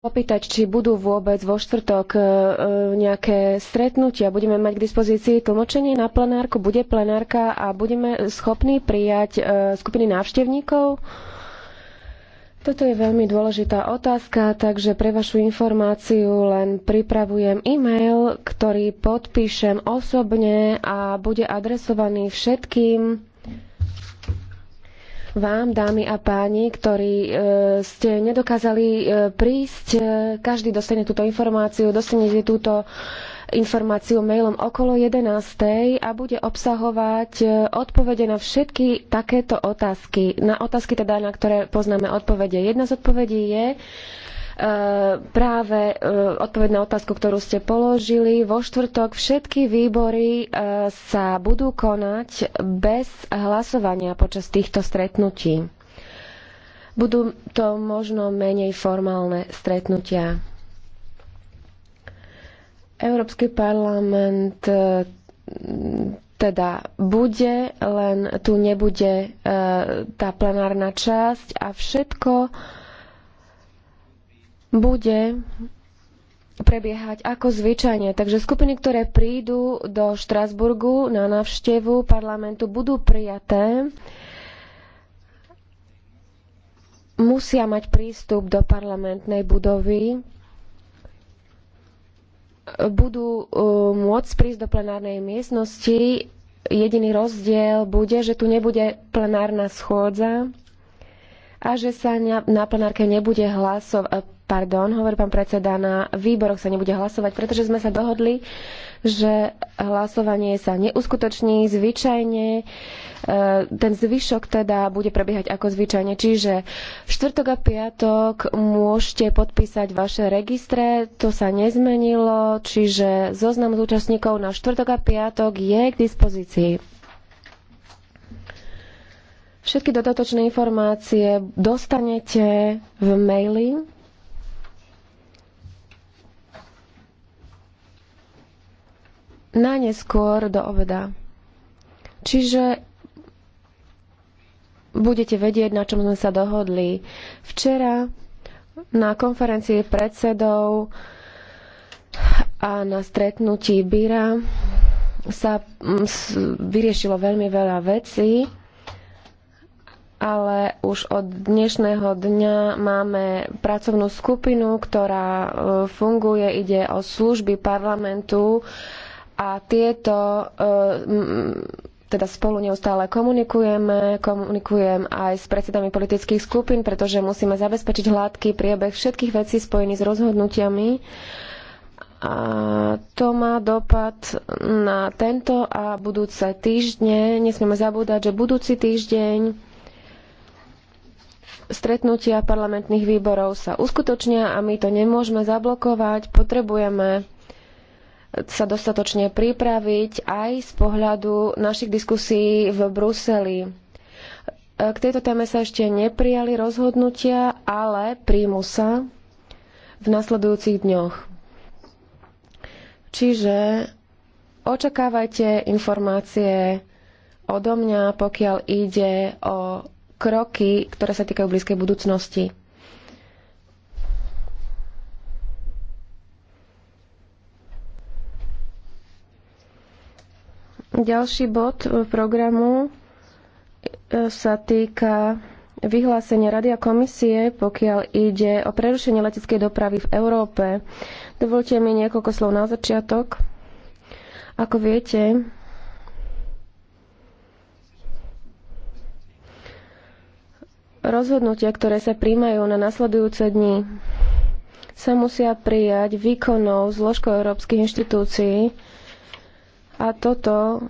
opýtať, či budú vôbec vo štvrtok e, e, nejaké stretnutia. Budeme mať k dispozícii tlmočenie na plenárku, bude plenárka a budeme schopní prijať e, skupiny návštevníkov. Toto je veľmi dôležitá otázka, takže pre vašu informáciu len pripravujem e-mail, ktorý podpíšem osobne a bude adresovaný všetkým vám, dámy a páni, ktorí e, ste nedokázali e, prísť. E, každý dostane túto informáciu, dostanete túto informáciu mailom okolo 11. a bude obsahovať odpovede na všetky takéto otázky. Na otázky teda, na ktoré poznáme odpovede. Jedna z odpovedí je, E, práve e, odpoveď na otázku, ktorú ste položili. Vo štvrtok všetky výbory e, sa budú konať bez hlasovania počas týchto stretnutí. Budú to možno menej formálne stretnutia. Európsky parlament teda bude, len tu nebude tá plenárna časť a všetko bude prebiehať ako zvyčajne. Takže skupiny, ktoré prídu do Štrasburgu na návštevu parlamentu, budú prijaté. Musia mať prístup do parlamentnej budovy. Budú e, môcť prísť do plenárnej miestnosti. Jediný rozdiel bude, že tu nebude plenárna schôdza a že sa na, na plenárke nebude hlasovať Pardon, hovorí pán predseda, na výboroch sa nebude hlasovať, pretože sme sa dohodli, že hlasovanie sa neuskutoční zvyčajne. E, ten zvyšok teda bude prebiehať ako zvyčajne. Čiže štvrtok a piatok môžete podpísať vaše registre, to sa nezmenilo, čiže zoznam zúčastníkov na štvrtok a piatok je k dispozícii. Všetky dodatočné informácie dostanete v maili najneskôr do obeda. Čiže budete vedieť, na čom sme sa dohodli. Včera na konferencii predsedov a na stretnutí Bira, sa mm, vyriešilo veľmi veľa vecí, ale už od dnešného dňa máme pracovnú skupinu, ktorá e, funguje, ide o služby parlamentu a tieto e, teda spolu neustále komunikujeme, komunikujem aj s predsedami politických skupín, pretože musíme zabezpečiť hladký priebeh všetkých vecí spojených s rozhodnutiami. A to má dopad na tento a budúce týždne. Nesmieme zabúdať, že budúci týždeň stretnutia parlamentných výborov sa uskutočnia a my to nemôžeme zablokovať. Potrebujeme sa dostatočne pripraviť aj z pohľadu našich diskusí v Bruseli. E, k tejto téme sa ešte neprijali rozhodnutia, ale príjmu sa v nasledujúcich dňoch. Čiže očakávajte informácie odo mňa, pokiaľ ide o kroky, ktoré sa týkajú blízkej budúcnosti. Ďalší bod e, programu e, sa týka vyhlásenia Rady a komisie, pokiaľ ide o prerušenie leteckej dopravy v Európe. Dovolte mi niekoľko slov na začiatok. Ako viete, rozhodnutia, ktoré sa príjmajú na nasledujúce dni, sa musia prijať výkonnou zložkou európskych inštitúcií, a toto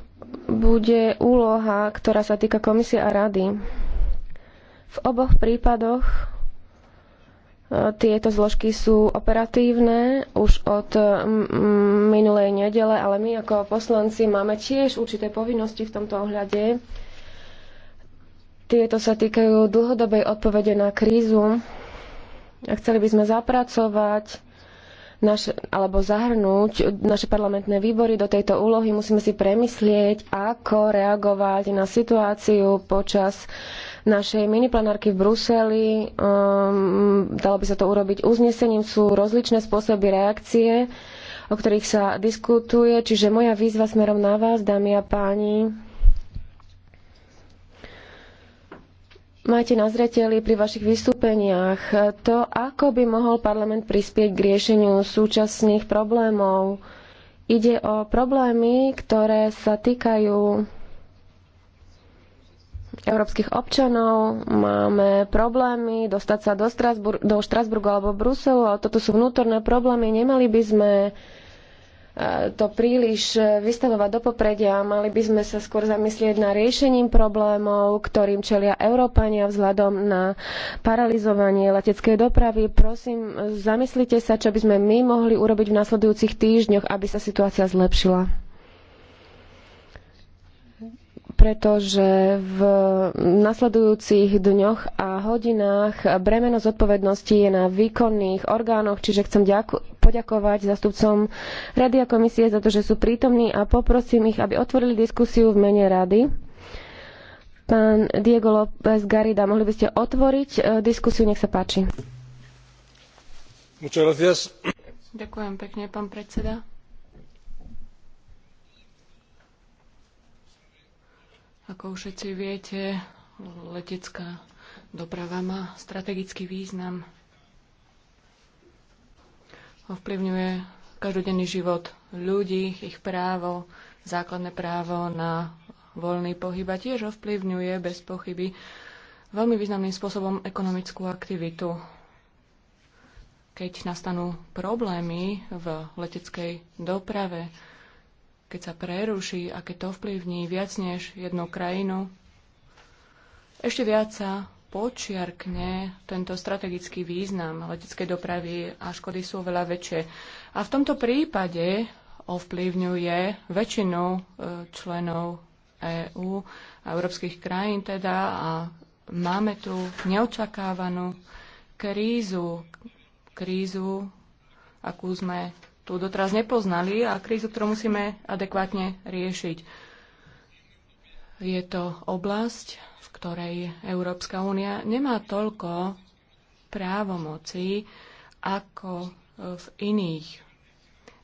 bude úloha, ktorá sa týka komisie a rady. V oboch prípadoch e, tieto zložky sú operatívne už od minulej nedele, ale my ako poslanci máme tiež určité povinnosti v tomto ohľade. Tieto sa týkajú dlhodobej odpovede na krízu a chceli by sme zapracovať naš, alebo zahrnúť naše parlamentné výbory do tejto úlohy. Musíme si premyslieť, ako reagovať na situáciu počas našej miniplanárky v Bruseli. Um, dalo by sa to urobiť uznesením. Sú rozličné spôsoby reakcie, o ktorých sa diskutuje. Čiže moja výzva smerom na vás, dámy a páni, máte na zreteli pri vašich vystúpeniach to, ako by mohol parlament prispieť k riešeniu súčasných problémov. Ide o problémy, ktoré sa týkajú európskych občanov, máme problémy dostať sa do, Štrasburgu do alebo Bruselu, ale toto sú vnútorné problémy, nemali by sme uh, to príliš e, vystavovať do popredia. Mali by sme sa skôr zamyslieť na riešením problémov, ktorým čelia Európania vzhľadom na paralizovanie leteckej dopravy. Prosím, zamyslite sa, čo by sme my mohli urobiť v nasledujúcich týždňoch, aby sa situácia zlepšila pretože v nasledujúcich dňoch a hodinách bremeno zodpovednosti je na výkonných orgánoch, čiže chcem poďakovať zastupcom Rady a komisie za to, že sú prítomní a poprosím ich, aby otvorili diskusiu v mene Rady. Pán Diego López Garida, mohli by ste otvoriť e, diskusiu, nech sa páči. Ďakujem pekne, pán predseda. Ako všetci viete, letecká doprava má strategický význam. Ovplyvňuje každodenný život ľudí, ich právo, základné právo na voľný pohyb a tiež ovplyvňuje bez pochyby veľmi významným spôsobom ekonomickú aktivitu. Keď nastanú problémy v leteckej doprave, keď sa preruší a keď to vplyvní viac než jednu krajinu, ešte viac sa počiarkne tento strategický význam leteckej dopravy a škody sú veľa väčšie. A v tomto prípade ovplyvňuje väčšinu e, členov EÚ a európskych krajín teda a máme tu neočakávanú krízu, krízu, akú sme tu doteraz nepoznali a krízu, ktorú musíme adekvátne riešiť. Je to oblasť, v ktorej Európska únia nemá toľko právomocí ako v iných,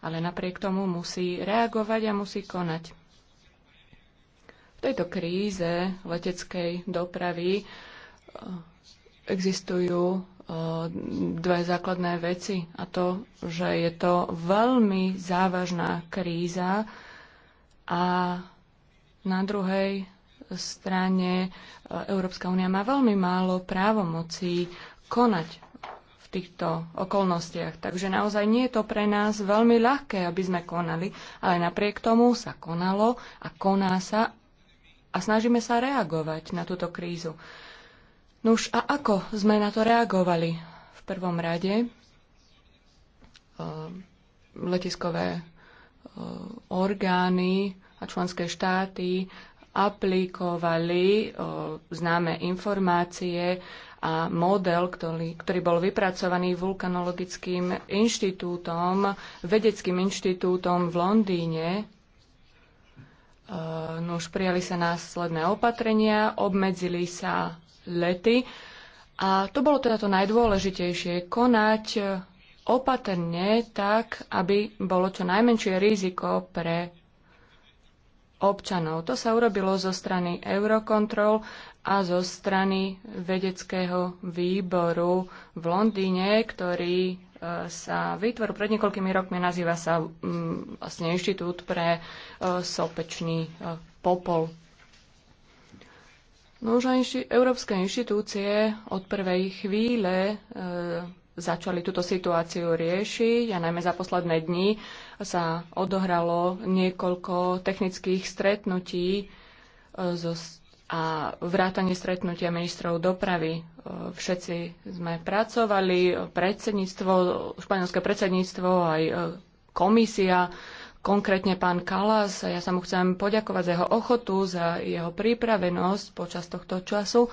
ale napriek tomu musí reagovať a musí konať. V tejto kríze leteckej dopravy eh, existujú dve základné veci a to, že je to veľmi závažná kríza a na druhej strane e, Európska únia má veľmi málo právomocí konať v týchto okolnostiach. Takže naozaj nie je to pre nás veľmi ľahké, aby sme konali, ale napriek tomu sa konalo a koná sa a snažíme sa reagovať na túto krízu. Nuž a ako sme na to reagovali? V prvom rade eh, letiskové eh, orgány a členské štáty aplikovali eh, známe informácie a model, ktorý, ktorý bol vypracovaný vulkanologickým inštitútom, vedeckým inštitútom v Londýne. No už prijali sa následné opatrenia, obmedzili sa lety. A to bolo teda to najdôležitejšie, konať eh, opatrne tak, aby bolo čo najmenšie riziko pre občanov. To sa urobilo zo strany Eurocontrol a zo strany vedeckého výboru v Londýne, ktorý eh, sa vytvoril pred niekoľkými rokmi, nazýva sa mm, vlastne Inštitút pre eh, sopečný popol. No už inši- európske inštitúcie od prvej chvíle e, začali túto situáciu riešiť a najmä za posledné dni sa odohralo niekoľko technických stretnutí e, zo, a vrátanie stretnutia ministrov dopravy. E, všetci sme pracovali, predsedníctvo, španielské predsedníctvo, aj e, komisia konkrétne pán Kalas. Ja sa mu chcem poďakovať za jeho ochotu, za jeho pripravenosť počas tohto času.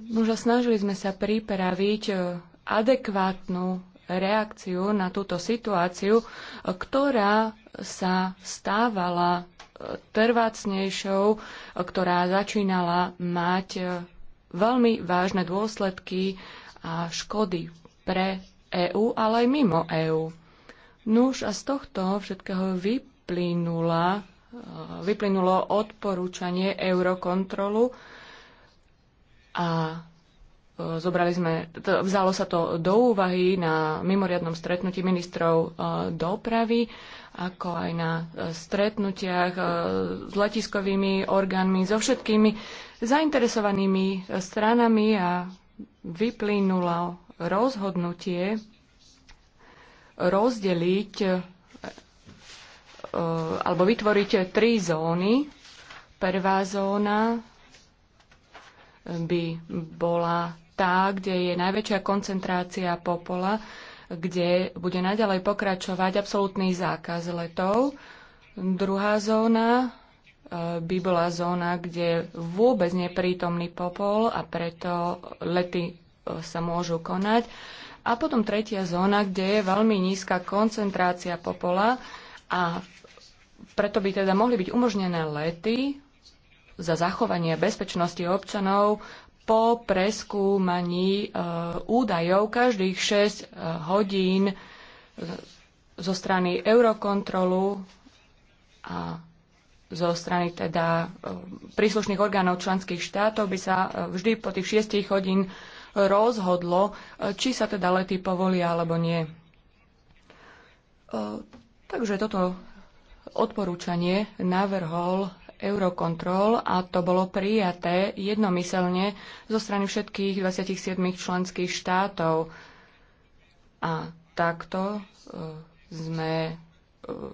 Možno snažili sme sa pripraviť e, adekvátnu reakciu na túto situáciu, e, ktorá sa stávala e, trvácnejšou, ktorá začínala mať veľmi vážne dôsledky a škody pre EÚ, ale aj mimo EÚ. Nuž a z tohto všetkého vyplynula, eh, vyplynulo odporúčanie eurokontrolu a eh, zobrali sme, vzalo sa to do úvahy na mimoriadnom stretnutí ministrov eh, dopravy, ako aj na stretnutiach s letiskovými orgánmi, so všetkými zainteresovanými stranami a vyplynulo rozhodnutie rozdeliť e, alebo vytvoriť tri zóny. Prvá zóna by bola tá, kde je najväčšia koncentrácia popola, kde bude naďalej pokračovať absolútny zákaz letov. Druhá zóna e, by bola zóna, kde vôbec neprítomný popol a preto lety e, sa môžu konať. A potom tretia zóna, kde je veľmi nízka koncentrácia popola a preto by teda mohli byť umožnené lety za zachovanie bezpečnosti občanov po preskúmaní e, údajov každých 6 e, hodín e, zo strany Eurokontrolu a zo strany teda e, príslušných orgánov členských štátov by sa vždy po tých 6 hodín rozhodlo, e, či sa teda lety povolia alebo nie. E, takže toto odporúčanie navrhol Eurocontrol a to bolo prijaté jednomyselne zo strany všetkých 27 členských štátov. A takto e, sme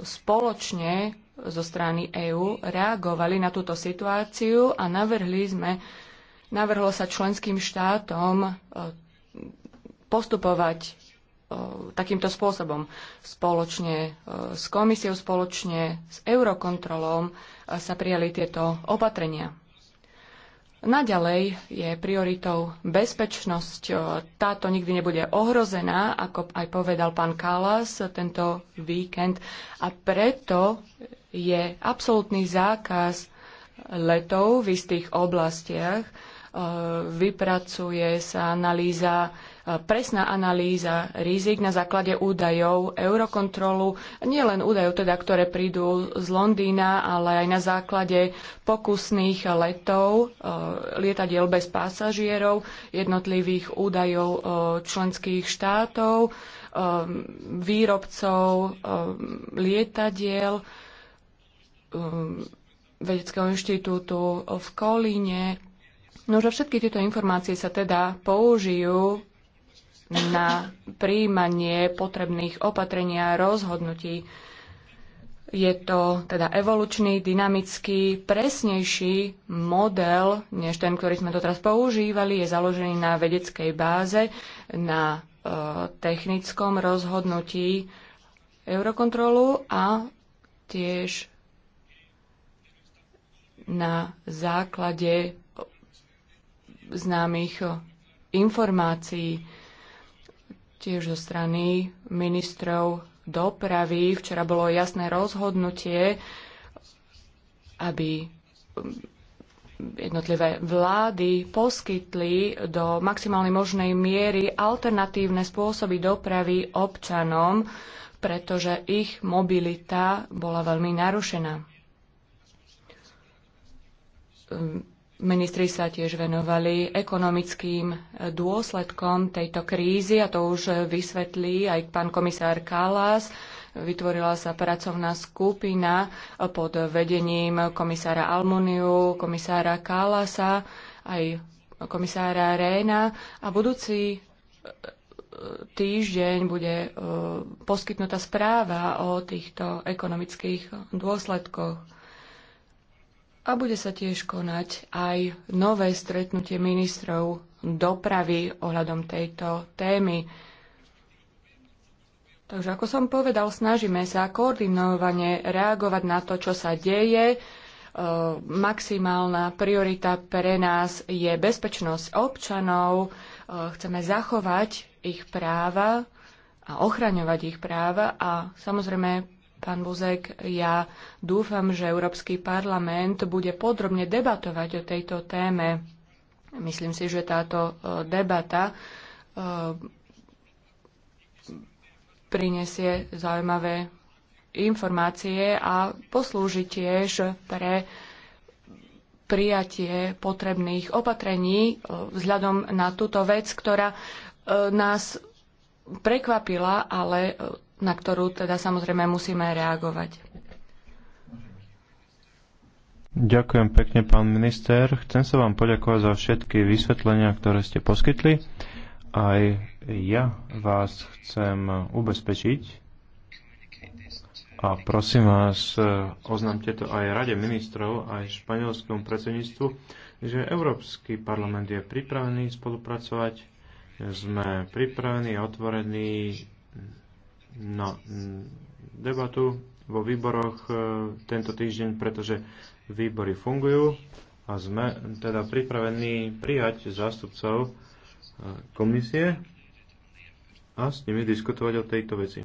spoločne zo strany EÚ reagovali na túto situáciu a navrhli sme Navrhlo sa členským štátom e, postupovať e, takýmto spôsobom. Spoločne e, s komisiou, spoločne s eurokontrolom sa prijali tieto opatrenia. Naďalej je prioritou bezpečnosť. Táto nikdy nebude ohrozená, ako aj povedal pán Kalas tento víkend. A preto je absolútny zákaz letov v istých oblastiach, Eh, vypracuje sa analýza, eh, presná analýza rizik na základe údajov Eurokontrolu, nielen údajov teda, ktoré prídu z Londýna, ale aj na základe pokusných letov, eh, lietadiel bez pasažierov, jednotlivých údajov členských štátov, výrobcov lietadiel, vedeckého inštitútu v Kolíne, No, že všetky tieto informácie sa teda použijú na príjmanie potrebných opatrení a rozhodnutí. Je to teda evolučný, dynamický, presnejší model, než ten, ktorý sme doteraz používali. Je založený na vedeckej báze, na e, technickom rozhodnutí Eurokontrolu a tiež na základe známych eh, informácií tiež zo strany ministrov dopravy. Včera bolo jasné rozhodnutie, aby mm, jednotlivé vlády poskytli do maximálnej možnej miery alternatívne spôsoby dopravy občanom, pretože ich mobilita bola veľmi narušená ehm, Ministri sa tiež venovali ekonomickým e, dôsledkom tejto krízy a to už e, vysvetlí aj pán komisár Kalas. Vytvorila sa pracovná skupina e, pod vedením komisára Almuniu, komisára Kalasa, aj komisára Réna a budúci týždeň bude poskytnutá správa o týchto ekonomických dôsledkoch a bude sa tiež konať aj nové stretnutie ministrov dopravy ohľadom tejto témy. Takže ako som povedal, snažíme sa koordinovane reagovať na to, čo sa deje. E, maximálna priorita pre nás je bezpečnosť občanov. E, chceme zachovať ich práva a ochraňovať ich práva a samozrejme pán Buzek, ja dúfam, že Európsky parlament bude podrobne debatovať o tejto téme. Myslím si, že táto e, debata e, prinesie zaujímavé informácie a poslúži tiež pre prijatie potrebných opatrení e, vzhľadom na túto vec, ktorá nás prekvapila, ale na ktorú teda samozrejme musíme reagovať. Ďakujem pekne, pán minister. Chcem sa vám poďakovať za všetky vysvetlenia, ktoré ste poskytli. Aj ja vás chcem ubezpečiť a prosím vás, oznámte to aj Rade ministrov, aj španielskom predsedníctvu, že Európsky parlament je pripravený spolupracovať. Sme pripravení a otvorení na no, mm, debatu vo výboroch e, tento týždeň, pretože výbory fungujú a sme teda pripravení prijať zástupcov e, komisie a s nimi diskutovať o tejto veci.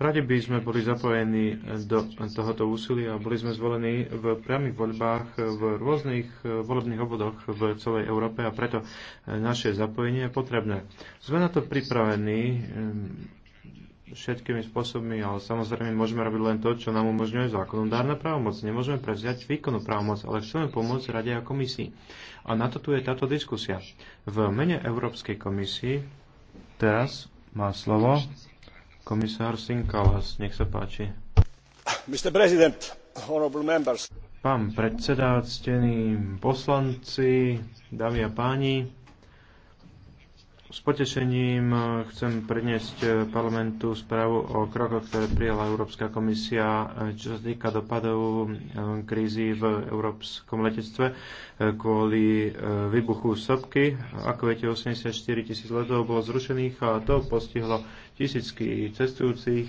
Radi by sme boli zapojení do tohoto úsilia a boli sme zvolení v priamých voľbách v rôznych e, volebných obvodoch v celej Európe a preto naše zapojenie je potrebné. Sme na to pripravení všetkými spôsobmi, ale samozrejme môžeme robiť len to, čo nám umožňuje zákonodárna právomoc. Nemôžeme prevziať výkonnú právomoc, ale chceme pomôcť Rade a komisii. A na to tu je táto diskusia. V mene Európskej komisii teraz má slovo komisár Sinkalas. Nech sa páči. Mr. President, honorable members. Pán predseda, ctení poslanci, dámy a páni, s potešením e, chcem predniesť e, parlamentu správu o krokoch, ktoré prijala Európska komisia, e, čo sa týka dopadov krízy v európskom letectve kvôli výbuchu sopky. Ako viete, 84 tisíc letov bolo zrušených a to postihlo tisícky cestujúcich.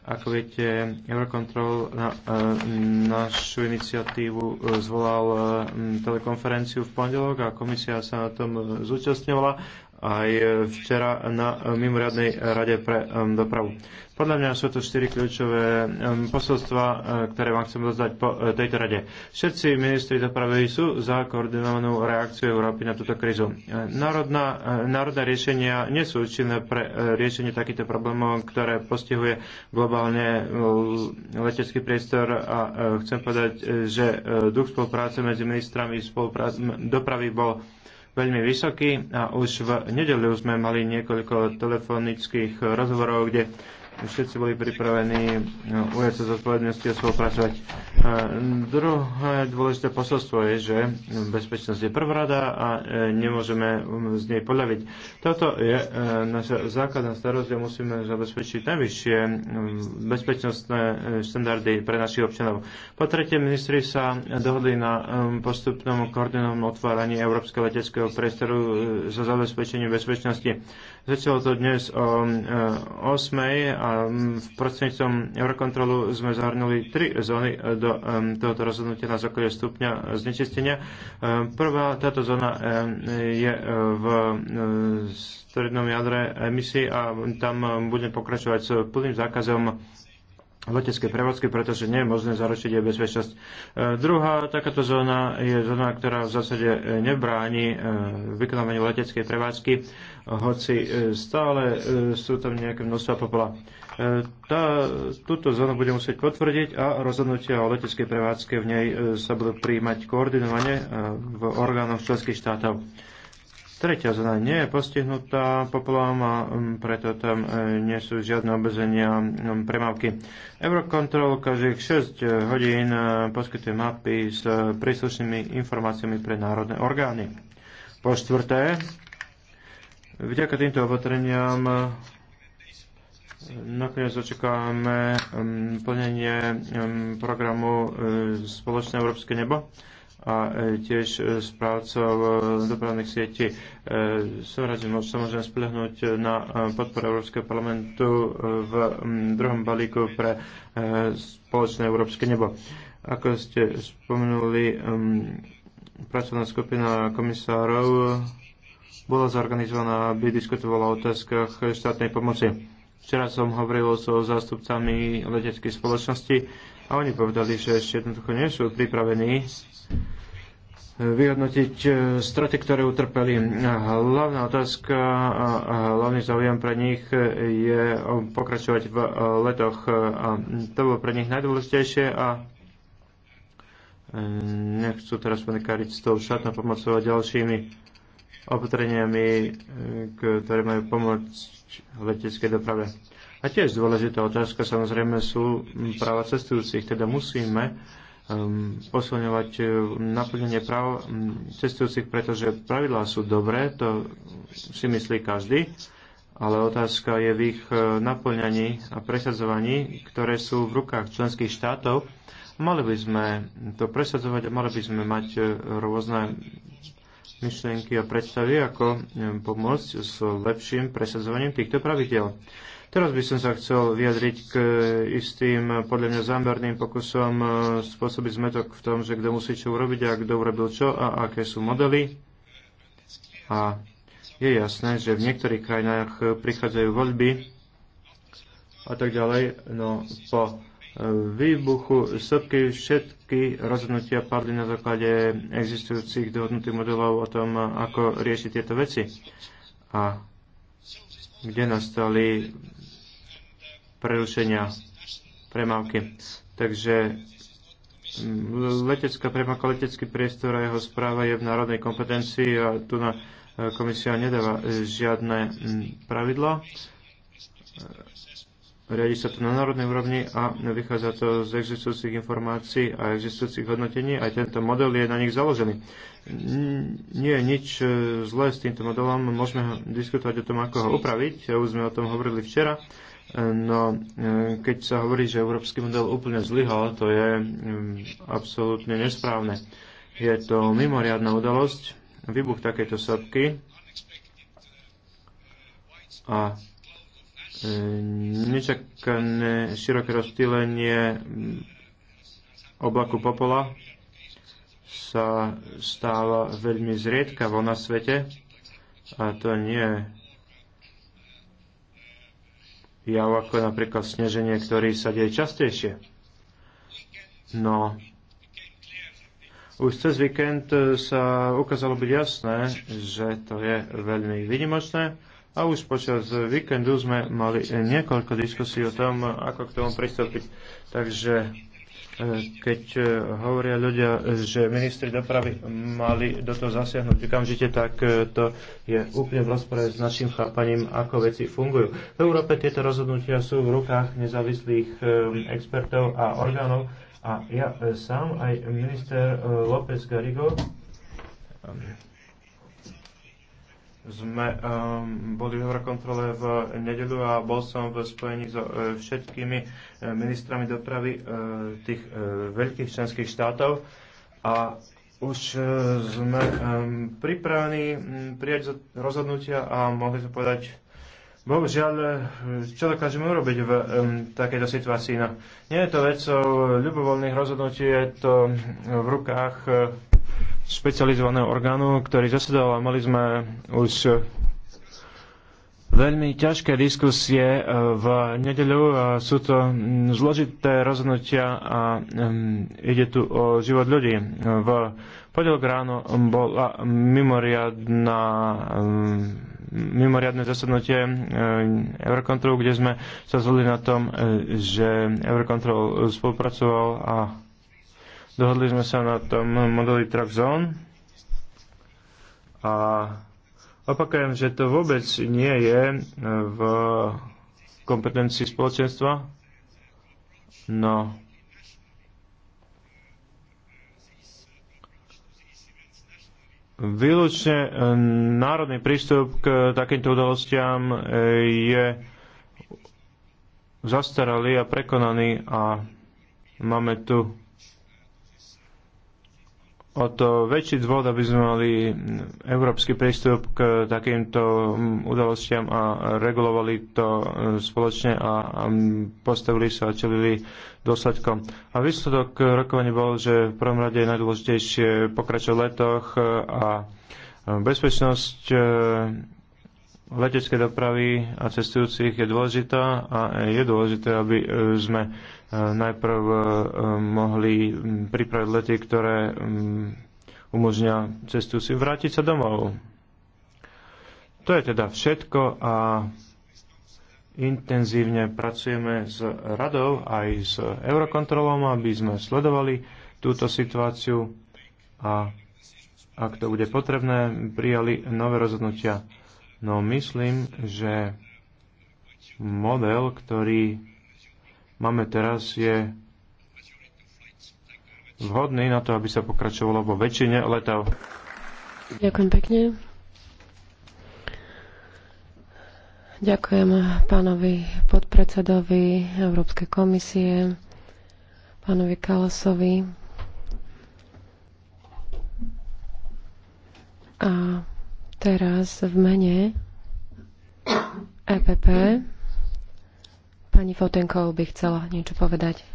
Ako viete, Eurocontrol na, našu iniciatívu zvolal telekonferenciu v pondelok a komisia sa na tom zúčastňovala aj e, včera na e, mimoriadnej rade pre e, dopravu. Podľa mňa sú to štyri kľúčové posolstva, ktoré vám chcem rozdať po tejto rade. Všetci ministri dopravy sú za koordinovanú reakciu Európy na túto krizu. Národná, národné riešenia nie sú účinné pre riešenie takýchto problémov, ktoré postihuje globálne letecký priestor a chcem povedať, že duch spolupráce medzi ministrami dopravy bol veľmi vysoký a už v nedeliu sme mali niekoľko telefonických rozhovorov, kde všetci boli pripravení no, ujať sa zodpovednosti a spolupracovať. Druhé dôležité posolstvo je, že bezpečnosť je prvrada a e, nemôžeme um, z nej podľaviť. Toto je e, naša základná starosť a musíme zabezpečiť najvyššie um, bezpečnostné e, štandardy pre našich občanov. Po tretie, ministri sa dohodli na um, postupnom koordinovanom otváraní Európskeho leteckého priestoru so zabezpečením bezpečnosti. Začalo to dnes o 8. E, a v prostredníctvom Eurokontrolu sme zahrnuli tri zóny do e, tohoto rozhodnutia na základe stupňa znečistenia. E, prvá táto zóna je v strednom jadre emisí a tam budeme pokračovať s plným zákazom letecké prevádzky, pretože nie je možné zaručiť jej bezpečnosť. E, druhá takáto zóna je zóna, ktorá v zásade e, nebráni e, vykonávaniu leteckej prevádzky, hoci stále sú tam nejaké množstva popola. Tá, túto zónu bude musieť potvrdiť a rozhodnutia o leteckej prevádzke v nej sa budú príjmať koordinovane v orgánoch členských štátov. Tretia zóna nie je postihnutá poplavom a mm, preto tam e, nie sú žiadne obezenia mm, premávky. Eurocontrol každých 6 e, hodín e, poskytuje mapy s príslušnými informáciami pre národné orgány. Po štvrté, vďaka týmto opatreniam Nakoniec očakávame mm, plnenie programu Spoločné európske nebo a e, tiež e, správcov e, dopravných sietí. Som rád, že sa môžem splehnúť na podporu Európskeho parlamentu v druhom balíku pre spoločné európske nebo. Ako ste spomenuli, pracovná skupina komisárov bola zorganizovaná, aby diskutovala o otázkach štátnej pomoci. Včera som hovoril so zástupcami leteckej spoločnosti a oni povedali, že ešte jednoducho nie sú pripravení vyhodnotiť e, straty, ktoré utrpeli. Hlavná otázka a hlavný záujem pre nich je pokračovať v letoch. A to bolo pre nich najdôležitejšie a e, nechcú teraz panikáriť s tou šatnou pomocou a ďalšími opatreniami, e, ktoré majú pomôcť leteckej doprave. A tiež dôležitá otázka samozrejme sú práva cestujúcich, teda musíme Um, posilňovať uh, naplnenie práv um, cestujúcich, pretože pravidlá sú dobré, to si myslí každý, ale otázka je v ich uh, naplňaní a presadzovaní, ktoré sú v rukách členských štátov. Mali by sme to presadzovať a mali by sme mať uh, rôzne myšlienky a predstavy, ako um, pomôcť s lepším presadzovaním týchto pravidel. Teraz by som sa chcel vyjadriť k e, istým, e, podľa mňa, zámerným pokusom e, spôsobiť zmetok v tom, že kto musí čo urobiť a kto urobil čo a aké sú modely. A je jasné, že v niektorých krajinách prichádzajú voľby a tak ďalej. No po výbuchu sopky všetky rozhodnutia padli na základe existujúcich dohodnutých modelov o tom, ako riešiť tieto veci. A kde nastali prerušenia premávky. Takže mm, letecká premávka, letecký priestor a jeho správa je v národnej kompetencii a tu na e, komisia nedáva e, žiadne mm, pravidlo. E, riadi sa to na národnej úrovni a vychádza to z existujúcich informácií a existujúcich hodnotení. Aj tento model je na nich založený. Nie je nič zlé s týmto modelom. Môžeme diskutovať o tom, ako ho upraviť. Už sme o tom hovorili včera. No, eh, keď sa hovorí, že európsky model úplne zlyhal, to je mm, absolútne nesprávne. Je to mimoriadná udalosť, výbuch takejto sopky a eh, nečakané široké rozptýlenie oblaku popola sa stáva veľmi zriedkavo na svete a to nie jav, ako je napríklad sneženie, ktorý sa deje častejšie. No, už cez víkend sa ukázalo byť jasné, že to je veľmi vynimočné a už počas víkendu sme mali niekoľko diskusí o tom, ako k tomu pristúpiť. Takže E, keď e, hovoria ľudia, že ministri dopravy mali do toho zasiahnuť okamžite, tak e, to je úplne v rozpore s našim chápaním, ako veci fungujú. V Európe tieto rozhodnutia sú v rukách nezávislých expertov a orgánov a ja sám, aj minister López Garrigo, sme um, boli v kontrole v nedelu a bol som v spojení so e, všetkými e, ministrami dopravy e, tých e, veľkých členských štátov a už e, sme um, pripravení prijať rozhodnutia a mohli sme povedať, bohužiaľ, e, čo dokážeme urobiť v um, takejto situácii. No, nie je to vecou ľubovoľných rozhodnutí, je to v rukách e, špecializovaného orgánu, ktorý zasedal a mali sme už veľmi ťažké diskusie e, v nedeľu a sú to zložité rozhodnutia a ide tu o život ľudí. V pondelok ráno bola mimoriadná mimoriadne zasadnutie e, Eurocontrol, kde sme sa zhodli na tom, e, že Eurocontrol spolupracoval a Dohodli sme sa na tom modeli Truck Zone a opakujem, že to vôbec nie je e, v kompetencii spoločenstva, no Výlučne e, národný prístup k takýmto udalostiam e, je zastaralý a prekonaný a máme tu o to väčší dôvod, aby sme mali európsky prístup k takýmto mm, udalostiam a regulovali to e, spoločne a postavili sa a čelili dôsledkom. A výsledok rokovania bol, že v prvom rade je najdôležitejšie pokračovať v letoch e, a e, bezpečnosť leteckej dopravy a cestujúcich je dôležitá a je dôležité, aby sme najprv eh, mohli hm, pripraviť lety, ktoré hm, umožňa si vrátiť sa domov. To je teda všetko a intenzívne pracujeme s radou aj s eurokontrolom, aby sme sledovali túto situáciu a ak to bude potrebné, prijali nové rozhodnutia. No myslím, že model, ktorý máme teraz, je vhodný na to, aby sa pokračovalo vo väčšine letov. Ďakujem pekne. Ďakujem pánovi podpredsedovi Európskej komisie, pánovi Kalasovi a teraz v mene EPP Pani Fotenkov by chcela niečo povedať.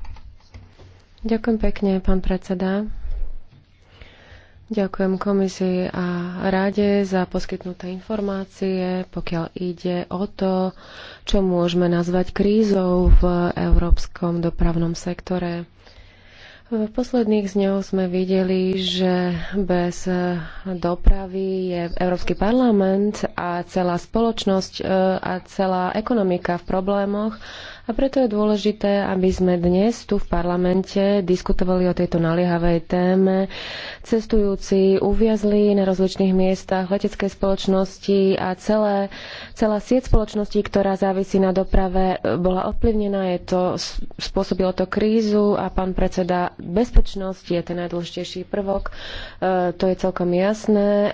Ďakujem pekne, pán predseda. Ďakujem komisii a rade za poskytnuté informácie, pokiaľ ide o to, čo môžeme nazvať krízou v európskom dopravnom sektore. V posledných dňoch sme videli, že bez dopravy je Európsky parlament a celá spoločnosť e, a celá ekonomika v problémoch a preto je dôležité, aby sme dnes tu v parlamente diskutovali o tejto naliehavej téme. Cestujúci uviazli na rozličných miestach leteckej spoločnosti a celé, celá sieť spoločností, ktorá závisí na doprave, bola ovplyvnená. Je to, spôsobilo to krízu a pán predseda, bezpečnosť je ten najdôležitejší prvok. E, to je celkom jasné. E,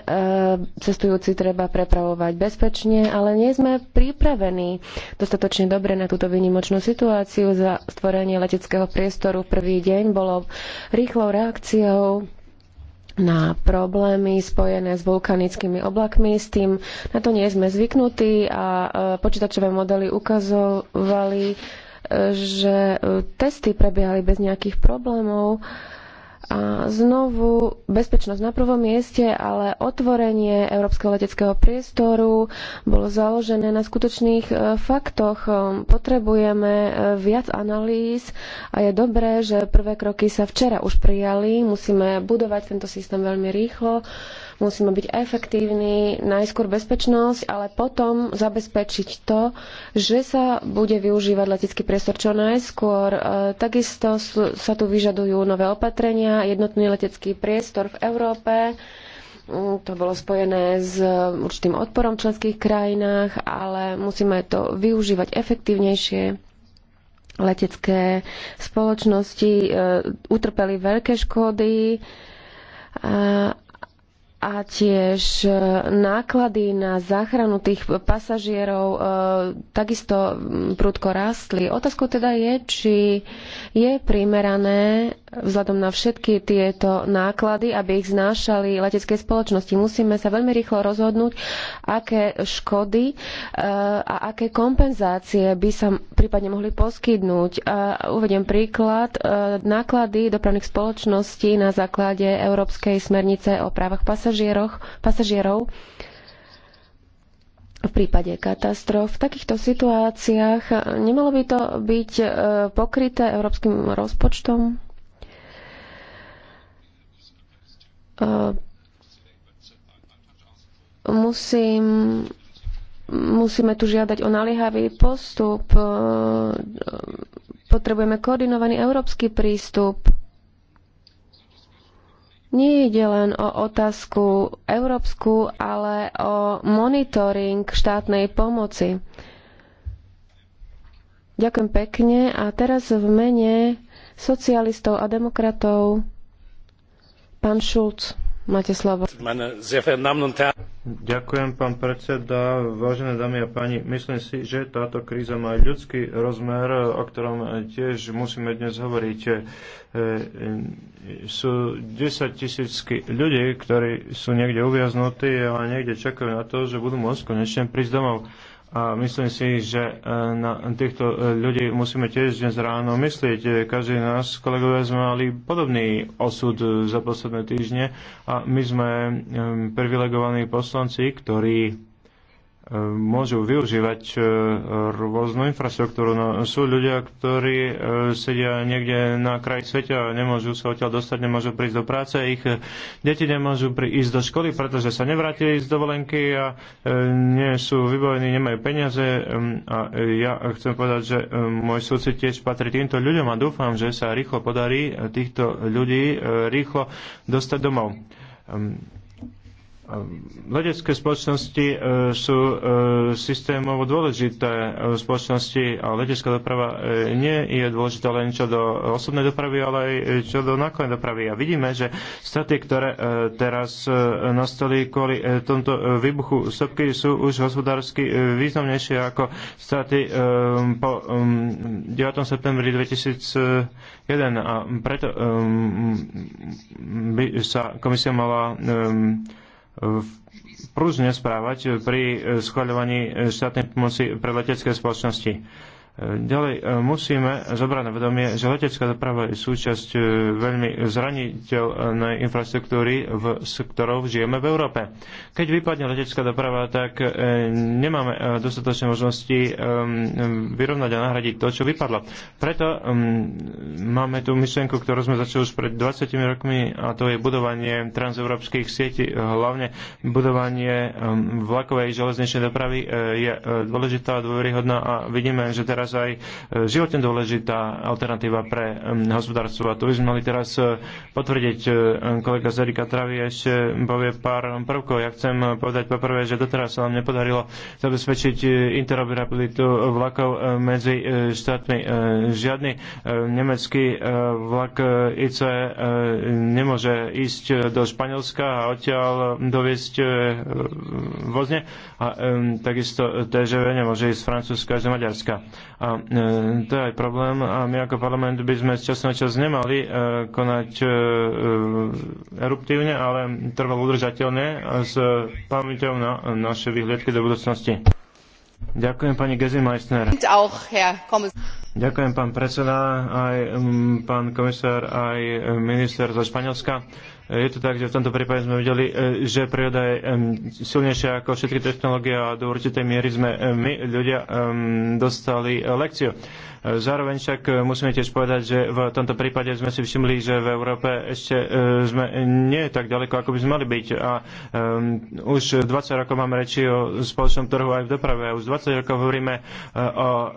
cestujúci treba prepravovať bezpečne, ale nie sme pripravení dostatočne dobre na túto výnimočnú výnimočnú situáciu za stvorenie leteckého priestoru. v Prvý deň bolo rýchlou reakciou na problémy spojené s vulkanickými oblakmi. S tým na to nie sme zvyknutí a e, počítačové modely ukazovali, e, že e, testy prebiehali bez nejakých problémov. A znovu bezpečnosť na prvom mieste, ale otvorenie európskeho leteckého priestoru bolo založené na skutočných e, faktoch. E, potrebujeme e, viac analýz a je dobré, že prvé kroky sa včera už prijali. Musíme budovať tento systém veľmi rýchlo Musíme byť efektívni, najskôr bezpečnosť, ale potom zabezpečiť to, že sa bude využívať letecký priestor čo najskôr. E, takisto sa tu vyžadujú nové opatrenia, jednotný letecký priestor v Európe. Mm, to bolo spojené s určitým odporom v členských krajinách, ale musíme to využívať efektívnejšie letecké spoločnosti e, utrpeli veľké škody a tiež e, náklady na záchranu tých pasažierov e, takisto prudko rástli. Otázkou teda je, či je primerané vzhľadom na všetky tieto náklady, aby ich znášali letecké spoločnosti. Musíme sa veľmi rýchlo rozhodnúť, aké škody e, a aké kompenzácie by sa prípadne mohli poskytnúť. A e, uvediem príklad. E, náklady dopravných spoločností na základe Európskej smernice o právach pasažierov pasažieroch, pasažierov v prípade katastrof. V takýchto situáciách e, nemalo by to byť e, pokryté európskym rozpočtom? E, musím musíme tu žiadať o naliehavý postup, potrebujeme koordinovaný európsky prístup nie ide len o otázku európsku, ale o monitoring štátnej pomoci. Ďakujem pekne a teraz v mene socialistov a demokratov pán Šulc. Máte slovo. Ďakujem, pán predseda. Vážené dámy a páni, myslím si, že táto kríza má ľudský rozmer, o ktorom tiež musíme dnes hovoriť. E, sú 10 tisícky ľudí, ktorí sú niekde uviaznutí a niekde čakajú na to, že budú môcť konečne prísť domov a myslím si, že e, na týchto e, ľudí musíme tiež dnes ráno myslieť. Každý z nás, kolegovia, sme mali podobný osud za posledné týždne a my sme e, privilegovaní poslanci, ktorí môžu využívať e, rôznu infraštruktúru. No, sú ľudia, ktorí e, sedia niekde na kraji sveta a nemôžu sa odtiaľ dostať, nemôžu prísť do práce, ich e, deti nemôžu ísť do školy, pretože sa nevrátili z dovolenky a nie sú vybavení, nemajú peniaze. A ja chcem povedať, že môj súcit tiež patrí týmto ľuďom a dúfam, že sa rýchlo podarí týchto ľudí rýchlo dostať domov. Letecké spoločnosti e, sú e, systémovo dôležité e, spoločnosti a letecká doprava nie je dôležitá len čo do osobnej dopravy, ale aj čo do nákladnej dopravy. A vidíme, že straty, ktoré teraz nastali kvôli tomto výbuchu sopky, sú už hospodársky významnejšie ako straty po 9. septembri 2001. A preto by sa komisia mala prúžne správať pri eh, schváľovaní eh, štátnej pomoci pre letecké spoločnosti. Ďalej, e, musíme zobrať na vedomie, že letecká doprava je súčasť e, veľmi zraniteľnej infraštruktúry, v ktorou žijeme v Európe. Keď vypadne letecká doprava, tak e, nemáme dostatočné možnosti vyrovnať a nahradiť to, čo vypadlo. Preto máme tú myšlenku, ktorú sme začali už pred 20 rokmi, a to je budovanie transeurópskych sietí, hlavne budovanie vlakovej železničnej dopravy je dôležitá a dôveryhodná a vidíme, že teraz teraz aj e, životne dôležitá alternatíva pre hospodárstvo. A to by sme mali teraz e, potvrdiť. E, kolega Zerika Travi ešte povie pár prvkov. Ja chcem povedať poprvé, že doteraz sa nám nepodarilo zabezpečiť interoperabilitu vlakov medzi štátmi. Žiadny nemecký vlak ICE nemôže ísť do Španielska a odtiaľ doviesť vozne. A takisto TGV nemôže ísť z Francúzska až do Maďarska. A e, to je aj problém a my ako parlament by sme z času na čas nemali e, konať e, eruptívne, ale trvalo udržateľne a s pamäťou na naše vyhliadky do budúcnosti. Ďakujem pani Gezi Meissner. Ďakujem pán predseda, aj pán komisár, aj minister zo Španielska je to tak, že v tomto prípade sme videli, e, že príroda je silnejšia ako všetky technológie a do určitej miery sme e, my, ľudia, dostali e, lekciu. Zároveň však musíme tiež povedať, že v tomto prípade sme si všimli, že v Európe ešte sme nie tak ďaleko, ako by sme mali byť. A um, už 20 rokov máme reči o spoločnom trhu aj v doprave. A už 20 rokov hovoríme o um,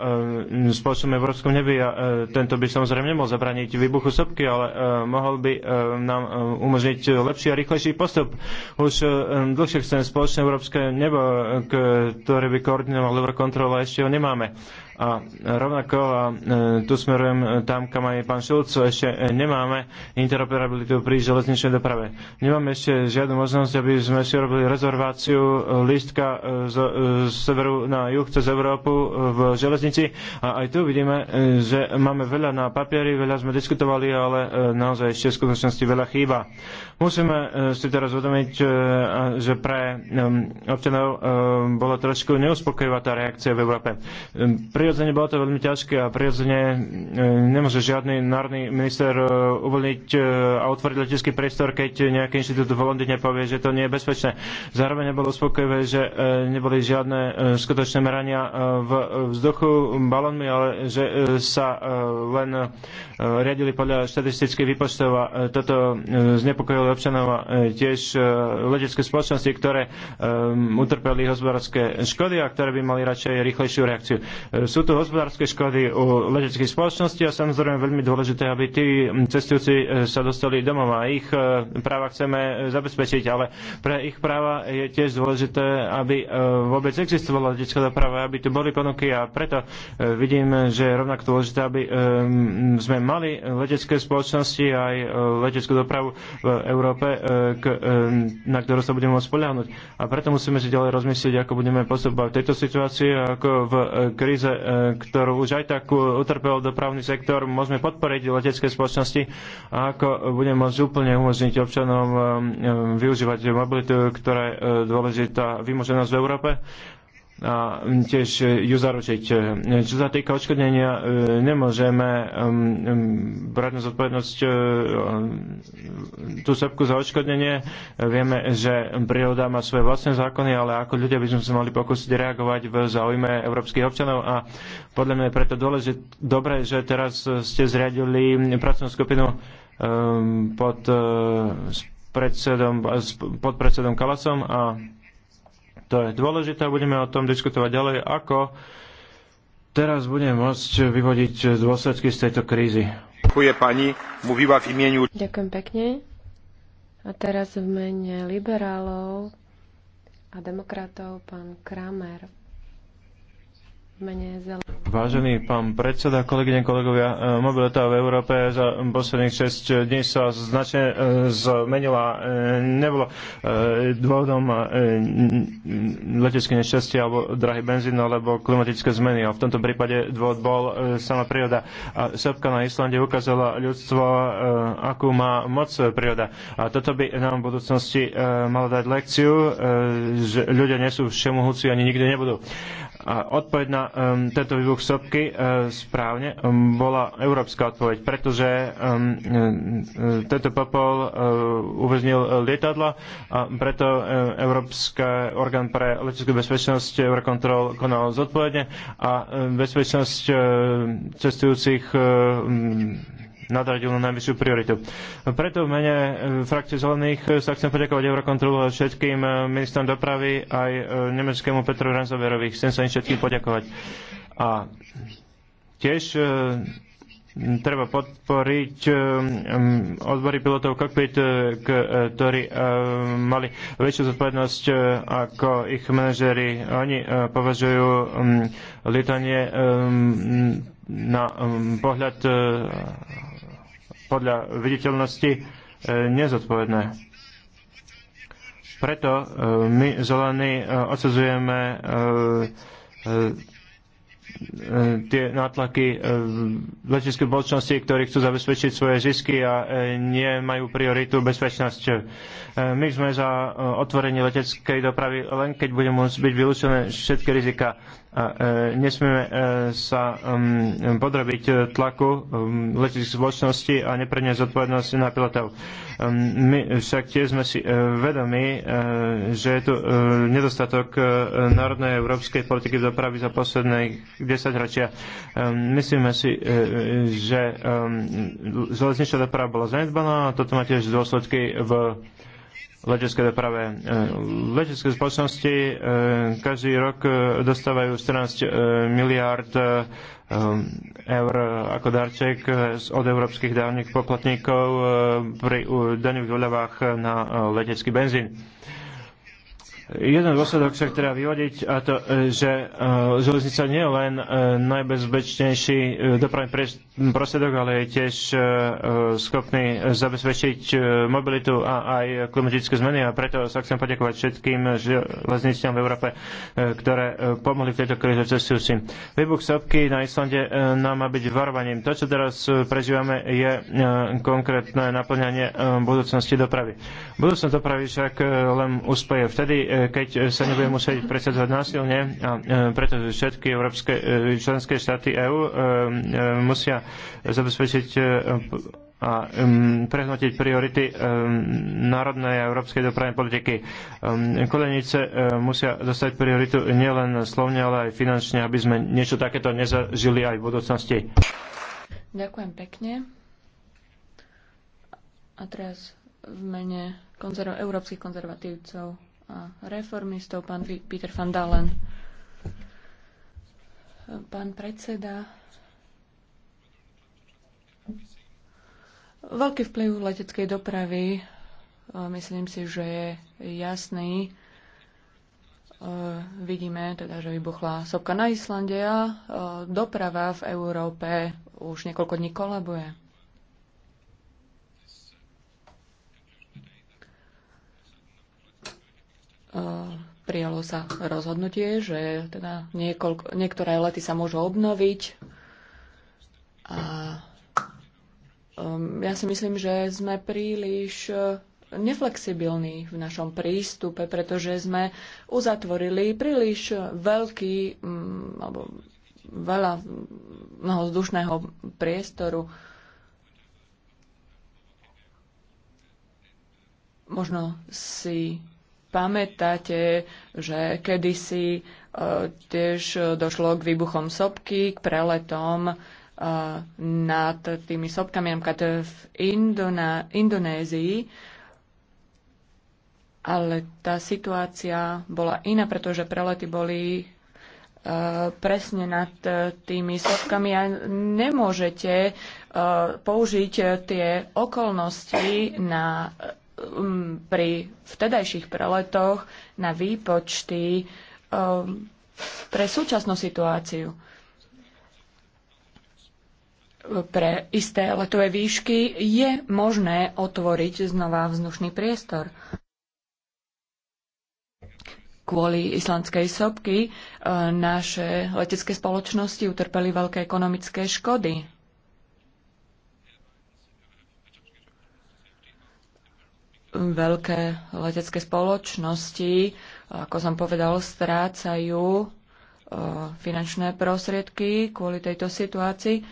spoločnom európskom nebi a tento by samozrejme nemohol zabraniť výbuchu sopky, ale mohol by nám umožniť umožniť e, lepší a rýchlejší postup. Už e, dlhšie chceme spoločné európske nebo, e, ktoré by koordinovalo Eurocontrol a ešte ho nemáme. A rovnako a e, tu smerujem tam, kam aj pán Šulc, ešte e, nemáme interoperabilitu pri železničnej doprave. Nemáme ešte žiadnu možnosť, aby sme si robili rezerváciu lístka e, z, z severu na juh cez Európu v železnici. A aj tu vidíme, že máme veľa na papieri, veľa sme diskutovali, ale naozaj ešte v skutočnosti veľa chýba. Musíme e, si teraz uvedomiť, e, že pre e, občanov bola trošku neuspokojivá tá reakcia v Európe. Prirodzene bolo to veľmi ťažké a prirodzene nemôže žiadny národný minister uvoľniť a otvoriť letecký priestor, keď nejaký inštitút v Londýne povie, že to nie je bezpečné. Zároveň nebolo uspokojivé, že neboli žiadne skutočné merania v vzduchu balónmi, ale že sa len riadili podľa štatistických výpočtov a toto znepokojilo občanov a e, tiež e, letecké spoločnosti, ktoré e, utrpeli hospodárske škody a ktoré by mali radšej rýchlejšiu reakciu. Sú tu hospodárske škody u leteckých spoločností a samozrejme veľmi dôležité, aby tí cestujúci sa dostali domov a ich práva chceme zabezpečiť, ale pre ich práva je tiež dôležité, aby vôbec existovala letecká doprava, aby tu boli ponuky a preto vidím, že je rovnako dôležité, aby sme mali letecké spoločnosti aj leteckú dopravu v Európe, e, k, e, na ktorú sa budeme môcť spoliahnuť. A preto musíme si ďalej rozmyslieť, ako budeme postupovať v tejto situácii, ako v e, kríze, ktorú už aj tak utrpel dopravný sektor, môžeme podporiť letecké spoločnosti a ako budeme môcť úplne umožniť občanom využívať mobilitu, ktorá je dôležitá vymoženosť v Európe a tiež e, ju zaručiť. E, čo sa týka odškodnenia, e, nemôžeme brať na zodpovednosť tú sebku za odškodnenie. Vieme, že príroda má svoje vlastné zákony, ale ako ľudia by sme sa mali pokúsiť reagovať v záujme európskych občanov a podľa mňa je preto dôležité, dobre, že teraz ste zriadili pracovnú skupinu pod predsedom, pod predsedom Kalasom a to je dôležité a budeme o tom diskutovať ďalej, ako teraz budeme môcť vyvodiť dôsledky z tejto krízy. Ďakujem pani, v imieniu. Ďakujem pekne. A teraz v mene liberálov a demokratov pán Kramer. Vážený pán predseda, kolegyne, kolegovia, e, mobilita v Európe za posledných 6 e, dní sa značne e, zmenila. Nebolo dôvodom letecké nešťastie alebo drahý benzín alebo klimatické zmeny. A v tomto prípade dôvod bol sama príroda. A Srbka na Islande ukázala ľudstvo, akú má moc príroda. A toto by nám v budúcnosti malo dať lekciu, že ľudia nie sú všemohúci ani nikdy nebudú. Odpoveď na tento výbuch sopky e, správne bola európska odpoveď, pretože e, tento popol e, uväznil lietadla a preto Európsky orgán pre leteckú bezpečnosť Eurocontrol konal zodpovedne a bezpečnosť cestujúcich nadradil na najvyššiu prioritu. Preto v mene eh, frakcie zelených eh, sa chcem poďakovať Eurokontrolu a všetkým eh, ministrom dopravy aj nemeckému Petru Ranzoverovi. Chcem sa im všetkým poďakovať. A tiež treba podporiť mm, odbory pilotov kokpit, ktorí mali väčšiu zodpovednosť ako ich manažéri. Oni považujú mm, lietanie mm, na pohľad podľa viditeľnosti e, nezodpovedné. Preto e, my zelení odsudzujeme e, tie nátlaky leteckej spoločnosti, ktorí chcú zabezpečiť svoje zisky a nemajú prioritu bezpečnosť. My sme za otvorenie leteckej dopravy, len keď budeme môcť byť vylúčené všetky rizika. A e, nesmieme e, sa um, podrobiť tlaku um, leteckých spoločností a nepreniesť zodpovednosť na pilotov. Um, my však tiež sme si e, vedomi, e, že je tu e, nedostatok e, národnej európskej politiky dopravy za posledné 10 ročia. Um, myslíme si, e, že um, železničná doprava bola zanedbaná a toto má tiež dôsledky v letecké doprave. E, letecké spoločnosti e, každý rok e, dostávajú 14 miliard eur ako darček od európskych dávnych poplatníkov pri daňových úľavách na letecký benzín. Jeden dôsledok sa treba vyvodiť a to, e, že e, železnica nie je len e, najbezpečnejší dopravný prostriedok, ale je tiež schopný zabezpečiť mobilitu a aj klimatické zmeny a preto sa chcem poďakovať všetkým železniciam v Európe, ktoré pomohli v tejto kríze Susi. Výbuch sopky na Islande nám má byť varovaním. To, čo teraz prežívame, je konkrétne naplňanie budúcnosti dopravy. Budúcnosť dopravy však len uspeje vtedy, keď sa nebude musieť presadzovať násilne, a e, pretože všetky európske e, členské štáty EÚ e, musia zabezpečiť a um, prehnotiť priority um, národnej a európskej dopravnej politiky. Um, kolenice um, musia dostať prioritu nielen slovne, ale aj finančne, aby sme niečo takéto nezažili aj v budúcnosti. Ďakujem pekne. A teraz v mene konzerv- európskych konzervatívcov reformistov, pán Peter van Dalen. Pán predseda, veľký vplyv leteckej dopravy, myslím si, že je jasný. E, vidíme teda, že vybuchla sopka na Islande a e, doprava v Európe už niekoľko dní kolabuje. prijalo sa rozhodnutie, že teda niekoľko, niektoré lety sa môžu obnoviť. A um, ja si myslím, že sme príliš uh, neflexibilní v našom prístupe, pretože sme uzatvorili príliš veľký mm, alebo veľa mnoho vzdušného priestoru. Možno si pamätáte, že kedysi e, tiež došlo k výbuchom sopky, k preletom e, nad tými sopkami, napríklad v Indona- Indonézii. Ale tá situácia bola iná, pretože prelety boli e, presne nad tými sopkami a nemôžete použiť tie okolnosti na Um, pri vtedajších preletoch na výpočty um, pre súčasnú situáciu. Pre isté letové výšky je možné otvoriť znova vzdušný priestor kvôli islandskej sopky uh, naše letecké spoločnosti utrpeli veľké ekonomické škody. veľké letecké spoločnosti, ako som povedal, strácajú e, finančné prostriedky kvôli tejto situácii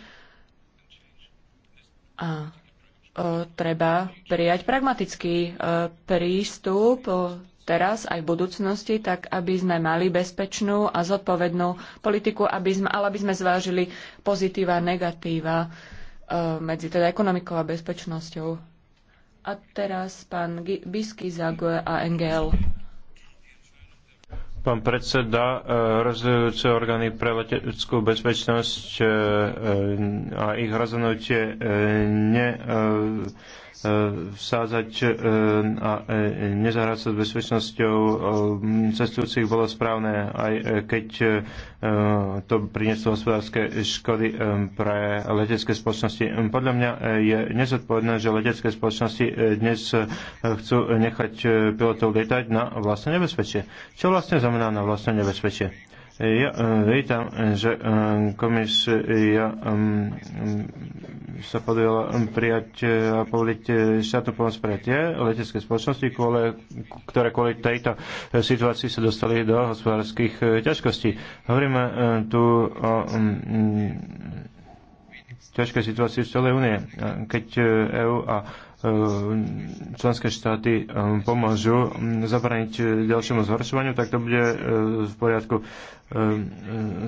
a e, treba prijať pragmatický e, prístup teraz aj v budúcnosti, tak aby sme mali bezpečnú a zodpovednú politiku, aby sme, ale aby sme zvážili pozitíva a negatíva medzi teda ekonomikou a bezpečnosťou. A teraz pán Bisky Zague a NGL. Pán predseda, e, rozhodujúce orgány pre leteckú bezpečnosť e, e, a ich rozhodnutie ne vsádzať e, e, a e, nezahrať sa s bezpečnosťou cestujúcich bolo správne, aj keď to prinieslo hospodárske škody pre letecké spoločnosti. Podľa mňa je nezodpovedné, že letecké spoločnosti dnes chcú nechať pilotov lietať na vlastné nebezpečie. Čo vlastne znamená na vlastné nebezpečie? Ja e, vítam, že e, komisia e, sa podujala prijať a povoliť štátnu pomoc pre tie letecké spoločnosti, ktoré kvôli tejto situácii sa dostali do hospodárskych ťažkostí. Hovoríme tu o ťažkej situácii v celej únie. Keď EÚ a E, členské štáty e, pomôžu zabraniť e, ďalšiemu zhoršovaniu, tak to bude v poriadku.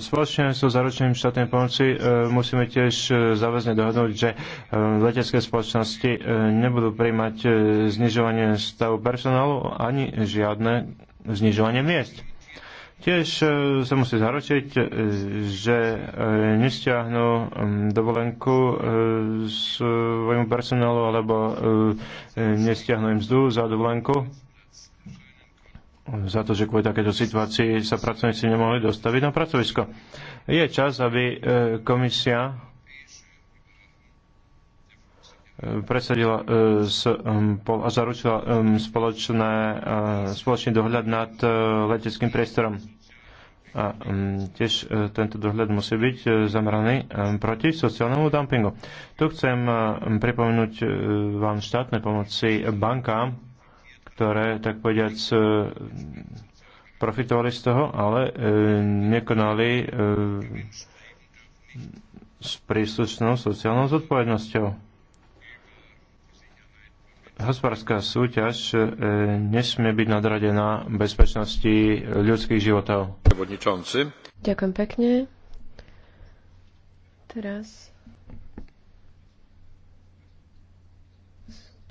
Spoločne so zaručeným štátnej pomoci musíme tiež záväzne dohodnúť, že letecké spoločnosti nebudú prijímať znižovanie stavu personálu ani žiadne znižovanie miest. Tiež e, sa musí zaručiť, e, že e, nestiahnu dovolenku svojmu personálu alebo nestiahnu im mzdu za dovolenku za to, že kvôli takéto situácii sa pracovníci nemohli dostaviť na pracovisko. Je čas, aby komisia presadila a zaručila spoločné, spoločný dohľad nad leteckým priestorom. A mm, tiež e, tento dohľad musí byť e, zameraný e, proti sociálnemu dumpingu. Tu chcem pripomenúť vám štátne pomoci bankám, ktoré, tak povediac, profitovali z toho, ale nekonali s príslušnou sociálnou zodpovednosťou. Hospodárska súťaž e, nesmie byť nadradená bezpečnosti ľudských životov. Ďakujem pekne. Teraz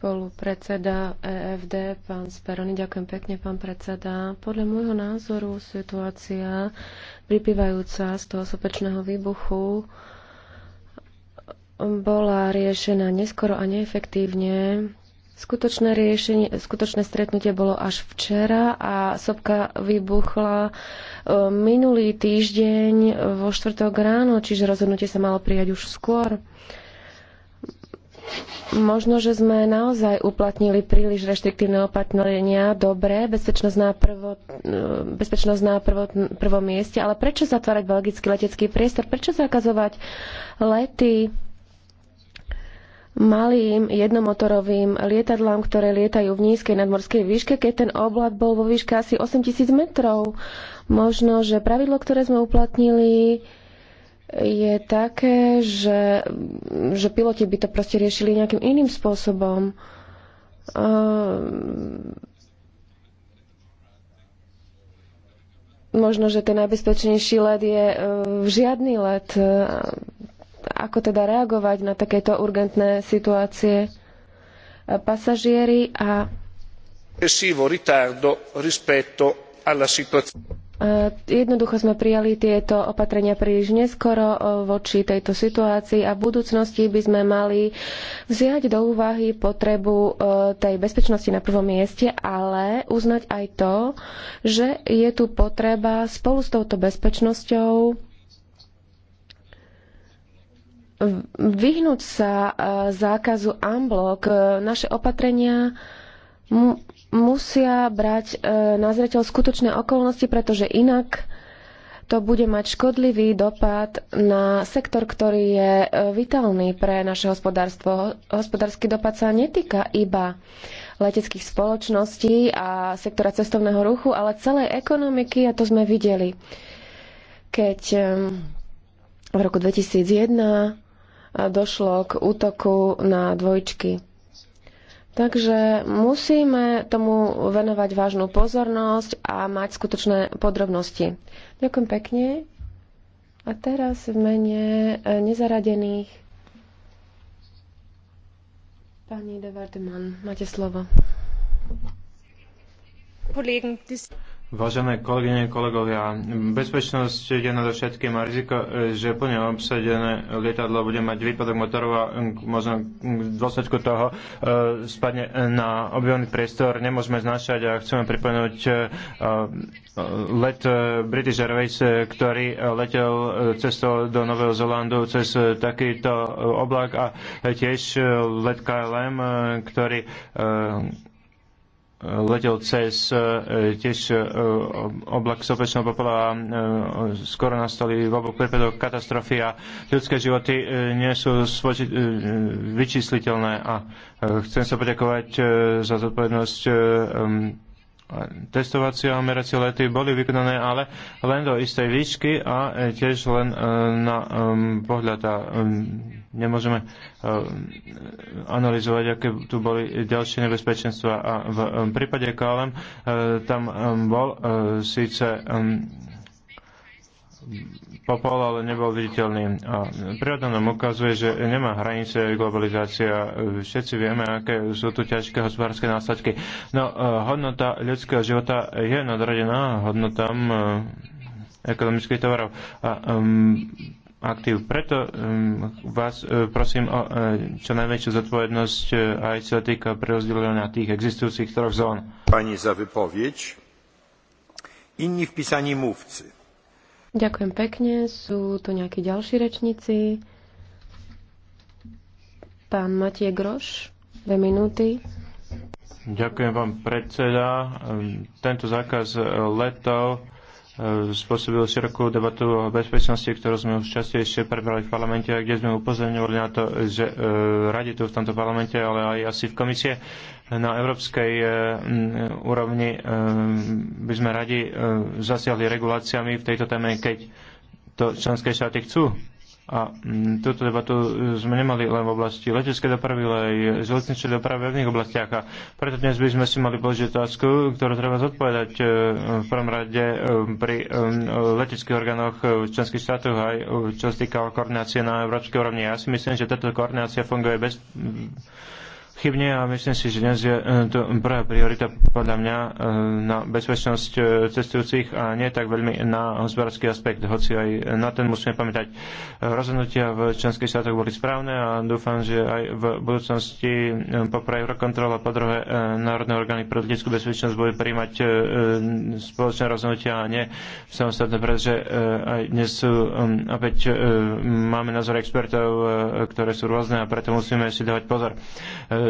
spolupredseda EFD, pán Speroni. Ďakujem pekne, pán predseda. Podľa môjho názoru situácia pripývajúca z toho sopečného výbuchu bola riešená neskoro a neefektívne Skutočné, riešenie, skutočné stretnutie bolo až včera a sopka vybuchla e, minulý týždeň vo štvrtok ráno, čiže rozhodnutie sa malo prijať už skôr. Možno, že sme naozaj uplatnili príliš reštriktívne opatrenia, dobre, bezpečnosť na, prvo, e, bezpečnosť na prvo, prvom mieste, ale prečo zatvárať belgický letecký priestor? Prečo zakazovať lety malým jednomotorovým lietadlám, ktoré lietajú v nízkej nadmorskej výške, keď ten oblak bol vo výške asi 8000 metrov. Možno, že pravidlo, ktoré sme uplatnili, je také, že, že piloti by to proste riešili nejakým iným spôsobom. Ehm, možno, že ten najbezpečnejší let je ehm, žiadny let ako teda reagovať na takéto urgentné situácie pasažieri a Jednoducho sme prijali tieto opatrenia príliš neskoro voči tejto situácii a v budúcnosti by sme mali vziať do úvahy potrebu tej bezpečnosti na prvom mieste, ale uznať aj to, že je tu potreba spolu s touto bezpečnosťou vyhnúť sa e, zákazu unblock. E, naše opatrenia mu musia brať e, na zreteľ skutočné okolnosti, pretože inak to bude mať škodlivý dopad na sektor, ktorý je vitálny pre naše hospodárstvo. Hospodársky dopad sa netýka iba leteckých spoločností a sektora cestovného ruchu, ale celej ekonomiky a to sme videli. Keď v roku 2001 došlo k útoku na dvojčky. Takže musíme tomu venovať vážnu pozornosť a mať skutočné podrobnosti. Ďakujem pekne. A teraz v mene e, nezaradených pani de Vardeman, máte slovo. Vážené kolegyne, kolegovia, bezpečnosť je všetkým a riziko, e, že plne obsadené lietadlo bude mať výpadok motorov a možno v dôsledku toho e, spadne na objavný priestor, nemôžeme znašať a chceme pripomenúť e, let British Airways, ktorý letel cestou do Nového Zelandu cez takýto oblak a tiež let KLM, ktorý letel cez e, tiež e, oblak sopečného popola a e, skoro nastali v oboch prípadoch katastrofy a ľudské životy nie sú svoči- vyčísliteľné a chcem sa poďakovať za zodpovednosť testovacie a meracie lety boli vykonané, ale len do istej výšky a e, tiež len e, na pohľad a nemôžeme e, analyzovať, aké tu boli ďalšie nebezpečenstva. A v prípade KLM tam bol síce popol, ale nebol viditeľný. A príroda nám ukazuje, že nemá hranice globalizácia. Všetci vieme, aké sú tu ťažké hospodárske následky. No, e, hodnota ľudského života je nadradená hodnotám e, ekonomických tovarov. A, um, aktív. Preto um, vás uh, prosím o uh, čo najväčšiu zodpovednosť uh, aj sa týka prerozdeľovania tých existujúcich troch zón. Pani za vypoveď. Inni vpísaní mluvci. Ďakujem pekne. Sú tu nejakí ďalší rečníci? Pán Matie Groš, dve minúty. Ďakujem vám, predseda. Ehm, tento zákaz letov spôsobil širokú debatu o bezpečnosti, ktorú sme už častejšie prebrali v parlamente, kde sme upozorňovali na to, že e, radi tu v tomto parlamente, ale aj asi v komisie na európskej e, mm, úrovni e, by sme radi e, zasiahli reguláciami v tejto téme, keď to členské štáty chcú a mm, túto debatu e, sme nemali len v oblasti leteckej dopravy, ale aj železničnej dopravy v iných oblastiach. A preto dnes by sme si mali položiť otázku, ktorú treba zodpovedať e, v prvom rade e, pri leteckých orgánoch v členských štátoch aj čo sa týka koordinácie na európskej úrovni. Ja si myslím, že táto koordinácia funguje bez chybne a myslím si, že dnes je e, to prvá priorita podľa mňa e, na bezpečnosť e, cestujúcich a nie tak veľmi na hospodársky aspekt, hoci aj na ten musíme pamätať. Rozhodnutia v členských štátoch boli správne a dúfam, že aj v budúcnosti po prvé a po druhé národné orgány pre leteckú bezpečnosť budú príjmať spoločné rozhodnutia a nie samostatné, pretože aj dnes sú opäť máme názor expertov, ktoré sú rôzne a preto musíme si dávať pozor.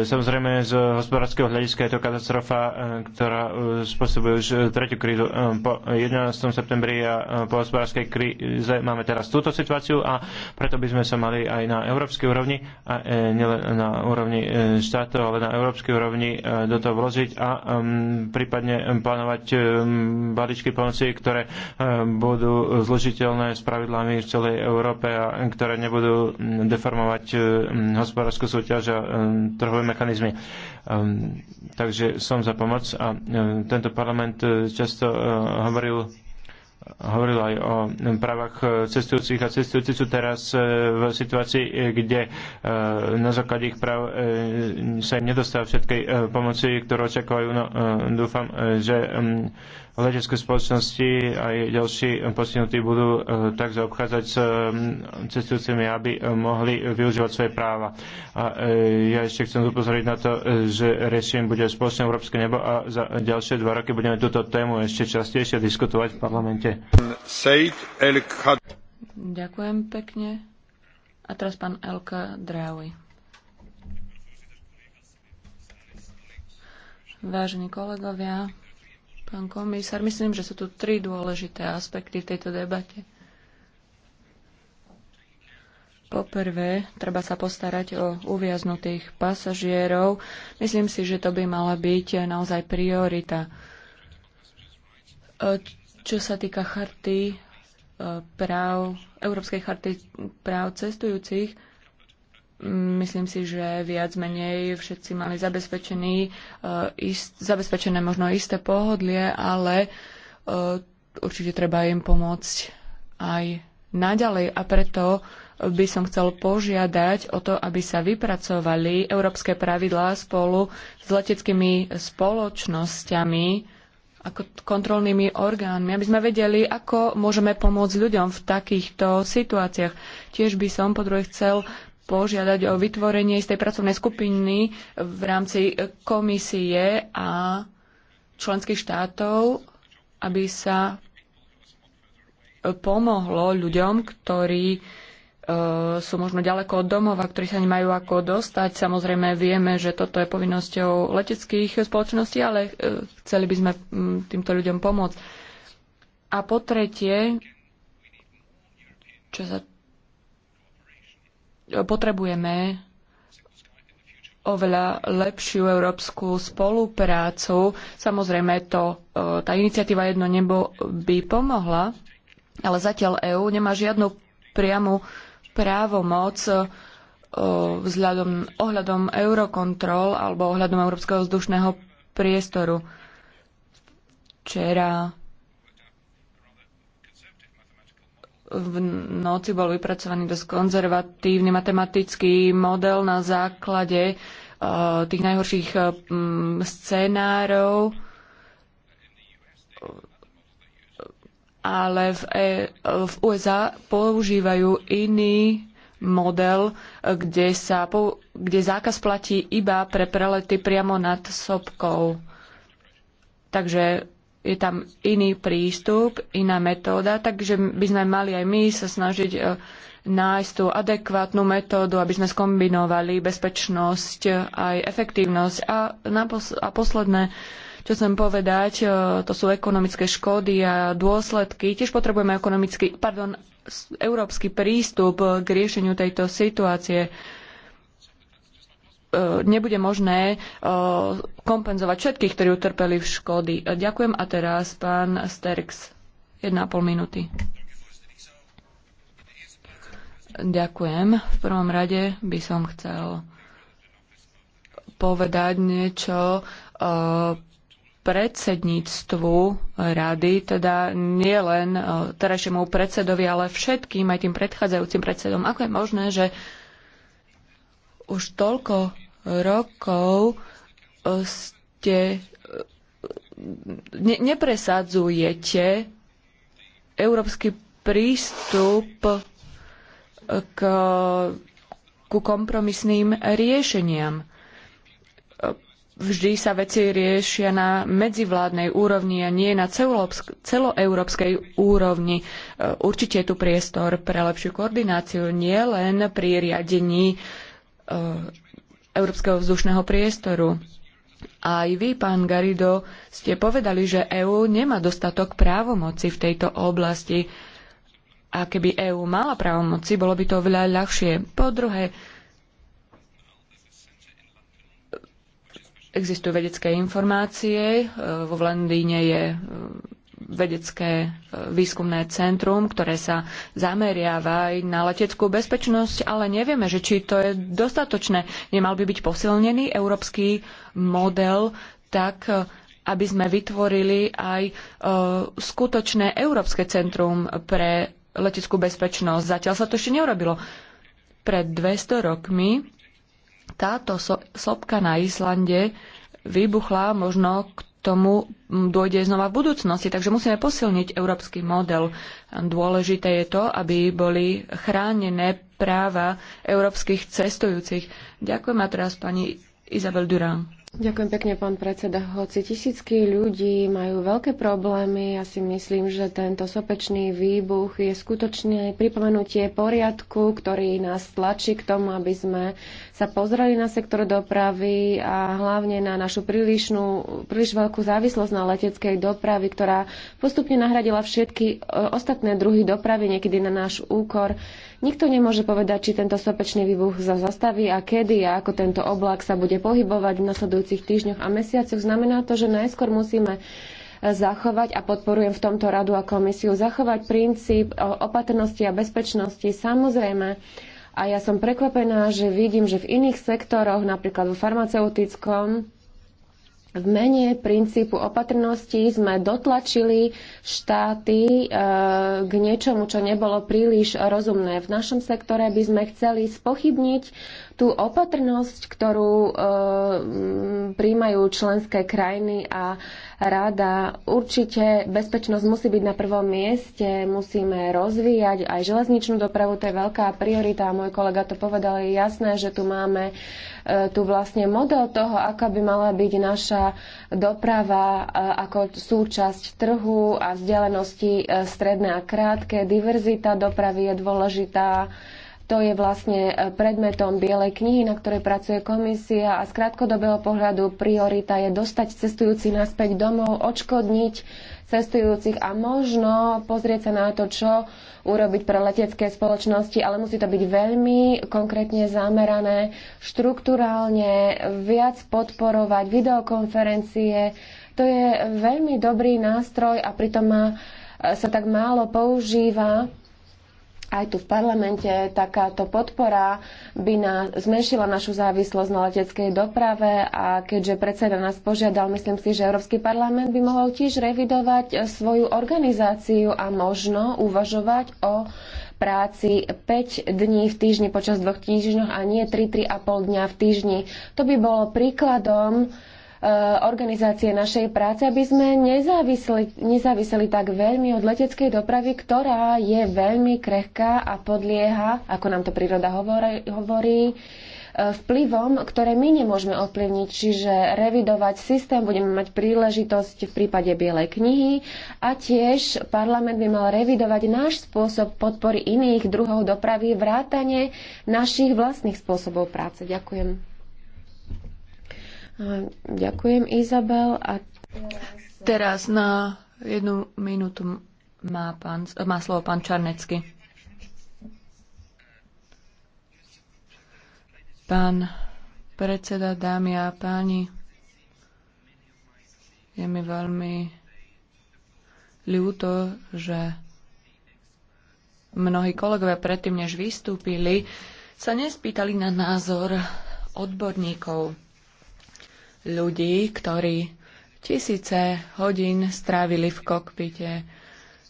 Samozrejme, z hospodárskeho hľadiska je to katastrofa, e, ktorá e, spôsobuje už e, tretiu krízu. Po 11. septembri a po hospodárskej kríze máme teraz túto situáciu a preto by sme sa mali aj na európskej úrovni, a nielen na úrovni štátov, ale na európskej úrovni do toho vložiť a prípadne plánovať balíčky pomoci, ktoré budú zložiteľné s pravidlami v celej Európe a ktoré nebudú deformovať hospodárskú súťaž a trhové mechanizmy. Um, takže som za pomoc a um, tento parlament e, často uh, hovoril hovoril aj o právach e, cestujúcich a cestujúci sú teraz v situácii, kde na základe ich práv sa im nedostáva všetkej pomoci, ktorú očakávajú. No, dúfam, že letecké spoločnosti aj ďalší postihnutí budú e, tak zaobchádzať s e, cestujúcimi, aby e, mohli využívať svoje práva. A ja ešte chcem upozoriť na to, že riešením bude spoločné európske nebo a za ďalšie dva roky budeme túto tému ešte častejšie diskutovať v parlamente. Ďakujem pekne. A teraz pán Elka Drávi. Vážení kolegovia, pán komisár. Myslím, že sú tu tri dôležité aspekty v tejto debate. Poprvé, treba sa postarať o uviaznutých pasažierov. Myslím si, že to by mala byť naozaj priorita. E, čo sa týka charty e, práv, Európskej charty práv cestujúcich, myslím si, že viac menej všetci mali zabezpečený, eh, ist, zabezpečené možno isté pohodlie, ale eh, určite treba im pomôcť aj naďalej a preto by som chcel požiadať o to, aby sa vypracovali európske pravidlá spolu s leteckými spoločnosťami ako kontrolnými orgánmi, aby sme vedeli, ako môžeme pomôcť ľuďom v takýchto situáciách. Tiež by som po druhé chcel požiadať o vytvorenie istej pracovnej skupiny v rámci komisie a členských štátov, aby sa pomohlo ľuďom, ktorí e, sú možno ďaleko od domova, ktorí sa nemajú ako dostať. Samozrejme vieme, že toto je povinnosťou leteckých spoločností, ale e, chceli by sme týmto ľuďom pomôcť. A po tretie, čo sa potrebujeme oveľa lepšiu európsku spoluprácu. Samozrejme, to, e, tá iniciatíva Jedno nebo by pomohla, ale zatiaľ EÚ nemá žiadnu priamu právomoc e, vzhľadom, ohľadom eurokontrol alebo ohľadom Európskeho vzdušného priestoru. Včera v noci bol vypracovaný dosť konzervatívny matematický model na základe e, tých najhorších e, scenárov, ale v, e, v USA používajú iný model, kde, sa, kde zákaz platí iba pre prelety priamo nad sopkou. Takže je tam iný prístup, iná metóda, takže by sme mali aj my sa snažiť e, nájsť tú adekvátnu metódu, aby sme skombinovali bezpečnosť aj efektívnosť. A, napos- a posledné, čo chcem povedať, e, to sú ekonomické škody a dôsledky. Tiež potrebujeme ekonomický, pardon, európsky prístup k riešeniu tejto situácie E, nebude možné e, kompenzovať všetkých, ktorí utrpeli v škody. E, ďakujem a teraz pán Sterks. 1,5 minúty. Ďakujem. V prvom rade by som chcel povedať niečo predsedníctvu rady, teda nie len terajšiemu predsedovi, ale všetkým, aj tým predchádzajúcim predsedom. Ako je možné, že už toľko rokov e, ste e, ne, nepresadzujete európsky prístup e, k, ku kompromisným riešeniam. Vždy sa veci riešia na medzivládnej úrovni a nie na celoeurópskej úrovni. Určite je tu priestor pre lepšiu koordináciu nielen pri riadení uh, Eh, európskeho vzdušného priestoru. Aj vy, pán Garido, ste povedali, že EÚ nemá dostatok právomoci v tejto oblasti. A keby EÚ mala právomoci, bolo by to veľa ľahšie. Po druhé, existujú vedecké informácie. Eh, vo Londýne je eh, vedecké e, výskumné centrum, ktoré sa zameriava aj na leteckú bezpečnosť, ale nevieme, že či to je dostatočné. Nemal by byť posilnený európsky model tak, e, aby sme vytvorili aj e, skutočné Európske centrum pre leteckú bezpečnosť. Zatiaľ sa to ešte neurobilo. Pred 200 rokmi táto sopka na Islande vybuchla možno k tomu dôjde znova v budúcnosti. Takže musíme posilniť európsky model. Dôležité je to, aby boli chránené práva európskych cestujúcich. Ďakujem a teraz pani Izabel Durán. Ďakujem pekne, pán predseda. Hoci tisícky ľudí majú veľké problémy, ja si myslím, že tento sopečný výbuch je skutočne pripomenutie poriadku, ktorý nás tlačí k tomu, aby sme sa pozreli na sektor dopravy a hlavne na našu prílišnú, príliš veľkú závislosť na leteckej dopravy, ktorá postupne nahradila všetky e, ostatné druhy dopravy, niekedy na náš úkor. Nikto nemôže povedať, či tento sopečný výbuch sa zastaví a kedy a ako tento oblak sa bude pohybovať v nasledujúcich týždňoch a mesiacoch. Znamená to, že najskôr musíme e, zachovať a podporujem v tomto radu a komisiu zachovať princíp e, opatrnosti a bezpečnosti. Samozrejme, a ja som prekvapená, že vidím, že v iných sektoroch, napríklad v farmaceutickom, v mene princípu opatrnosti sme dotlačili štáty e, k niečomu, čo nebolo príliš rozumné. V našom sektore by sme chceli spochybniť tú opatrnosť, ktorú e, príjmajú členské krajiny a rada. Určite bezpečnosť musí byť na prvom mieste, musíme rozvíjať aj železničnú dopravu, to je veľká priorita. Môj kolega to povedal, je jasné, že tu máme e, tu vlastne model toho, aká by mala byť naša doprava e, ako súčasť trhu a vzdialenosti e, stredné a krátke. Diverzita dopravy je dôležitá to je vlastne e, predmetom Bielej knihy, na ktorej pracuje komisia a z krátkodobého pohľadu priorita je dostať cestujúci naspäť domov, odškodniť cestujúcich a možno pozrieť sa na to, čo urobiť pre letecké spoločnosti, ale musí to byť veľmi konkrétne zamerané, štruktúrálne viac podporovať videokonferencie. To je veľmi dobrý nástroj a pritom má, e, sa tak málo používa aj tu v parlamente takáto podpora by na, zmenšila našu závislosť na leteckej doprave a keďže predseda nás požiadal, myslím si, že Európsky parlament by mohol tiež revidovať e, svoju organizáciu a možno uvažovať o práci 5 dní v týždni počas dvoch týždňov a nie 3-3,5 dňa v týždni. To by bolo príkladom E, organizácie našej práce, aby sme nezáviseli, nezáviseli tak veľmi od leteckej dopravy, ktorá je veľmi krehká a podlieha, ako nám to príroda hovorí, hovorí e, vplyvom, ktoré my nemôžeme ovplyvniť, čiže revidovať systém budeme mať príležitosť v prípade Bielej knihy a tiež parlament by mal revidovať náš spôsob podpory iných druhov dopravy, vrátane našich vlastných spôsobov práce. Ďakujem. Ďakujem, Izabel. A teraz na jednu minútu má, pán, má slovo pán Čarnecky. Pán predseda, dámy a páni, je mi veľmi ľúto, že mnohí kolegovia predtým, než vystúpili, sa nespýtali na názor odborníkov ľudí, ktorí tisíce hodín strávili v kokpite.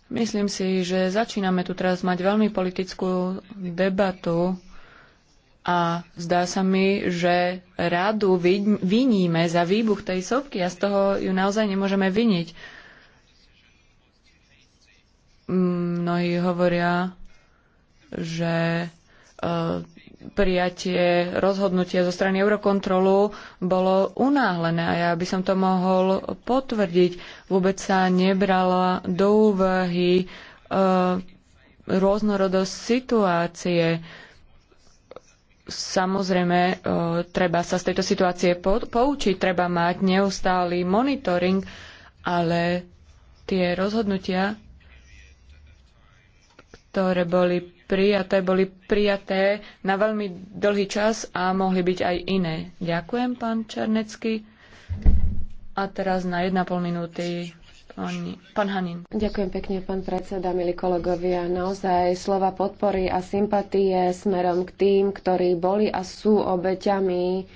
Myslím si, že začíname tu teraz mať veľmi politickú debatu a zdá sa mi, že radu viníme za výbuch tej sopky a z toho ju naozaj nemôžeme viniť. Mnohí hovoria, že eh, prijatie rozhodnutia zo strany Eurokontrolu bolo unáhlené a ja by som to mohol potvrdiť. Vôbec sa nebrala do úvahy e, rôznorodosť situácie. Samozrejme, e, treba sa z tejto situácie po, poučiť, treba mať neustály monitoring, ale tie rozhodnutia, ktoré boli prijaté, boli prijaté na veľmi dlhý čas a mohli byť aj iné. Ďakujem, pán Černecký. A teraz na 1,5 minúty Pani, pán Hanin. Ďakujem pekne, pán predseda, milí kolegovia. Naozaj slova podpory a sympatie smerom k tým, ktorí boli a sú obeťami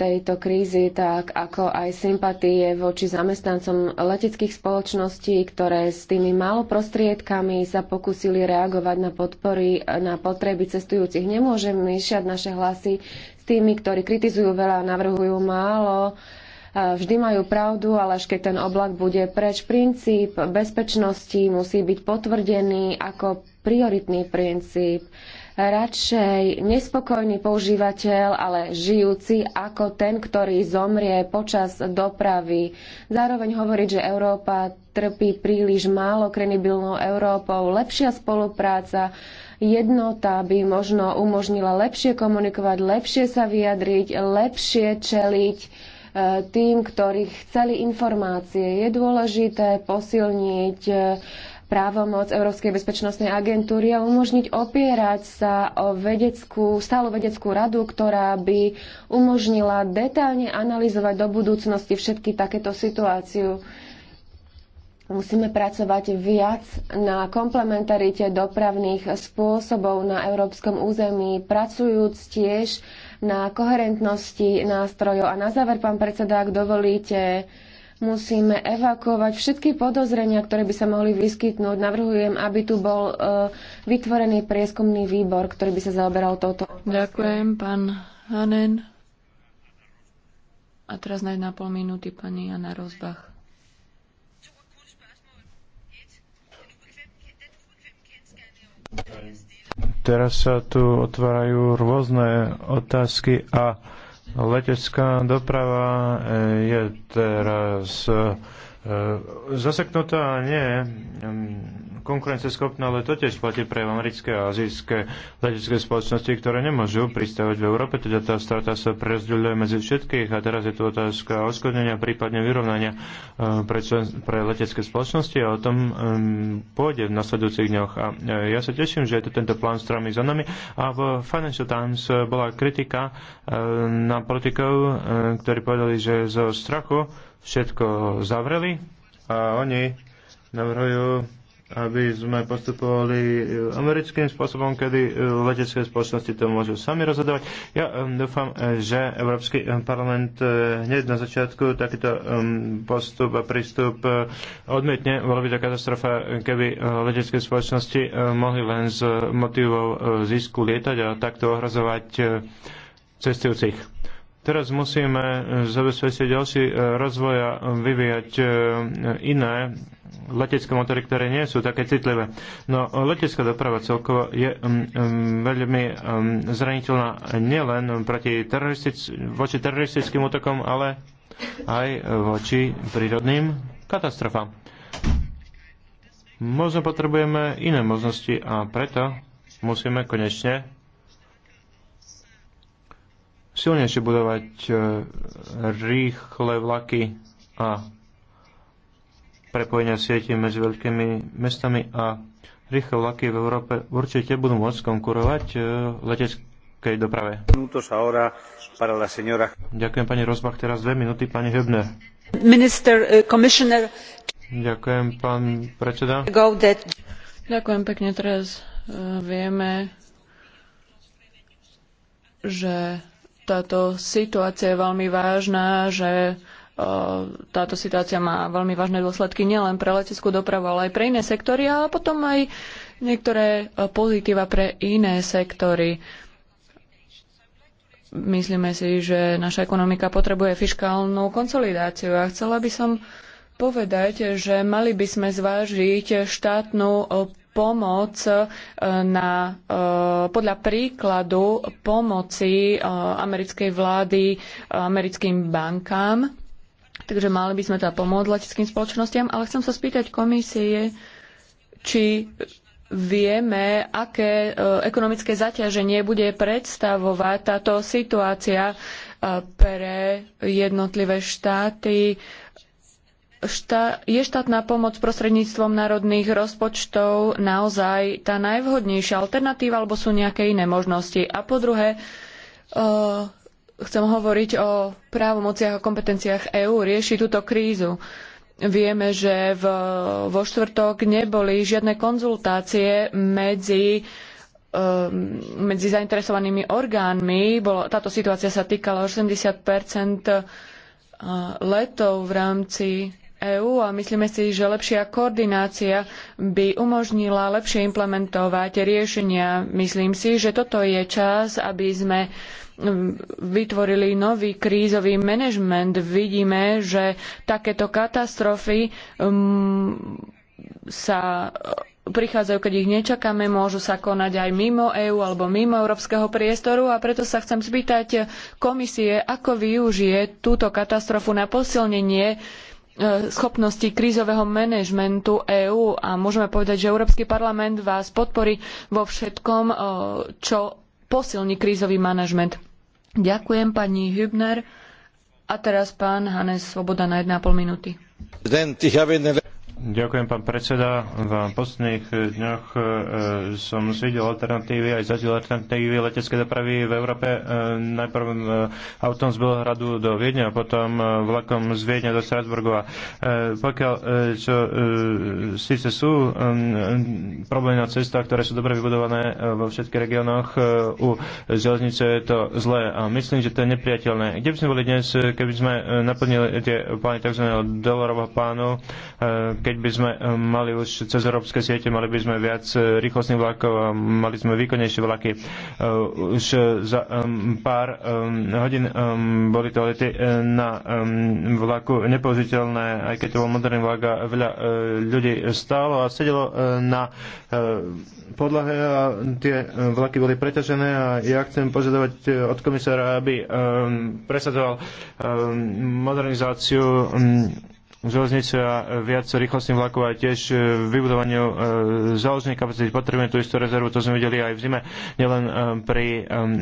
tejto krízy, tak ako aj sympatie voči zamestnancom leteckých spoločností, ktoré s tými málo prostriedkami sa pokúsili reagovať na podpory, na potreby cestujúcich. Nemôžem myšať naše hlasy s tými, ktorí kritizujú veľa a navrhujú málo. Vždy majú pravdu, ale až keď ten oblak bude preč, princíp bezpečnosti musí byť potvrdený ako prioritný princíp radšej nespokojný používateľ, ale žijúci ako ten, ktorý zomrie počas dopravy. Zároveň hovoriť, že Európa trpí príliš málo krenibilnou Európou, lepšia spolupráca, jednota by možno umožnila lepšie komunikovať, lepšie sa vyjadriť, lepšie čeliť e, tým, ktorí chceli informácie. Je dôležité posilniť e, právomoc Európskej bezpečnostnej agentúry a umožniť opierať sa o vedeckú, stálu vedeckú radu, ktorá by umožnila detálne analyzovať do budúcnosti všetky takéto situáciu. Musíme pracovať viac na komplementarite dopravných spôsobov na európskom území, pracujúc tiež na koherentnosti nástrojov. A na záver, pán predseda, ak dovolíte, musíme evakuovať všetky podozrenia, ktoré by sa mohli vyskytnúť. Navrhujem, aby tu bol e, vytvorený prieskumný výbor, ktorý by sa zaoberal touto. Ďakujem, pán Hanen. A teraz na jedna pol minúty pani Jana Rozbach. Teraz sa tu otvárajú rôzne otázky a Letecká doprava eh, je teraz eh, zaseknutá a nie mm, konkurenceschopné, ale to tiež platí pre americké a azijské letecké spoločnosti, ktoré nemôžu pristávať v Európe, teda tá strata sa prerozdeľuje medzi všetkých a teraz je tu otázka oskodnenia, prípadne vyrovnania eh, pre, člen, pre letecké spoločnosti a o tom um, pôjde v nasledujúcich dňoch. A eh, ja sa teším, že je to tento plán stromy za nami a v Financial Times eh, bola kritika na politikov, ktorí povedali, že zo strachu všetko zavreli a oni navrhujú aby sme postupovali eh, americkým spôsobom, kedy eh, letecké spoločnosti to môžu sami rozhodovať. Ja dúfam, eh, že Európsky parlament hneď na začiatku takýto postup a prístup odmietne. Bola by to katastrofa, keby letecké spoločnosti mohli len z motivov zisku lietať a takto ohrazovať cestujúcich. Teraz musíme eh, zabezpečiť ďalší eh, rozvoj a eh, vyvíjať iné letecké motory, ktoré nie sú také citlivé. No letecká doprava celkovo je um, um, veľmi um, zraniteľná nielen proti teroristic- voči teroristickým útokom, ale aj voči prírodným katastrofám. Možno potrebujeme iné možnosti a preto musíme konečne silnejšie budovať e, rýchle vlaky a prepojenia sieti medzi veľkými mestami a rýchle vlaky v Európe určite budú môcť konkurovať e, leteckej doprave. Ďakujem pani Rozbach, teraz dve minúty pani Hübner. Minister, uh, Ďakujem pán predseda. Ďakujem pekne, teraz vieme, že táto situácia je veľmi vážna, že eh, táto situácia má veľmi vážne dôsledky nielen pre leteckú dopravu, ale aj pre iné sektory a potom aj niektoré eh, pozitíva pre iné sektory. Myslíme si, že naša ekonomika potrebuje fiškálnu konsolidáciu a chcela by som povedať, že mali by sme zvážiť štátnu eh, pomoc e, na, e, podľa príkladu pomoci e, americkej vlády americkým bankám. Takže mali by sme teda pomôcť leteckým spoločnostiam, ale chcem sa spýtať komisie, či vieme, aké ekonomické zaťaženie bude predstavovať táto situácia pre jednotlivé štáty, štá, je štátna pomoc prostredníctvom národných rozpočtov naozaj tá najvhodnejšia alternatíva, alebo sú nejaké iné možnosti? A po druhé, uh, chcem hovoriť o právomociach a kompetenciách EÚ rieši túto krízu. Vieme, že v, vo štvrtok neboli žiadne konzultácie medzi e, medzi zainteresovanými orgánmi. Bolo, táto situácia sa týkala 80 e, letov v rámci EÚ a myslíme si, že lepšia koordinácia by umožnila lepšie implementovať riešenia. Myslím si, že toto je čas, aby sme mm, vytvorili nový krízový manažment. Vidíme, že takéto katastrofy um, sa e, prichádzajú, keď ich nečakáme, môžu sa konať aj mimo EÚ alebo mimo európskeho priestoru a preto sa chcem spýtať komisie, ako využije túto katastrofu na posilnenie E, schopnosti krízového manažmentu EÚ a môžeme povedať, že Európsky parlament vás podporí vo všetkom, e, čo posilní krízový manažment. Ďakujem pani Hübner a teraz pán Hannes Svoboda na 1,5 minúty. Ďakujem, pán predseda. V posledných dňoch e, som zvidel alternatívy, aj zažil alternatívy leteckej dopravy v Európe. E, najprv e, autom z Belhradu do Viedne a potom vlakom z Viedne do Strasburgu. A pokiaľ čo, síce sú problémy na cestách, ktoré sú dobre vybudované vo všetkých regiónoch, u železnice je to zlé a myslím, že to je nepriateľné. Kde by sme boli dnes, keby sme naplnili tie plány tzv. dolarového plánu, keď by sme eh, mali už cez európske siete, mali by sme viac eh, rýchlostných vlakov a mali sme výkonnejšie vlaky. Eh, už za pár hodín boli to lety na vlaku nepoužiteľné, aj keď to bol moderný vlak a veľa ľudí stálo a sedelo na podlahe a tie vlaky boli preťažené a ja chcem požadovať od komisára, aby presadzoval modernizáciu mm, železnice a viac rýchlostných vlakov a tiež e, vybudovaniu e, záložnej kapacity potrebujeme tú istú rezervu, to sme videli aj v zime, nielen e, pri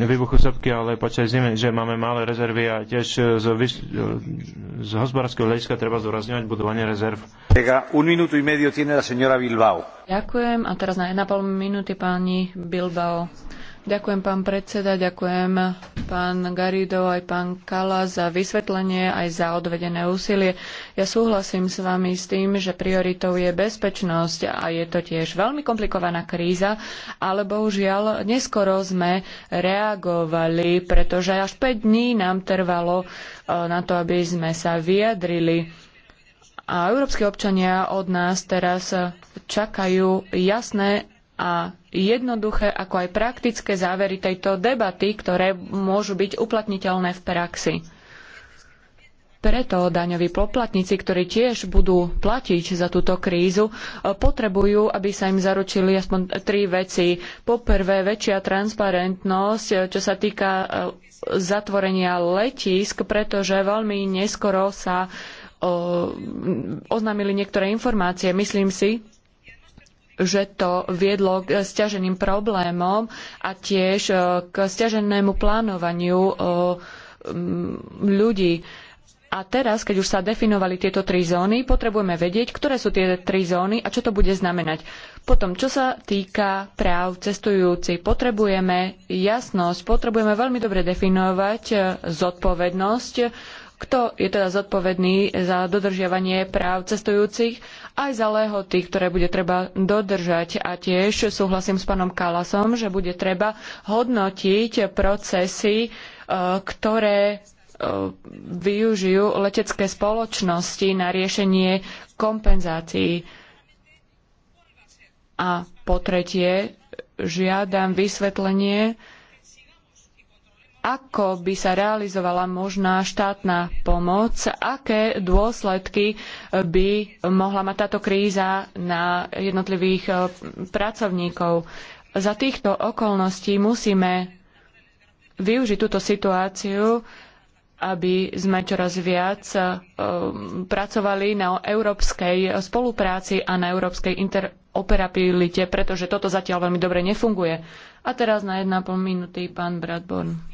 výbuchu sopky, ale počas zimy, že máme malé rezervy a tiež z, z hospodárskeho hľadiska treba zdôrazňovať budovanie rezerv. Ďakujem a teraz na 1,5 minúty pani Bilbao. Ďakujem pán predseda, ďakujem pán Garido aj pán Kala za vysvetlenie aj za odvedené úsilie. Ja súhlasím s vami s tým, že prioritou je bezpečnosť a je to tiež veľmi komplikovaná kríza, ale bohužiaľ neskoro sme reagovali, pretože až 5 dní nám trvalo e, na to, aby sme sa vyjadrili. A európske občania od nás teraz čakajú jasné a jednoduché ako aj praktické závery tejto debaty, ktoré môžu byť uplatniteľné v praxi. Preto daňoví poplatníci, ktorí tiež budú platiť za túto krízu, potrebujú, aby sa im zaručili aspoň tri veci. Poprvé, väčšia transparentnosť, čo sa týka e, zatvorenia letísk, pretože veľmi neskoro sa e, oznámili niektoré informácie. Myslím si, že to viedlo k sťaženým problémom a tiež e, k sťaženému plánovaniu e, ľudí. A teraz, keď už sa definovali tieto tri zóny, potrebujeme vedieť, ktoré sú tie tri zóny a čo to bude znamenať. Potom, čo sa týka práv cestujúcich, potrebujeme jasnosť, potrebujeme veľmi dobre definovať e, zodpovednosť, kto je teda zodpovedný za dodržiavanie práv cestujúcich aj za lehoty, ktoré bude treba dodržať. A tiež súhlasím s pánom Kalasom, že bude treba hodnotiť procesy, e, ktoré e, využijú letecké spoločnosti na riešenie kompenzácií. A po tretie, žiadam vysvetlenie, ako by sa realizovala možná štátna pomoc, aké dôsledky by mohla mať táto kríza na jednotlivých e, pracovníkov. Za týchto okolností musíme využiť túto situáciu, aby sme čoraz viac e, pracovali na európskej spolupráci a na európskej interoperabilite, pretože toto zatiaľ veľmi dobre nefunguje. A teraz na jedna pol minúty pán Bradborn.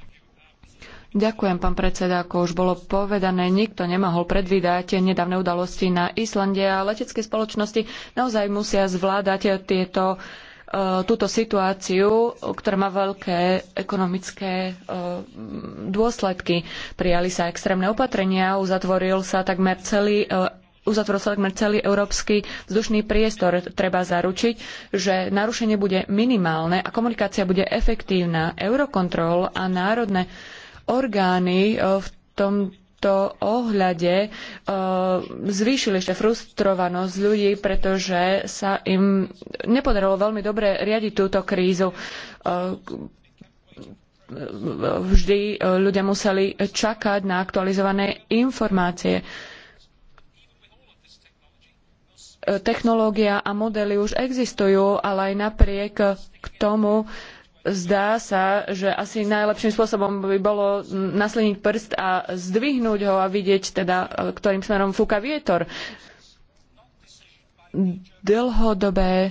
Ďakujem, pán predseda. Ako už bolo povedané, nikto nemohol predvídať nedávne udalosti na Islande a letecké spoločnosti naozaj musia zvládať tieto, eh, túto situáciu, ktorá má veľké ekonomické eh, dôsledky. Prijali sa extrémne opatrenia, uzatvoril sa takmer celý eh, uzatvoril sa takmer celý európsky vzdušný priestor. Treba zaručiť, že narušenie bude minimálne a komunikácia bude efektívna. Eurokontrol a národné uh, orgány e, v tomto ohľade e, zvýšili ešte frustrovanosť ľudí, pretože sa im nepodarilo veľmi dobre riadiť túto krízu e, vždy ľudia museli čakať na aktualizované informácie. Technológia a modely už existujú, ale aj napriek k tomu zdá sa, že asi najlepším spôsobom by bolo nasliniť prst a zdvihnúť ho a vidieť teda, e, ktorým smerom fúka vietor. Dlhodobé e,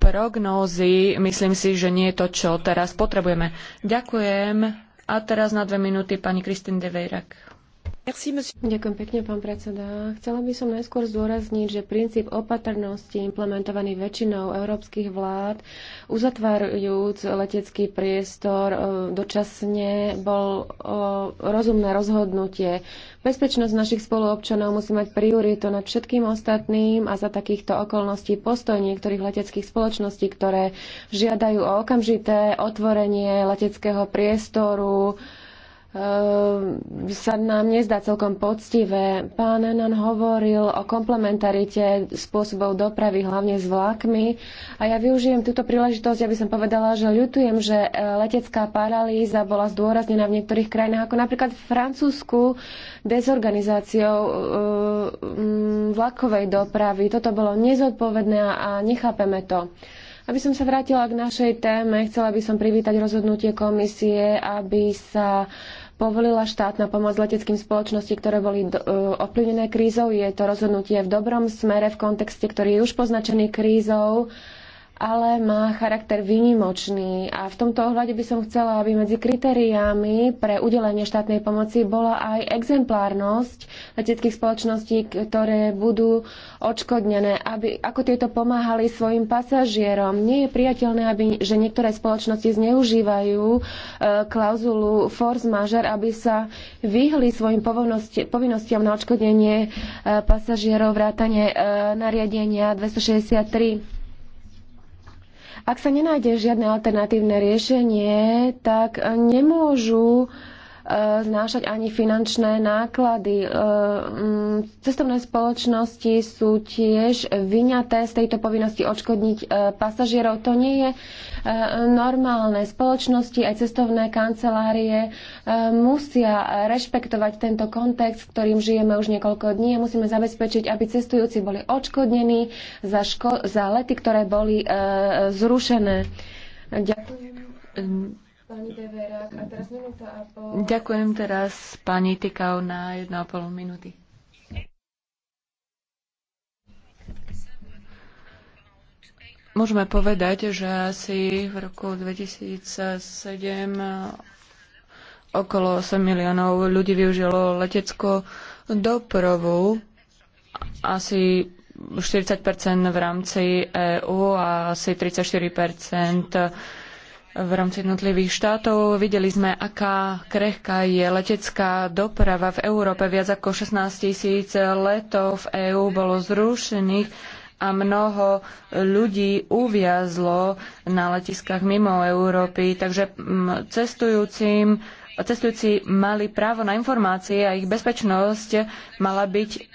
prognózy, myslím si, že nie je to, čo teraz potrebujeme. Ďakujem. A teraz na dve minúty pani De Devejrak. Ďakujem pekne, pán predseda. Chcela by som najskôr zdôrazniť, že princíp opatrnosti implementovaný väčšinou európskych vlád, uzatvárajúc letecký priestor e, dočasne, bol e, rozumné rozhodnutie. Bezpečnosť našich spoluobčanov musí mať prioritu nad všetkým ostatným a za takýchto okolností postoj niektorých leteckých spoločností, ktoré žiadajú o okamžité otvorenie leteckého priestoru, Ehm, sa nám nezdá celkom poctivé. Pán Enan hovoril o komplementarite spôsobov dopravy, hlavne s vlakmi A ja využijem túto príležitosť, aby som povedala, že ľutujem, že e, letecká paralýza bola zdôraznená v niektorých krajinách, ako napríklad v Francúzsku, dezorganizáciou e, vlakovej dopravy. Toto bolo nezodpovedné a nechápeme to. Aby som sa vrátila k našej téme, chcela by som privítať rozhodnutie komisie, aby sa povolila štátna pomoc leteckým spoločnosti, ktoré boli do, e, uh, ovplyvnené krízou. Je to rozhodnutie v dobrom smere v kontexte, ktorý je už poznačený krízou. Uh, ale má charakter výnimočný. A v tomto ohľade by som chcela, aby medzi kritériami pre udelenie štátnej pomoci bola aj exemplárnosť leteckých spoločností, ktoré budú odškodnené, aby, ako tieto pomáhali svojim pasažierom. Nie je priateľné, aby, že niektoré spoločnosti zneužívajú e, klauzulu force majeure, aby sa vyhli svojim povinnostiam na odškodnenie e, pasažierov vrátane e, nariadenia 263 ak sa nenájde žiadne alternatívne riešenie, tak nemôžu znášať ani finančné náklady. E, cestovné spoločnosti sú tiež vyňaté z tejto povinnosti odškodniť e, pasažierov. To nie je e, normálne. Spoločnosti aj cestovné kancelárie musia rešpektovať tento kontext, ktorým žijeme už niekoľko dní a musíme zabezpečiť, aby cestujúci boli odškodnení za, ško- za lety, ktoré boli zrušené. Ďakujem pani Deverák. A teraz minúta a pol. Ďakujem teraz pani Tikau na 1,5 minúty. Môžeme povedať, že asi v roku 2007 okolo 8 miliónov ľudí využilo letecko dopravu, asi 40 v rámci EÚ a asi 34 v rámci jednotlivých štátov. Videli sme, aká krehká je letecká doprava v Európe. Viac ako 16 tisíc letov v EÚ bolo zrušených a mnoho ľudí uviazlo na letiskách mimo Európy. Takže mm, cestujúcim cestujúci mali právo na informácie a ich bezpečnosť mala byť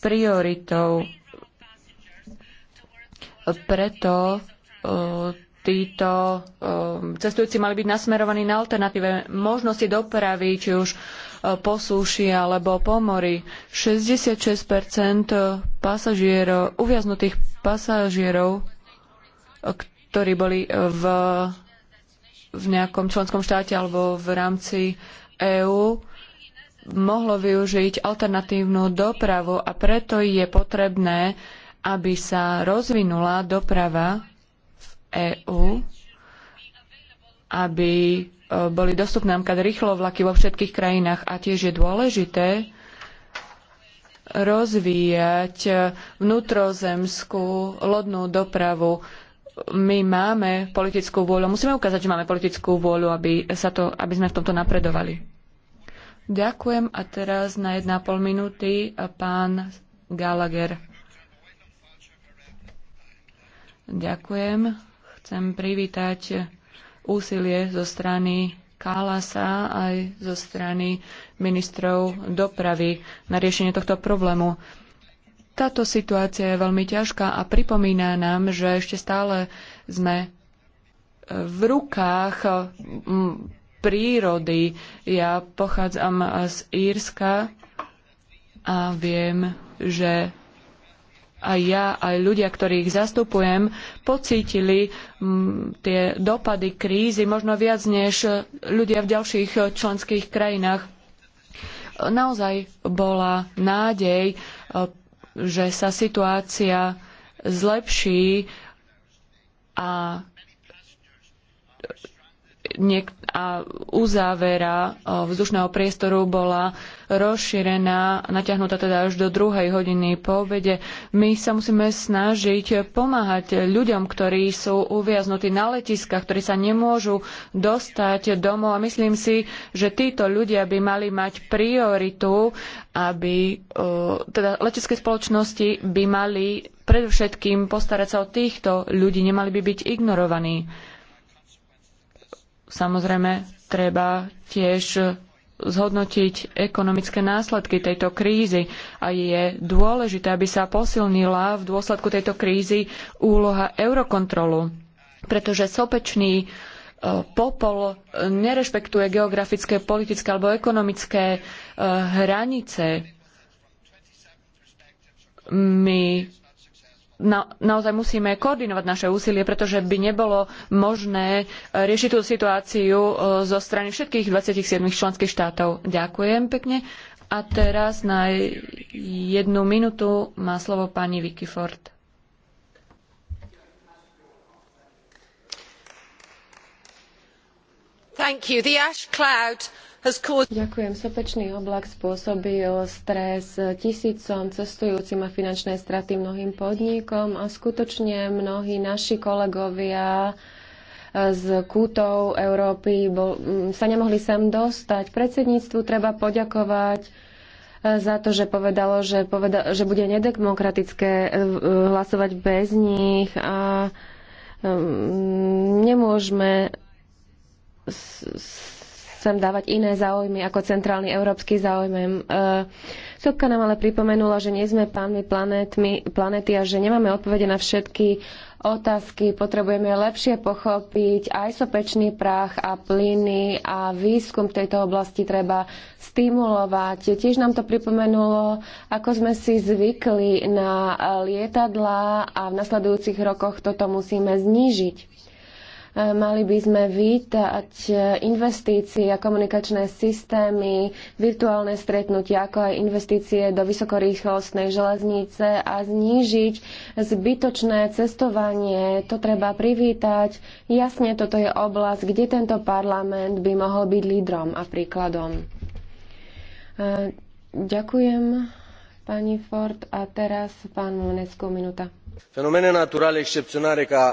prioritou. Preto títo um, cestujúci mali byť nasmerovaní na alternatíve možnosti dopravy, či už uh, po súši alebo po mori. 66 pasažierov, uviaznutých pasažierov, ktorí boli v, v nejakom členskom štáte alebo v rámci EÚ, mohlo využiť alternatívnu dopravu a preto je potrebné, aby sa rozvinula doprava EÚ, aby e, boli dostupné napríklad rýchlo vlaky vo všetkých krajinách a tiež je dôležité rozvíjať vnútrozemskú lodnú dopravu. My máme politickú vôľu, musíme ukázať, že máme politickú vôľu, aby, sa to, aby sme v tomto napredovali. Ďakujem a teraz na 1,5 minúty pán Gallagher. Ďakujem Chcem privítať úsilie zo strany Kálasa aj zo strany ministrov dopravy na riešenie tohto problému. Táto situácia je veľmi ťažká a pripomína nám, že ešte stále sme v rukách prírody. Ja pochádzam z Írska a viem, že aj ja, aj ľudia, ktorých zastupujem, pocítili mm, tie dopady krízy možno viac než ľudia v ďalších členských krajinách. Naozaj bola nádej, e, že sa situácia zlepší a niek- a uzávera e, vzdušného priestoru bola rozšírená, natiahnutá teda až do druhej hodiny po obede. My sa musíme snažiť pomáhať ľuďom, ktorí sú uviaznutí na letiskách, ktorí sa nemôžu dostať domov a myslím si, že títo ľudia by mali mať prioritu, aby e, teda letecké spoločnosti by mali predovšetkým postarať sa o týchto ľudí, nemali by byť ignorovaní. Samozrejme, treba tiež zhodnotiť ekonomické následky tejto krízy a je dôležité, aby sa posilnila v dôsledku tejto krízy úloha eurokontrolu, pretože sopečný e, popol nerešpektuje geografické, politické alebo ekonomické e, hranice. My na, naozaj musíme koordinovať naše úsilie, pretože by nebolo možné eh, riešiť tú situáciu eh, zo strany všetkých 27 členských štátov. Ďakujem pekne. A teraz na jednu minútu má slovo pani Vicky Ford. Ďakujem. Sopečný oblak spôsobil stres tisícom cestujúcim a finančné straty mnohým podnikom a skutočne mnohí naši kolegovia z kútov Európy bol, sa nemohli sem dostať. Predsedníctvu treba poďakovať e, za to, že povedalo, že, že bude nedemokratické e, e, hlasovať bez nich a nemôžeme sem dávať iné záujmy ako centrálny európsky záujem. E, Sobka nám ale pripomenula, že nie sme pánmi planétmi, planéty a že nemáme odpovede na všetky otázky. Potrebujeme lepšie pochopiť aj sopečný prach a plyny a výskum v tejto oblasti treba stimulovať. Tiež nám to pripomenulo, ako sme si zvykli na lietadlá a v nasledujúcich rokoch toto musíme znížiť. Mali by sme vítať investície a komunikačné systémy, virtuálne stretnutia, ako aj investície do vysokorýchlostnej železnice a znížiť zbytočné cestovanie. To treba privítať. Jasne, toto je oblasť, kde tento parlament by mohol byť lídrom a príkladom. E, ďakujem, pani Ford. A teraz pán Monesku, minúta ca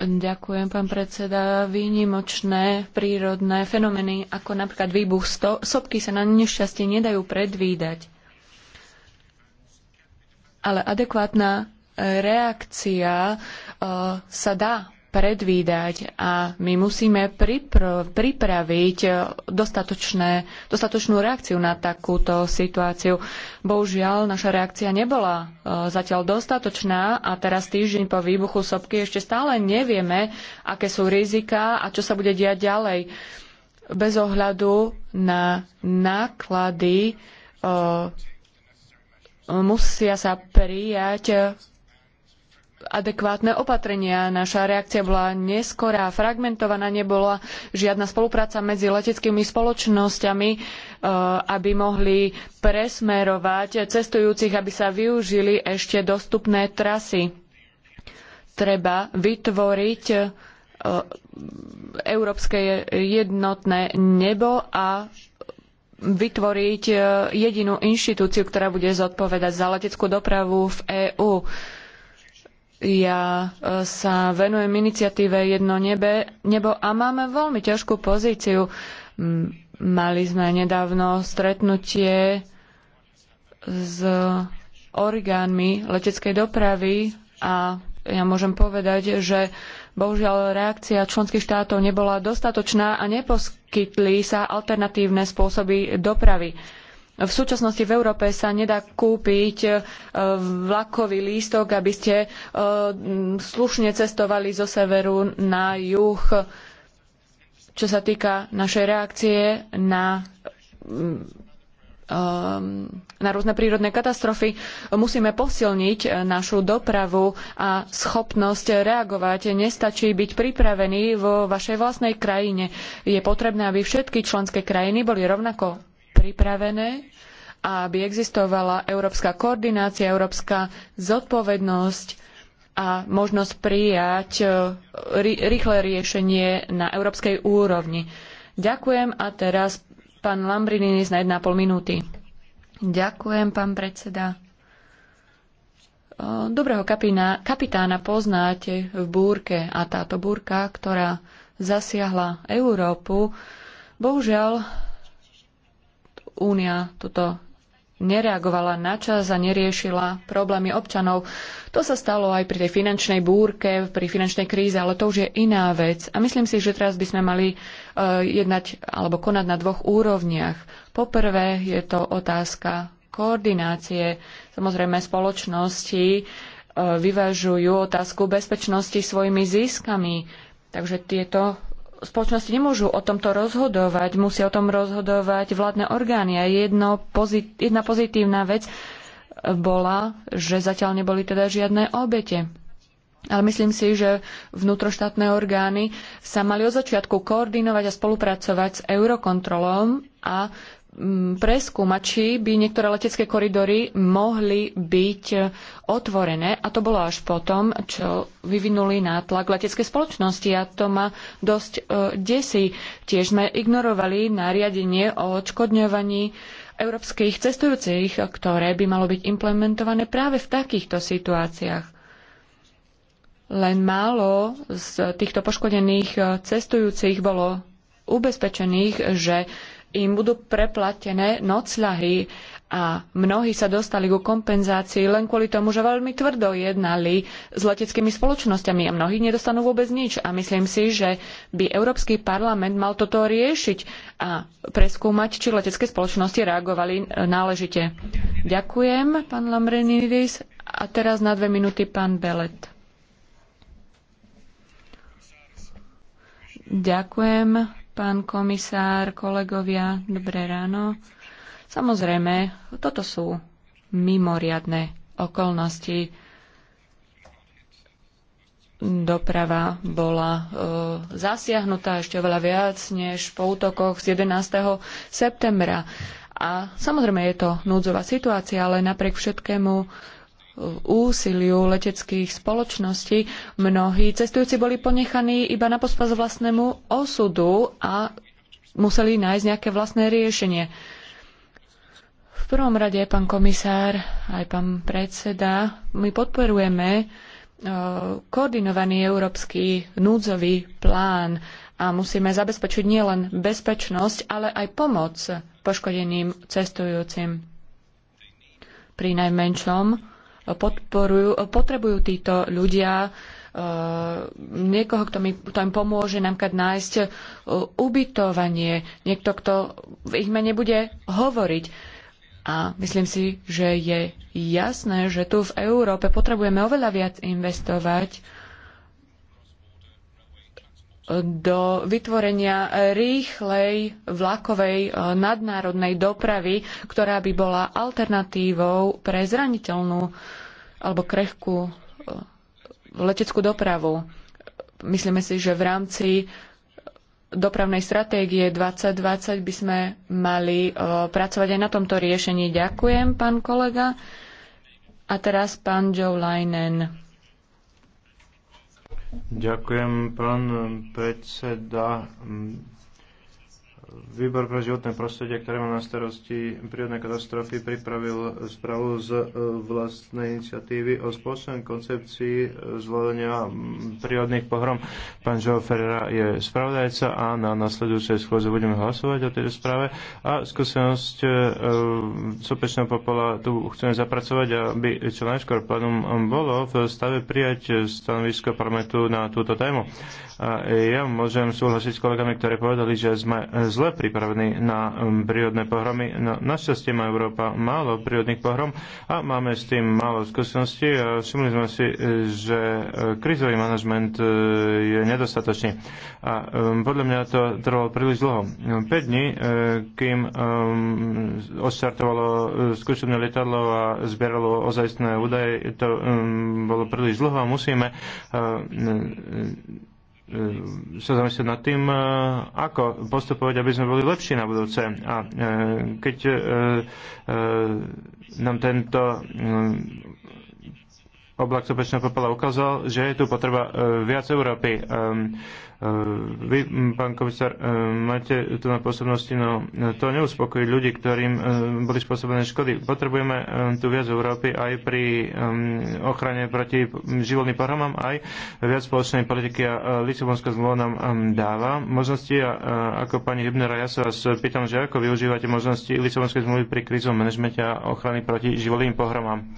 Ďakujem, pán predseda. Výnimočné prírodné fenomény, ako napríklad výbuch sto, sopky, sa na nešťastie nedajú predvídať. Ale adekvátna reakcia e, sa dá predvídať a my musíme pripraviť dostatočnú reakciu na takúto situáciu. Bohužiaľ, naša reakcia nebola e, zatiaľ dostatočná a teraz týždeň po výbuchu sopky ešte stále nevieme, aké sú rizika a čo sa bude diať ďalej. Bez ohľadu na náklady e, musia sa prijať adekvátne opatrenia. Naša reakcia bola neskorá, fragmentovaná, nebola žiadna spolupráca medzi leteckými spoločnosťami, e, aby mohli presmerovať cestujúcich, aby sa využili ešte dostupné trasy. Treba vytvoriť e, európske jednotné nebo a vytvoriť e, jedinú inštitúciu, ktorá bude zodpovedať za leteckú dopravu v EÚ. Ja e, sa venujem iniciatíve Jedno nebe, nebo a máme veľmi ťažkú pozíciu. Mali sme nedávno stretnutie s orgánmi leteckej dopravy a ja môžem povedať, že bohužiaľ reakcia členských štátov nebola dostatočná a neposkytli sa alternatívne spôsoby dopravy v súčasnosti v Európe sa nedá kúpiť e, vlakový lístok, aby ste e, slušne cestovali zo severu na juh. Čo sa týka našej reakcie na mm, e, na rôzne prírodné katastrofy, musíme posilniť našu dopravu a schopnosť reagovať. Nestačí byť pripravený vo vašej vlastnej krajine. Je potrebné, aby všetky členské krajiny boli rovnako pripravené a aby existovala európska koordinácia, európska zodpovednosť a možnosť prijať e, rýchle riešenie na európskej úrovni. Ďakujem a teraz pán Lambrininis na 1,5 minúty. Ďakujem, pán predseda. E, dobrého kapitána, kapitána poznáte v búrke a táto búrka, ktorá zasiahla Európu, bohužiaľ únia tuto nereagovala na čas a neriešila problémy občanov. To sa stalo aj pri tej finančnej búrke, pri finančnej kríze, ale to už je iná vec. A myslím si, že teraz by sme mali uh, jednať alebo konať na dvoch úrovniach. Poprvé je to otázka koordinácie. Samozrejme, spoločnosti uh, vyvažujú otázku bezpečnosti svojimi ziskami. Takže tieto spoločnosti nemôžu o tomto rozhodovať, musia o tom rozhodovať vládne orgány. A jedno, pozit, jedna pozitívna vec bola, že zatiaľ neboli teda žiadne obete. Ale myslím si, že vnútroštátne orgány sa mali od začiatku koordinovať a spolupracovať s Eurokontrolom a preskúmať, či by niektoré letecké koridory mohli byť otvorené. A to bolo až potom, čo vyvinuli nátlak leteckej spoločnosti. A to ma dosť e, desí. Tiež sme ignorovali nariadenie o odškodňovaní európskych cestujúcich, ktoré by malo byť implementované práve v takýchto situáciách. Len málo z týchto poškodených e, cestujúcich bolo ubezpečených, že im budú preplatené nocľahy a mnohí sa dostali ku kompenzácii len kvôli tomu, že veľmi tvrdo jednali s leteckými spoločnosťami a mnohí nedostanú vôbec nič. A myslím si, že by Európsky parlament mal toto riešiť a preskúmať, či letecké spoločnosti reagovali náležite. Ďakujem, pán Lambrinidis. A teraz na dve minúty pán Belet. Ďakujem pán komisár, kolegovia, dobré ráno. Samozrejme, toto sú mimoriadne okolnosti. Doprava bola e, zasiahnutá ešte oveľa viac než po útokoch z 11. septembra. A samozrejme je to núdzová situácia, ale napriek všetkému úsiliu leteckých spoločností mnohí cestujúci boli ponechaní iba na pospas vlastnému osudu a museli nájsť nejaké vlastné riešenie. V prvom rade, pán komisár, aj pán predseda, my podporujeme e, koordinovaný európsky núdzový plán a musíme zabezpečiť nielen bezpečnosť, ale aj pomoc poškodeným cestujúcim. Pri najmenšom podporujú, potrebujú títo ľudia e, niekoho, kto, mi, kto im pomôže napríklad nájsť e, ubytovanie, niekto, kto v ich mene bude hovoriť. A myslím si, že je jasné, že tu v Európe potrebujeme oveľa viac investovať do vytvorenia rýchlej vlakovej e, nadnárodnej dopravy, ktorá by bola alternatívou pre zraniteľnú alebo krehkú e, leteckú dopravu. Myslíme si, že v rámci dopravnej stratégie 2020 by sme mali e, pracovať aj na tomto riešení. Ďakujem, pán kolega. A teraz pán Joe Leinen. Ďakujem, pán predseda. Výbor pre životné prostredie, ktoré má na starosti prírodné katastrofy, pripravil správu z e, vlastnej iniciatívy o spôsobom koncepcii e, zvolenia prírodných pohrom. Pán Joe Ferreira je spravodajca a na nasledujúcej schôze budeme hlasovať o tejto správe. A skúsenosť e, sopečného popola tu chceme zapracovať, aby čo najskôr plénum bolo v stave prijať stanovisko parlamentu na túto tému. A ja môžem súhlasiť s kolegami, ktorí povedali, že sme zl- zle pripravení na um, prírodné pohromy. No, našťastie má Európa málo prírodných pohrom a máme s tým málo skúseností a všimli sme si, že e, krizový manažment e, je nedostatočný. A um, podľa mňa to trvalo príliš dlho. 5 dní, e, kým um, odštartovalo skúšobné lietadlo a zbieralo ozajstné údaje, to bolo príliš dlho a musíme E, sa zamyslieť nad tým, e, ako postupovať, aby sme boli lepší na budúce. A e, keď nám tento oblak sopečného popola ukázal, že je tu potreba viac Európy. Eh, vy, pán komisár, eh, máte tu na pôsobnosti, no to neuspokojí ľudí, ktorým eh, boli spôsobené škody. Potrebujeme tu viac Európy aj pri ochrane proti živolným pohromám, aj viac spoločnej politiky a Lisabonská zmluva nám dáva možnosti a ako pani Hybnera, ja sa vás pýtam, že ako využívate možnosti Lisabonskej zmluvy pri krízovom manažmente a ochrany proti živolným pohromám.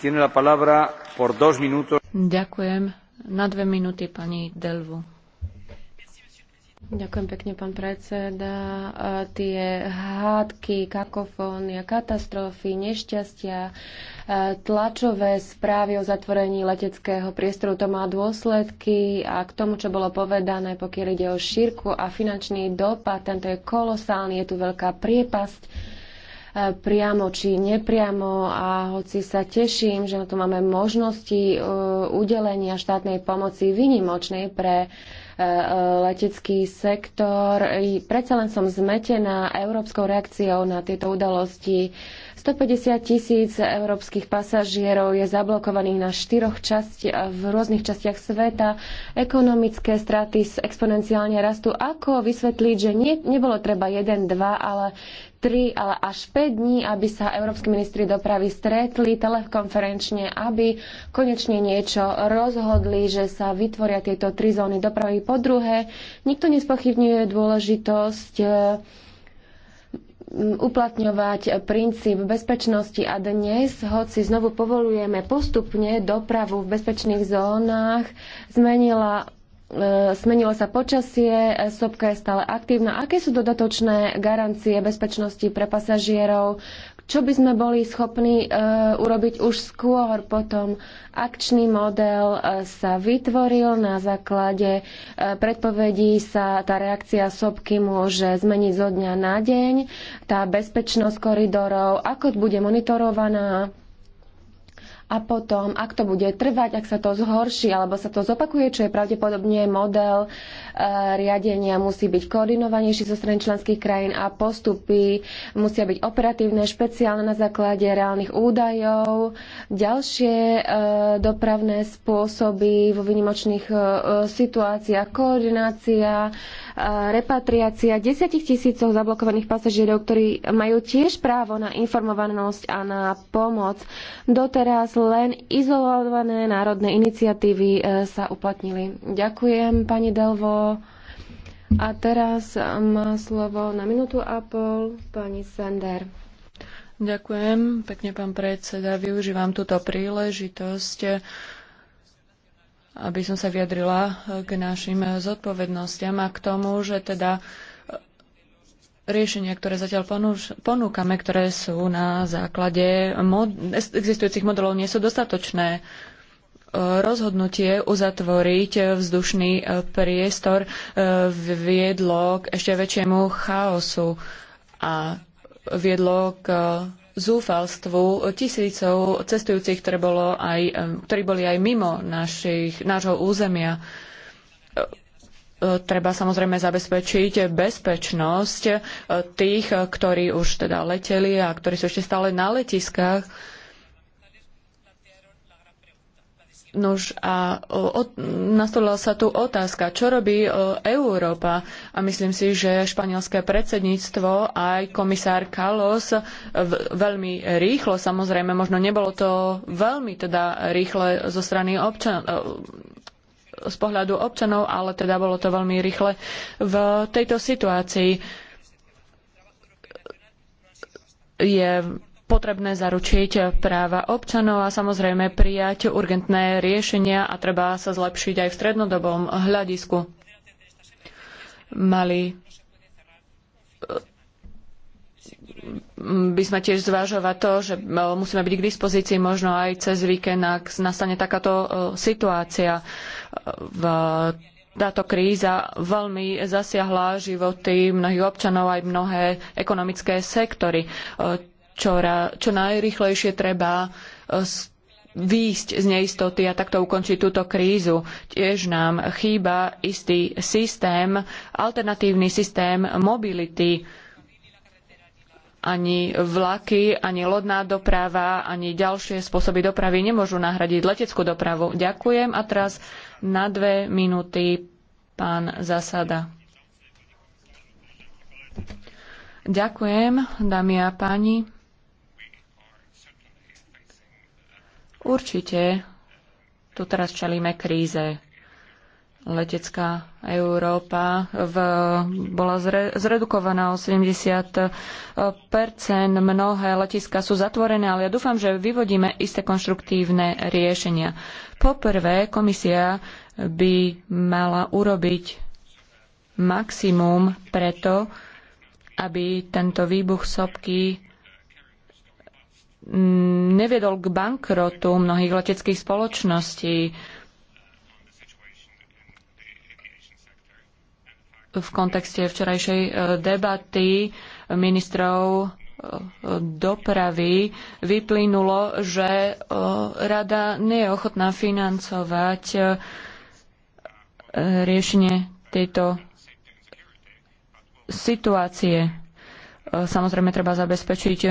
Ďakujem. Na dve minúty pani Delvu. Ďakujem pekne, pán predseda. Tie hádky, kakofónia, katastrofy, nešťastia, tlačové správy o zatvorení leteckého priestoru, to má dôsledky a k tomu, čo bolo povedané, pokiaľ ide o šírku a finančný dopad, tento je kolosálny, je tu veľká priepasť priamo či nepriamo a hoci sa teším, že na to máme možnosti e, udelenia štátnej pomoci vynimočnej pre e, letecký sektor. Predsa len som zmetená európskou reakciou na tieto udalosti. 150 tisíc európskych pasažierov je zablokovaných na štyroch časti, v rôznych častiach sveta. Ekonomické straty exponenciálne rastú. Ako vysvetliť, že nie, nebolo treba jeden dva, ale 3, ale až 5 dní, aby sa európsky ministri dopravy stretli telekonferenčne, aby konečne niečo rozhodli, že sa vytvoria tieto tri zóny dopravy. Po druhé, nikto nespochybňuje dôležitosť e, uplatňovať princíp bezpečnosti a dnes, hoci znovu povolujeme postupne dopravu v bezpečných zónach, zmenila Smenilo e, sa počasie, e, sopka je stále aktívna. Aké sú dodatočné garancie bezpečnosti pre pasažierov? Čo by sme boli schopní e, urobiť už skôr potom? Akčný model sa vytvoril na základe predpovedí sa tá reakcia sopky môže zmeniť zo dňa na deň. Tá bezpečnosť koridorov, ako bude monitorovaná? a potom, ak to bude trvať, ak sa to zhorší alebo sa to zopakuje, čo je pravdepodobne model e, riadenia, musí byť koordinovanejší zo strany členských krajín a postupy musia byť operatívne, špeciálne na základe reálnych údajov, ďalšie e, dopravné spôsoby vo vynimočných e, e situáciách, koordinácia, e, repatriácia desiatich tisícov zablokovaných pasažierov, ktorí majú tiež právo na informovanosť a na pomoc. Doteraz len izolované národné iniciatívy e, sa uplatnili. Ďakujem, pani Delvo. A teraz e, má slovo na minútu a pol pani Sender. Ďakujem pekne, pán predseda. Využívam túto príležitosť aby som sa vyjadrila eh, k našim eh, zodpovednostiam a k tomu, že teda eh, riešenia, ktoré zatiaľ ponúkame, ktoré sú na základe mod- existujúcich modelov, nie sú dostatočné. Rozhodnutie uzatvoriť vzdušný priestor viedlo k ešte väčšiemu chaosu a viedlo k zúfalstvu tisícov cestujúcich, ktoré bolo aj, e, ktorí boli aj mimo našich, nášho územia. E, e, treba samozrejme zabezpečiť bezpečnosť tých, ktorí už teda leteli a ktorí sú ešte stále na letiskách Nož a o, nastolila sa tu otázka, čo robí o, Európa. A myslím si, že španielské predsedníctvo aj komisár Kalos e, v, veľmi rýchlo, samozrejme, možno nebolo to veľmi teda rýchle zo strany občanov, e, z pohľadu občanov, ale teda bolo to veľmi rýchle v tejto situácii. Je potrebné zaručiť práva občanov a samozrejme prijať urgentné riešenia a treba sa zlepšiť aj v strednodobom hľadisku. Mali eh, by sme tiež zvažovať to, že eh, musíme byť k dispozícii možno aj cez víkend, ak nastane takáto eh, situácia. V táto kríza veľmi zasiahla životy mnohých občanov aj mnohé ekonomické sektory čo, ra, čo najrychlejšie treba e, výjsť z neistoty a takto ukončiť túto krízu. Tiež nám chýba istý systém, alternatívny systém mobility. Ani vlaky, ani lodná doprava, ani ďalšie spôsoby dopravy nemôžu nahradiť leteckú dopravu. Ďakujem a teraz na dve minúty pán Zasada. Ďakujem, dámy a páni. Určite tu teraz čelíme kríze. Letecká Európa v, bola zre, zredukovaná o 70 Mnohé letiska sú zatvorené, ale ja dúfam, že vyvodíme isté konštruktívne riešenia. Poprvé, komisia by mala urobiť maximum preto, aby tento výbuch sopky Mm, neviedol k bankrotu mnohých leteckých spoločností. V kontexte včerajšej e, debaty ministrov e, dopravy vyplynulo, že e, rada nie je ochotná financovať riešenie tejto situácie. E, samozrejme, treba zabezpečiť e,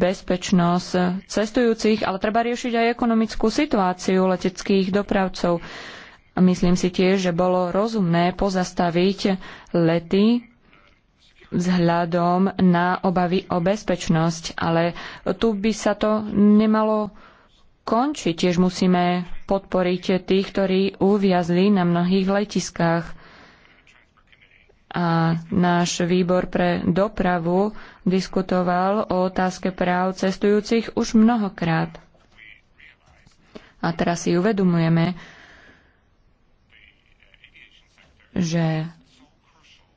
bezpečnosť cestujúcich, ale treba riešiť aj ekonomickú situáciu leteckých dopravcov. Myslím si tiež, že bolo rozumné pozastaviť lety vzhľadom na obavy o bezpečnosť, ale tu by sa to nemalo končiť. Tiež musíme podporiť tých, ktorí uviazli na mnohých letiskách a náš výbor pre dopravu diskutoval o otázke práv cestujúcich už mnohokrát. A teraz si uvedomujeme, že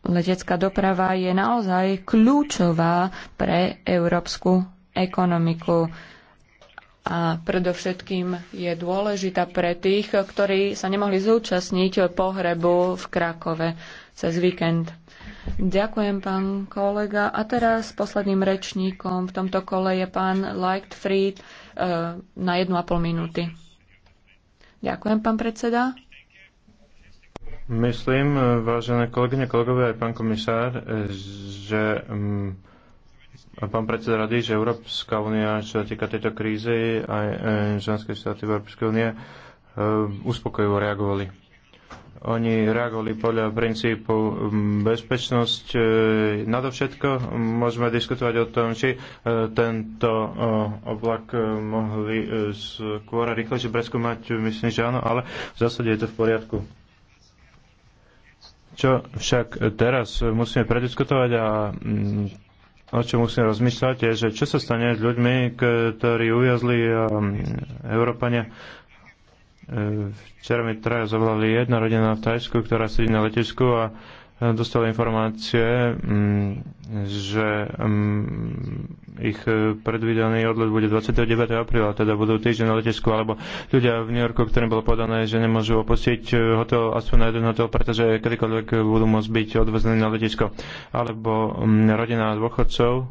letecká doprava je naozaj kľúčová pre európsku ekonomiku a predovšetkým je dôležitá pre tých, ktorí sa nemohli zúčastniť pohrebu v Krakove cez víkend. Ďakujem, pán kolega. A teraz posledným rečníkom v tomto kole je pán Lightfried eh, na 1,5 minúty. Ďakujem, pán predseda. Myslím, eh, vážené kolegyne, kolegovia aj pán komisár, eh, že mm, pán predseda rady, že Európska únia, čo sa týka tejto krízy, aj ženské štáty v Európskej únie uspokojivo reagovali. Oni reagovali podľa princípu mm, bezpečnosť. E, nadovšetko môžeme diskutovať o tom, či e, tento e, oblak mohli skôr a rýchlejšie preskúmať. Myslím, že áno, ale v zásade je to v poriadku. Čo však teraz musíme prediskutovať a mm, o čom musíme rozmýšľať, je, že čo sa stane s ľuďmi, ktorí uviazli Európania Včera mi traja zavolali jedna rodina v Tajsku, ktorá sedí na letisku a dostala informácie, mm, že mm, ich predvídaný odlet bude 29. apríla, teda budú týždeň na letisku, alebo ľudia v New Yorku, ktorým bolo podané, že nemôžu opustiť eh, hotel, aspoň na jeden hotel, pretože kedykoľvek budú môcť byť odvezení na letisko. Alebo mm, rodina dôchodcov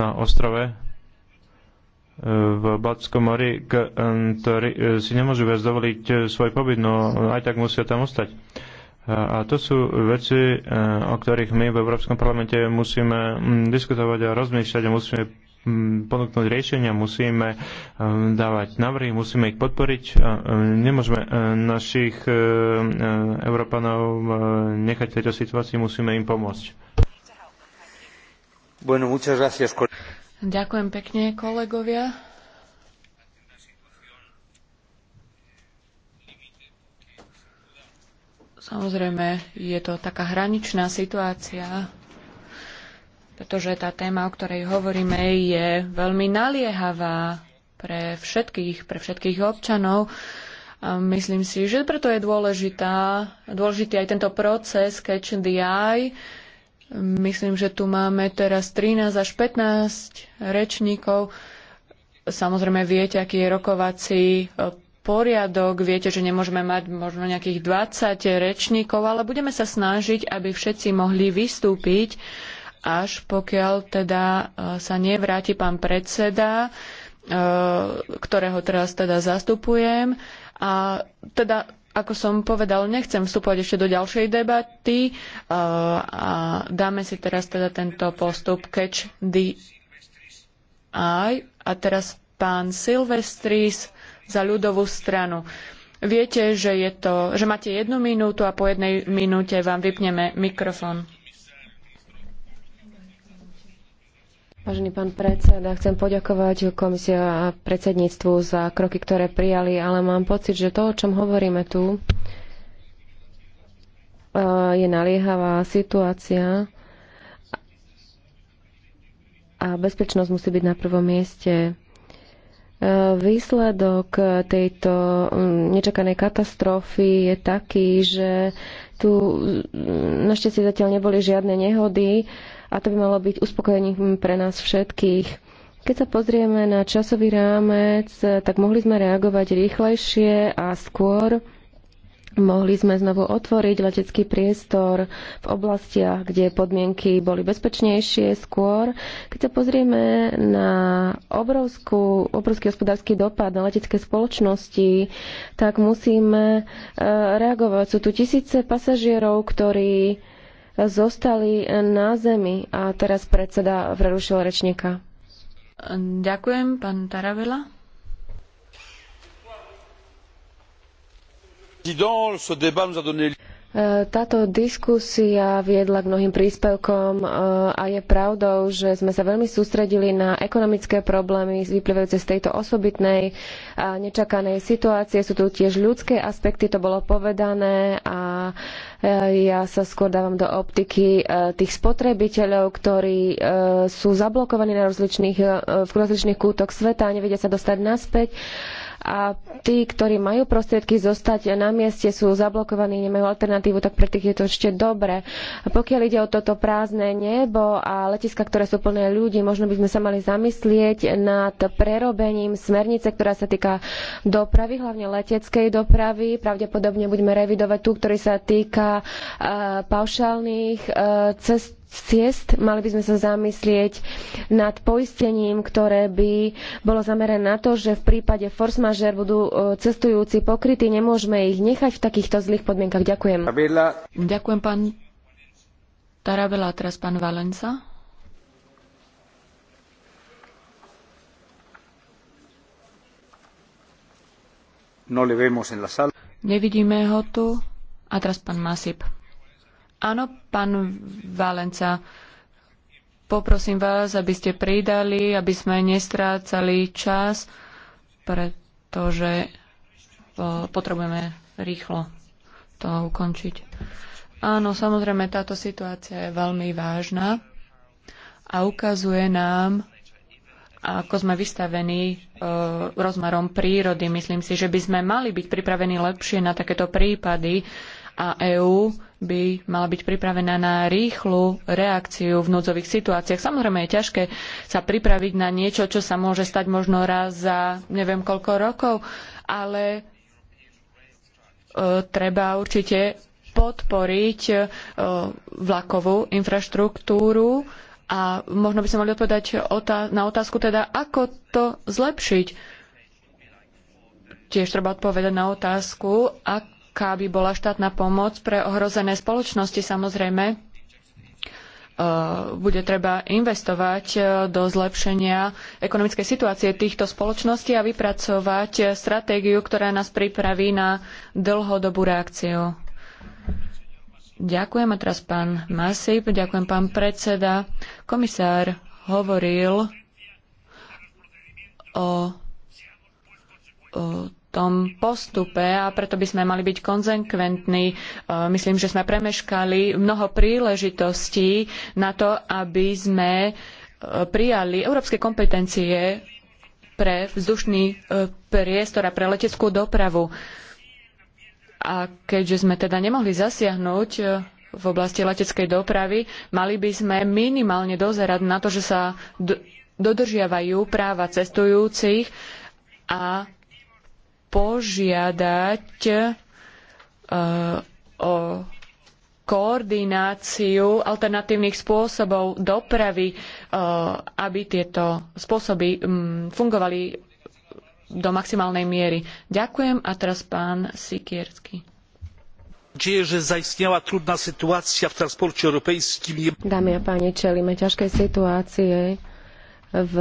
na ostrove, v Baltskom mori, ktorí e, si nemôžu viac dovoliť e, svoj pobyt, no aj tak musia tam ostať. A to sú veci, e, o ktorých my v Európskom parlamente musíme diskutovať a rozmýšľať a musíme ponúknuť riešenia, musíme dávať návrhy, musíme ich podporiť. Nemôžeme našich Európanov nechať v tejto situácii, musíme im pomôcť. Bueno, muchas gracias. Ďakujem pekne, kolegovia. Samozrejme, je to taká hraničná situácia, pretože tá téma, o ktorej hovoríme, je veľmi naliehavá pre všetkých, pre všetkých občanov. A myslím si, že preto je dôležitá, dôležitý aj tento proces Catch the Eye, Myslím, že tu máme teraz 13 až 15 rečníkov. Samozrejme viete, aký je rokovací e, poriadok, viete, že nemôžeme mať možno nejakých 20 rečníkov, ale budeme sa snažiť, aby všetci mohli vystúpiť, až pokiaľ teda e, sa nevráti pán predseda, e, ktorého teraz teda zastupujem. A teda ako som povedal, nechcem vstupovať ešte do ďalšej debaty eh, a dáme si teraz teda tento postup catch the eye. A teraz pán Silvestris za ľudovú stranu. Viete, že, je to, že máte jednu minútu a po jednej minúte vám vypneme mikrofón. Vážený pán predseda, chcem poďakovať komisiu a predsedníctvu za kroky, ktoré prijali, ale mám pocit, že to, o čom hovoríme tu, e, je naliehavá situácia a bezpečnosť musí byť na prvom mieste. E, výsledok tejto nečakanej katastrofy je taký, že tu našťastie zatiaľ neboli žiadne nehody, a to by malo byť uspokojením pre nás všetkých. Keď sa pozrieme na časový rámec, tak mohli sme reagovať rýchlejšie a skôr. Mohli sme znovu otvoriť letecký priestor v oblastiach, kde podmienky boli bezpečnejšie skôr. Keď sa pozrieme na obrovskú, obrovský hospodársky dopad na letecké spoločnosti, tak musíme eh, reagovať. Sú tu tisíce pasažierov, ktorí zostali na zemi. A teraz predseda prerušil rečníka. Ďakujem, pán Taravela. Dans ce débat nous a donné táto diskusia viedla k mnohým príspevkom e, a je pravdou, že sme sa veľmi sústredili na ekonomické problémy vyplývajúce z tejto osobitnej a nečakanej situácie. Sú tu tiež ľudské aspekty, to bolo povedané a e, ja sa skôr dávam do optiky e, tých spotrebiteľov, ktorí sú zablokovaní na rozličných, v rozličných kútoch sveta a nevedia sa dostať naspäť a tí, ktorí majú prostriedky zostať na mieste, sú zablokovaní, nemajú alternatívu, tak pre tých je to ešte dobre. A pokiaľ ide o toto prázdne nebo a letiska, ktoré sú plné ľudí, možno by sme sa mali zamyslieť nad prerobením smernice, ktorá sa týka dopravy, hlavne leteckej dopravy. Pravdepodobne budeme revidovať tú, ktorý sa týka uh, paušálnych uh, cest ciest. Mali by sme sa zamyslieť nad poistením, ktoré by bolo zamerané na to, že v prípade force majeure budú e, cestujúci pokrytí. Nemôžeme ich nechať v takýchto zlých podmienkach. Ďakujem. Ďakujem pán Tarabela, teraz pán Valenca. No le vemos en la sala. Nevidíme ho tu. A teraz pán Masip. Áno, pán Valenca, poprosím vás, aby ste pridali, aby sme nestrácali čas, pretože potrebujeme rýchlo to ukončiť. Áno, samozrejme, táto situácia je veľmi vážna a ukazuje nám, ako sme vystavení e, rozmerom prírody. Myslím si, že by sme mali byť pripravení lepšie na takéto prípady, a EÚ by mala byť pripravená na rýchlu reakciu v núdzových situáciách. Samozrejme je ťažké sa pripraviť na niečo, čo sa môže stať možno raz za neviem koľko rokov, ale e, treba určite podporiť e, vlakovú infraštruktúru a možno by sme mali odpovedať na otázku teda, ako to zlepšiť. Tiež treba odpovedať na otázku, ako aká by bola štátna pomoc pre ohrozené spoločnosti. Samozrejme, e, bude treba investovať e, do zlepšenia ekonomickej situácie týchto spoločností a vypracovať stratégiu, ktorá nás pripraví na dlhodobú reakciu. Ďakujem a teraz pán Masip, ďakujem pán predseda. Komisár hovoril o, o tom postupe a preto by sme mali byť konzekventní. E, myslím, že sme premeškali mnoho príležitostí na to, aby sme e, prijali európske kompetencie pre vzdušný e, priestor a pre leteckú dopravu. A keďže sme teda nemohli zasiahnuť v oblasti leteckej dopravy, mali by sme minimálne dozerať na to, že sa dodržiavajú práva cestujúcich a požiadať e, o koordináciu alternatívnych spôsobov dopravy, e, aby tieto spôsoby fungovali do maximálnej miery. Ďakujem a teraz pán Sikierski. Dámy a páni, čelíme ťažkej situácie v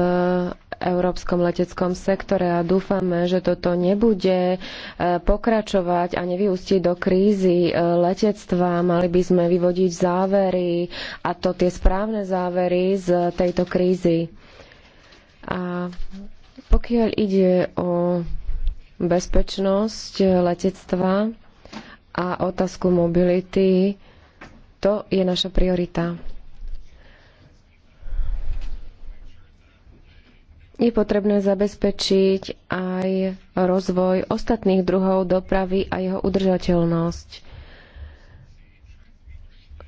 európskom leteckom sektore a dúfame, že toto nebude e, pokračovať a nevyústi do krízy e, letectva. Mali by sme vyvodiť závery a to tie správne závery z tejto krízy. A pokiaľ ide o bezpečnosť letectva a otázku mobility, to je naša priorita. je potrebné zabezpečiť aj rozvoj ostatných druhov dopravy a jeho udržateľnosť.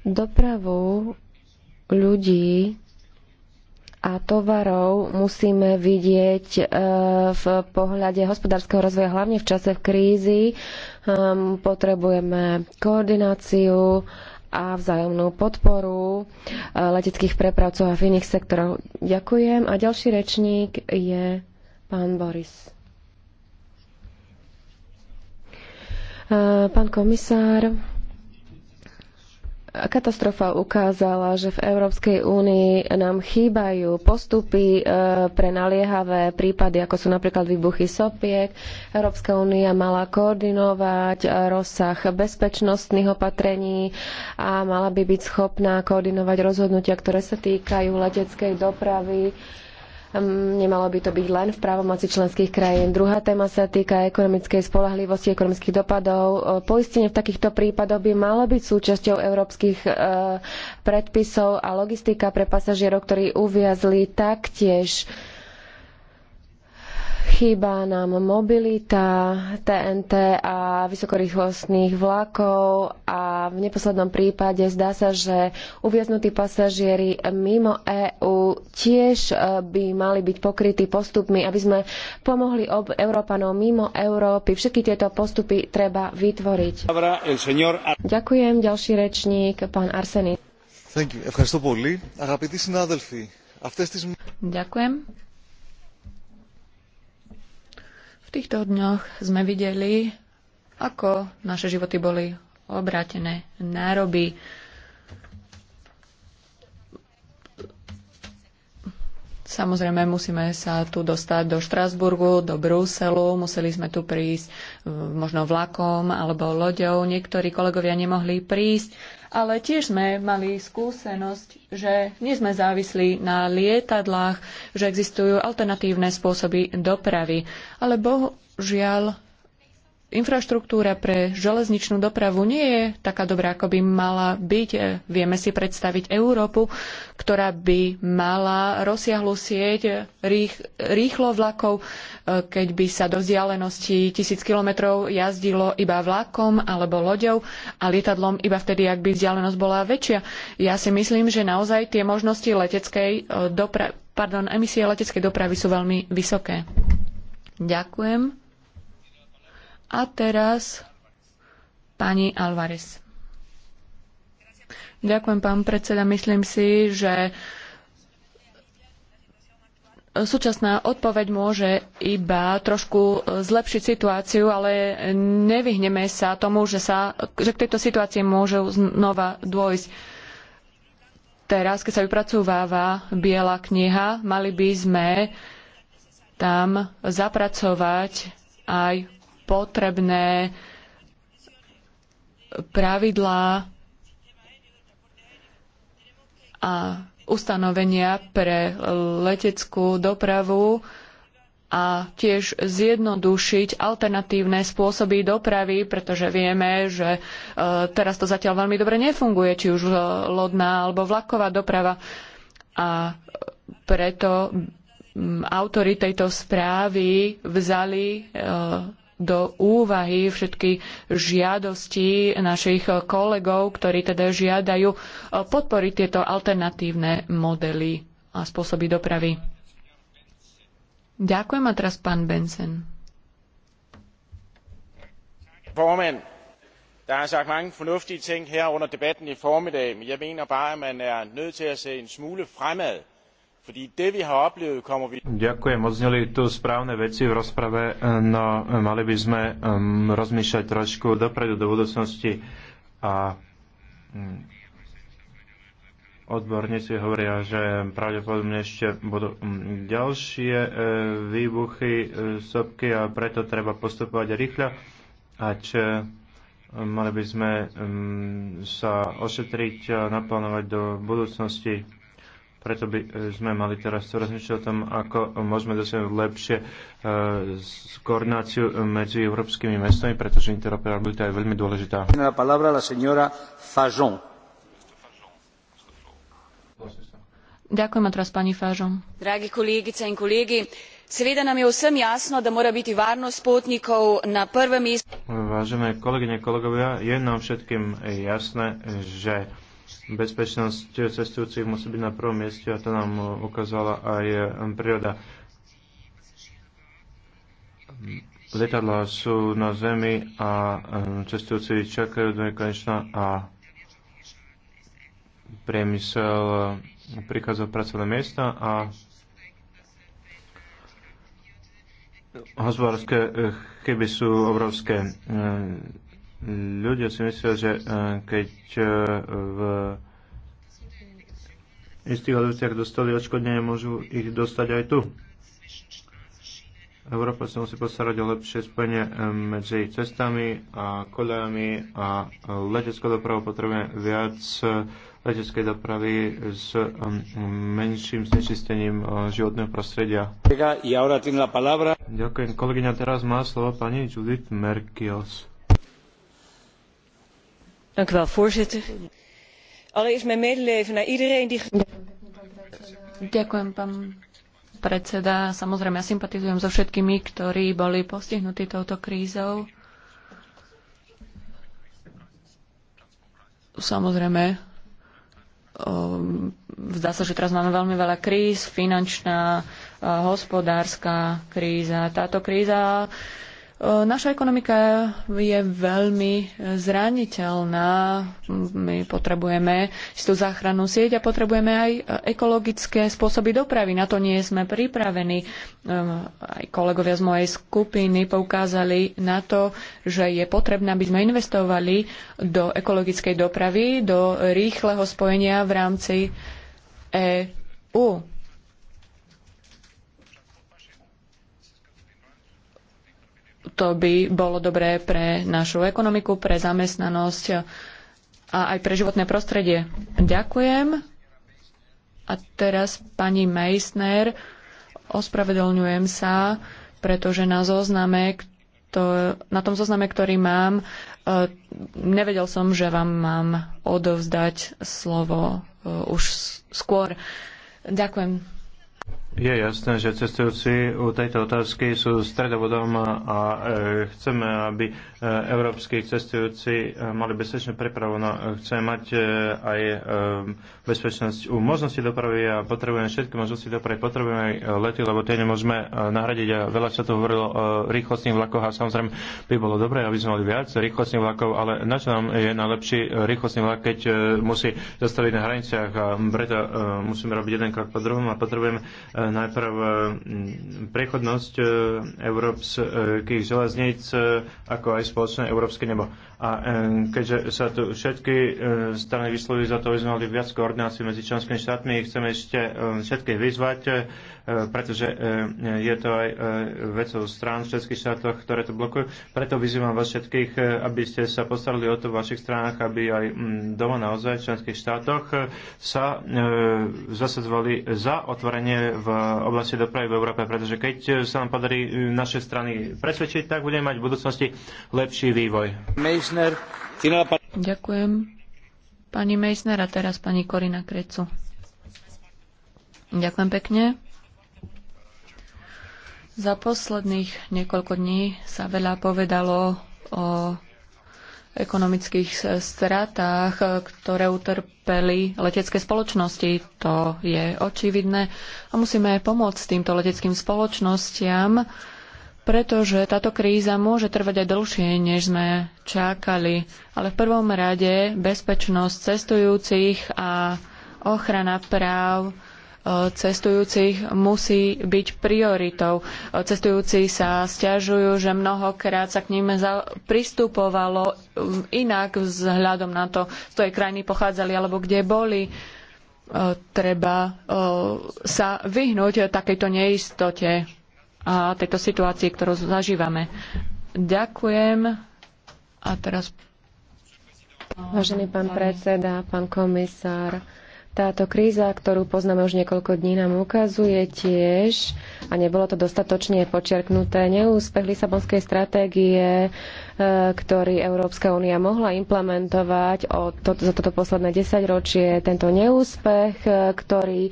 Dopravu ľudí a tovarov musíme vidieť e, v pohľade hospodárskeho rozvoja, hlavne v čase krízy. Ehm, potrebujeme koordináciu, a vzájomnú podporu eh, leteckých prepravcov a v iných sektoroch. Ďakujem. A ďalší rečník je pán Boris. Eh, pán komisár, Katastrofa ukázala, že v Európskej únii nám chýbajú postupy e, pre naliehavé prípady, ako sú napríklad výbuchy sopiek. Európska únia mala koordinovať e, rozsah bezpečnostných opatrení a mala by byť schopná koordinovať rozhodnutia, ktoré sa týkajú leteckej dopravy Hm, nemalo by to byť len v právomoci členských krajín. Druhá téma sa týka ekonomickej spolahlivosti, ekonomických dopadov. E, poistenie v takýchto prípadoch by malo byť súčasťou európskych e, predpisov a logistika pre pasažierov, ktorí uviazli taktiež Chýba nám mobilita TNT a vysokorýchlostných vlakov a v neposlednom prípade zdá sa, že uviaznutí pasažieri mimo EÚ tiež e, by mali byť pokrytí postupmi, aby sme pomohli ob Európanom mimo Európy. Všetky tieto postupy treba vytvoriť. Ďakujem, ďalší rečník, pán Arsenis. Ďakujem. V týchto dňoch sme videli, ako naše životy boli obrátené nároby. Samozrejme, musíme sa tu dostať do Štrásburgu, do Bruselu, museli sme tu prísť e, možno vlakom alebo loďou. Niektorí kolegovia nemohli prísť ale tiež sme mali skúsenosť, že nie sme závislí na lietadlách, že existujú alternatívne spôsoby dopravy. Ale bohužiaľ infraštruktúra pre železničnú dopravu nie je taká dobrá, ako by mala byť. Vieme si predstaviť Európu, ktorá by mala rozsiahlu sieť rých, rýchlo vlakov, keď by sa do vzdialenosti tisíc kilometrov jazdilo iba vlakom alebo loďou a lietadlom iba vtedy, ak by vzdialenosť bola väčšia. Ja si myslím, že naozaj tie možnosti leteckej eh, dopra- pardon, emisie leteckej dopravy sú veľmi vysoké. Ďakujem. A teraz pani Alvarez. Ďakujem, pán predseda. Myslím si, že súčasná odpoveď môže iba trošku zlepšiť situáciu, ale nevyhneme sa tomu, že, sa, že k tejto situácii môže znova dôjsť teraz, keď sa vypracováva biela kniha, mali by sme tam zapracovať aj potrebné pravidlá a ustanovenia pre leteckú dopravu a tiež zjednodušiť alternatívne spôsoby dopravy, pretože vieme, že e, teraz to zatiaľ veľmi dobre nefunguje, či už e, lodná alebo vlaková doprava. A preto autori tejto správy vzali e, do úvahy všetky žiadosti našich kolegov, ktorí teda žiadajú eh, podporiť tieto alternatívne modely a spôsoby dopravy. Ďakujem a teraz pán Benson. der er sagt mange fornuftige ting her under debatten i formiddag, men jeg mener bare, at man er nødt til at se en smule fremad. Ďakujem, odzneli tu správne veci v rozprave, no eh, mali by sme mm, rozmýšľať trošku dopredu do budúcnosti a mm, odborníci hovoria, že pravdepodobne ešte budú mm, ďalšie eh, výbuchy eh, sopky a preto treba postupovať rýchle, Ať mali by sme sa ošetriť a naplánovať do budúcnosti preto by e, sme mali teraz rozmýšľať o tom, ako môžeme dosiahnuť lepšie uh, koordináciu medzi európskymi mestami, pretože interoperabilita je veľmi dôležitá. La palabra la señora Fajon. Ďakujem a teraz pani Fažom. Dragi kolegice in kolegi, seveda nam je vsem jasno da mora biti varnost potnikov na prvem mestu. Vážené kolegyne, kolegovia, je nám všetkým jasné, že bezpečnosť cestujúcich musí byť na prvom mieste a to nám eh, ukázala aj eh, príroda. Letadla sú na zemi a eh, cestujúci čakajú do nekonečna a priemysel prikazov pracovné miesta a hospodárske chyby sú obrovské ľudia si myslia, že e, keď e, v istých odvetiach dostali odškodnenie, môžu ich dostať aj tu. Európa sa musí postarať o lepšie spojenie e, medzi cestami a koľajami a leteckou dopravou potrebujeme viac leteckej dopravy s menším znečistením životného prostredia. Ďakujem. Kolegyňa teraz má slovo pani Judith Merkios voorzitter allereerst mijn medeleven naar iedereen die. ďakujem pán predseda samozrejme ja sympatizujem so všetkými ktorí boli postihnutí touto krízou. samozrejme um, zdá sa, že teraz máme veľmi veľa kríz, finančná, uh, hospodárska kríza. Táto kríza Naša ekonomika je veľmi zraniteľná. My potrebujeme istú záchrannú sieť a potrebujeme aj ekologické spôsoby dopravy. Na to nie sme pripravení. Aj kolegovia z mojej skupiny poukázali na to, že je potrebné, aby sme investovali do ekologickej dopravy, do rýchleho spojenia v rámci EÚ To by bolo dobré pre našu ekonomiku, pre zamestnanosť a aj pre životné prostredie. Ďakujem. A teraz pani Meissner, ospravedlňujem sa, pretože na zozname, na tom zozname, ktorý mám, e, nevedel som, že vám mám odovzdať slovo e, už skôr. Ďakujem. Je jasné, že cestujúci u tejto otázky sú stredovodom a e, chceme, aby e, európsky cestujúci e, mali bezpečnú prepravu. No, e, chceme mať e, aj e, bezpečnosť u možnosti dopravy a potrebujeme všetky možnosti dopravy. Potrebujeme aj e, lety, lebo tie nemôžeme e, nahradiť. A veľa sa tu hovorilo o rýchlostných vlakoch a samozrejme by bolo dobré, aby sme mali viac rýchlostných vlakov, ale na čo nám je najlepší rýchlostný vlak, keď e, musí zastaviť na hraniciach a preto e, musíme robiť jeden krok po druhom a potrebujeme e, najprv mm, prechodnosť e, európskych železníc, e, ako aj spoločné európske nebo. A e, keďže sa tu všetky strany vyslovili za to, aby sme mali viac koordinácií medzi členskými štátmi, chceme ešte všetkých vyzvať, E, pretože e, je to aj e, vecou strán v českých štátoch, ktoré to blokujú. Preto vyzývam vás všetkých, aby ste sa postarali o to v vašich stranách, aby aj doma naozaj v členských štátoch sa zasadzovali za otvorenie v oblasti dopravy v Európe, pretože keď sa nám podarí naše strany presvedčiť, tak budeme mať v budúcnosti lepší vývoj. Meissner, Ďakujem. Pani Meissner a teraz pani Korina Krecu. Ďakujem pekne. Za posledných niekoľko dní sa veľa povedalo o ekonomických stratách, ktoré utrpeli letecké spoločnosti. To je očividné a musíme pomôcť týmto leteckým spoločnostiam, pretože táto kríza môže trvať aj dlhšie, než sme čakali. Ale v prvom rade bezpečnosť cestujúcich a ochrana práv cestujúcich musí byť prioritou. Cestujúci sa sťažujú, že mnohokrát sa k ním pristupovalo um, inak vzhľadom na to, z ktorej krajiny pochádzali alebo kde boli. Uh, treba uh, sa vyhnúť takejto neistote a tejto situácii, ktorú zažívame. Ďakujem. A teraz. Vážený pán predseda, pán komisár, táto kríza, ktorú poznáme už niekoľko dní, nám ukazuje tiež, a nebolo to dostatočne počiarknuté, neúspech Lisabonskej stratégie, e, ktorý Európska únia mohla implementovať o to, za toto posledné desaťročie. Tento neúspech, e, ktorý e,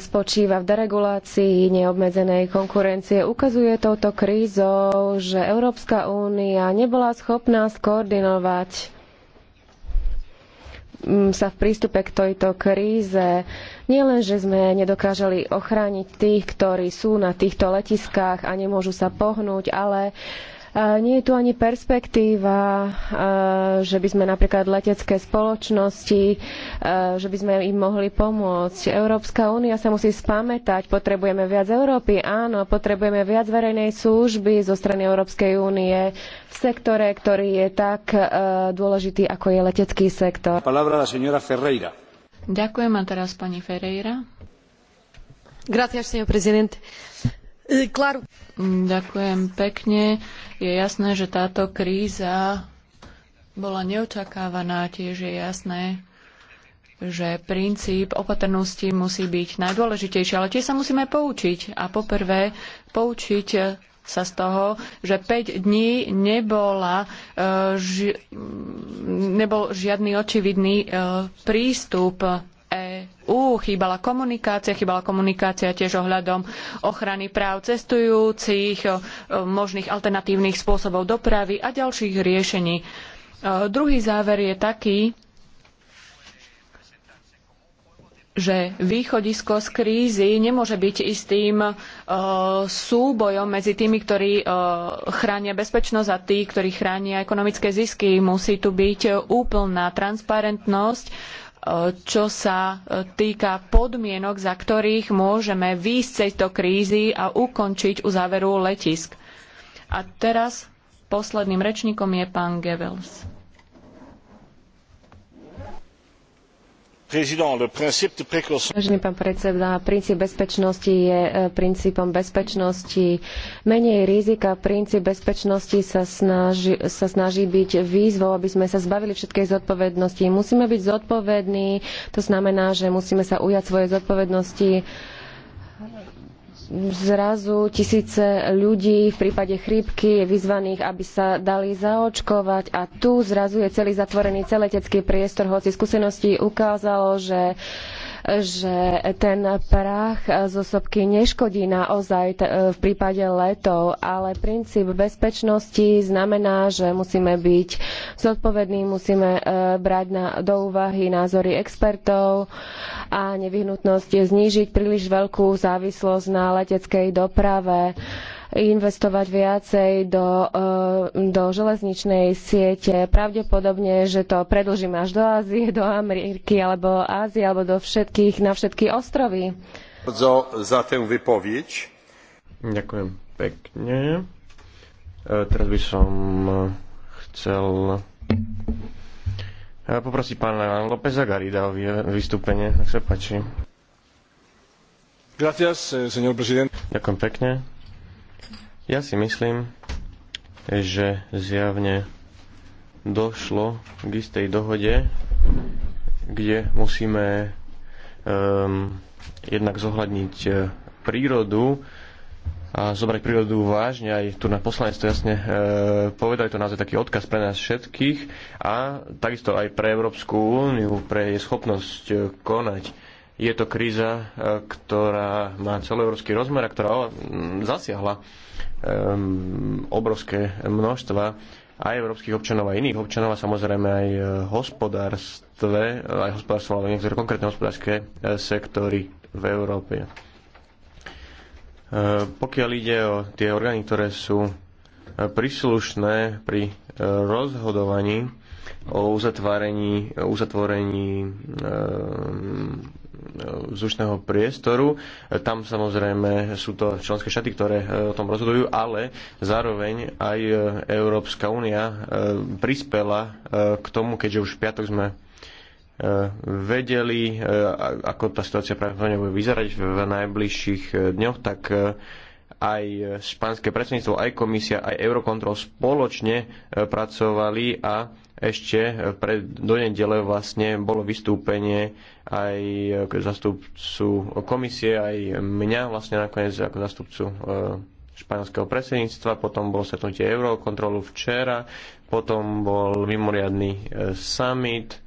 spočíva v deregulácii neobmedzenej konkurencie, ukazuje touto krízou, že Európska únia nebola schopná skoordinovať Mm, sa v prístupe k tejto kríze. Nielen, že sme nedokážali ochrániť tých, ktorí sú na týchto letiskách a nemôžu sa pohnúť, ale uh, nie je tu ani perspektíva, že by sme napríklad letecké spoločnosti, že by sme im mohli pomôcť. Európska únia sa musí spamätať, potrebujeme viac Európy, áno, potrebujeme viac verejnej služby zo strany Európskej únie v sektore, ktorý je tak dôležitý, ako je letecký sektor. Ďakujem a teraz pani Ferreira. Gracias, señor presidente. E, claro. Ďakujem pekne. Je jasné, že táto kríza bola neočakávaná. Tiež je jasné, že princíp opatrnosti musí byť najdôležitejší, ale tiež sa musíme poučiť. A poprvé, poučiť sa z toho, že 5 dní nebola, e, ži, nebol žiadny očividný e, prístup EÚ. Chýbala komunikácia, chýbala komunikácia tiež ohľadom ochrany práv cestujúcich, e, možných alternatívnych spôsobov dopravy a ďalších riešení. E, druhý záver je taký, že východisko z krízy nemôže byť istým e, súbojom medzi tými, ktorí e, chránia bezpečnosť a tí, ktorí chránia ekonomické zisky. Musí tu byť úplná transparentnosť čo sa e, týka podmienok, za ktorých môžeme výjsť z tejto krízy a ukončiť uzáveru letisk. A teraz posledným rečníkom je pán Goebbels. Vážený pán predseda, princíp bezpečnosti je e, princípom bezpečnosti. Menej rizika, princíp bezpečnosti sa snaží, sa snaží byť výzvou, aby sme sa zbavili všetkej zodpovednosti. Musíme byť zodpovední, to znamená, že musíme sa ujať svojej zodpovednosti zrazu tisíce ľudí v prípade chrípky je vyzvaných, aby sa dali zaočkovať a tu zrazu je celý zatvorený celetecký priestor, hoci skúsenosti ukázalo, že že ten prach zo sopky neškodí naozaj v prípade letov, ale princíp bezpečnosti znamená, že musíme byť zodpovední, musíme e, brať na, do úvahy názory expertov a nevyhnutnosť znížiť príliš veľkú závislosť na leteckej doprave investovať viacej do, e, do železničnej siete. Pravdepodobne, že to predlžíme až do Ázie, do Ameriky alebo Ázie, alebo do všetkých, na všetky ostrovy. Ďakujem pekne. E, teraz by som e, chcel poprosiť pána Lópeza Garida o vystúpenie, Nech sa páči. Gracias, señor presidente. Ďakujem pekne ja si myslím, že zjavne došlo k istej dohode, kde musíme um, jednak zohľadniť e, prírodu a zobrať prírodu vážne. Aj tu na poslanec to jasne e, povedali, to naozaj taký odkaz pre nás všetkých a takisto aj pre Európsku úniu, pre jej schopnosť e, konať. Je to kríza, e, ktorá má celoeurópsky rozmer a ktorá zasiahla Ehm, obrovské množstva aj európskych občanov, aj iných občanov a samozrejme aj e, hospodárstve, aj hospodárstvo, alebo niektoré konkrétne hospodárske e, sektory v Európe. Ehm, pokiaľ ide o tie orgány, ktoré sú e, príslušné pri rozhodovaní o uzatvorení, uzatvorení ehm, vzdušného priestoru. Tam samozrejme sú to členské štáty, ktoré e, o tom rozhodujú, ale zároveň aj e, Európska únia e, prispela k tomu, keďže už v piatok sme vedeli, ako tá situácia pravdepodobne bude vyzerať v najbližších dňoch, tak aj španské predsedníctvo, aj komisia, aj Eurocontrol spoločne pracovali a ešte eh, pred, do nedele vlastne bolo vystúpenie aj k zastupcu komisie, aj mňa vlastne nakoniec ako zastupcu eh, španielského predsedníctva, potom bolo stretnutie Eurokontrolu včera, potom bol mimoriadný eh, summit,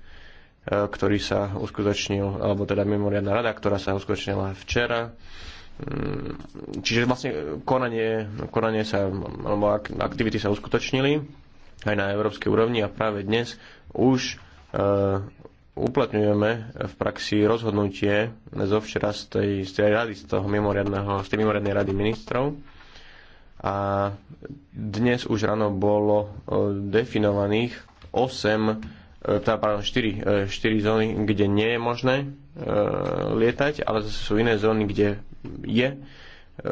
ktorý sa uskutočnil, alebo teda mimoriadná rada, ktorá sa uskutočnila včera. Mm, čiže vlastne konanie, konanie sa, alebo aktivity sa uskutočnili aj na európskej úrovni a práve dnes už e, uplatňujeme v praxi rozhodnutie zo včera z tej, z tej rady, z, toho mimoriadného, z tej mimoriadnej rady ministrov. A dnes už ráno bolo e, definovaných 8, e, teda, pardon, 4, 4 zóny, kde nie je možné lietať, ale zase sú iné zóny, kde je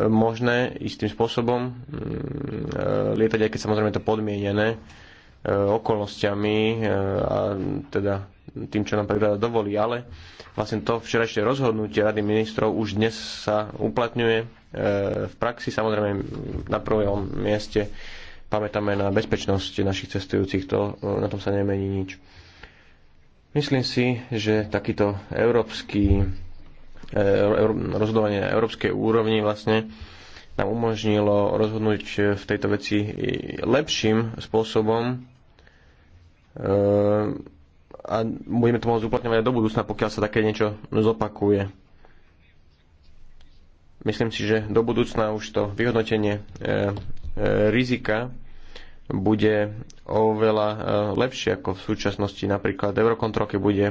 možné istým spôsobom mm, e, lietať, aj keď samozrejme to podmienené e, okolnostiami e, a teda tým, čo nám príroda dovolí, ale vlastne to včerajšie rozhodnutie Rady ministrov už dnes sa uplatňuje v praxi. Samozrejme na prvom mieste pamätáme na bezpečnosť našich cestujúcich, to, na tom sa nemení nič. Myslím si, že takýto európsky E, rozhodovanie na európskej úrovni vlastne nám umožnilo rozhodnúť v tejto veci lepším spôsobom e, a budeme to môcť uplatňovať aj do budúcna, pokiaľ sa také niečo zopakuje. Myslím si, že do budúcna už to vyhodnotenie e, rizika bude oveľa lepšie ako v súčasnosti. Napríklad Eurocontrol, keď bude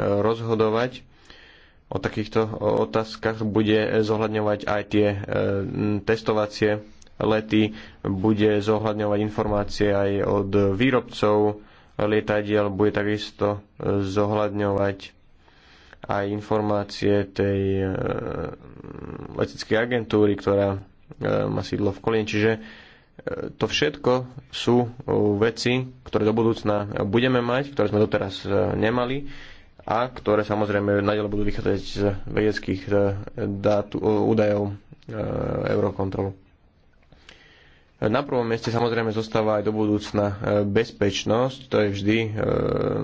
rozhodovať o takýchto otázkach, bude zohľadňovať aj tie e, testovacie lety, bude zohľadňovať informácie aj od výrobcov lietadiel, bude takisto e, zohľadňovať aj informácie tej e, leteckej agentúry, ktorá má sídlo v Kolíne. Čiže to všetko sú veci, ktoré do budúcna budeme mať, ktoré sme doteraz nemali a ktoré samozrejme naďalej budú vychádzať z vedeckých e, dátu, e, údajov e, Eurokontrolu. Na prvom mieste samozrejme zostáva aj do budúcna bezpečnosť, to je vždy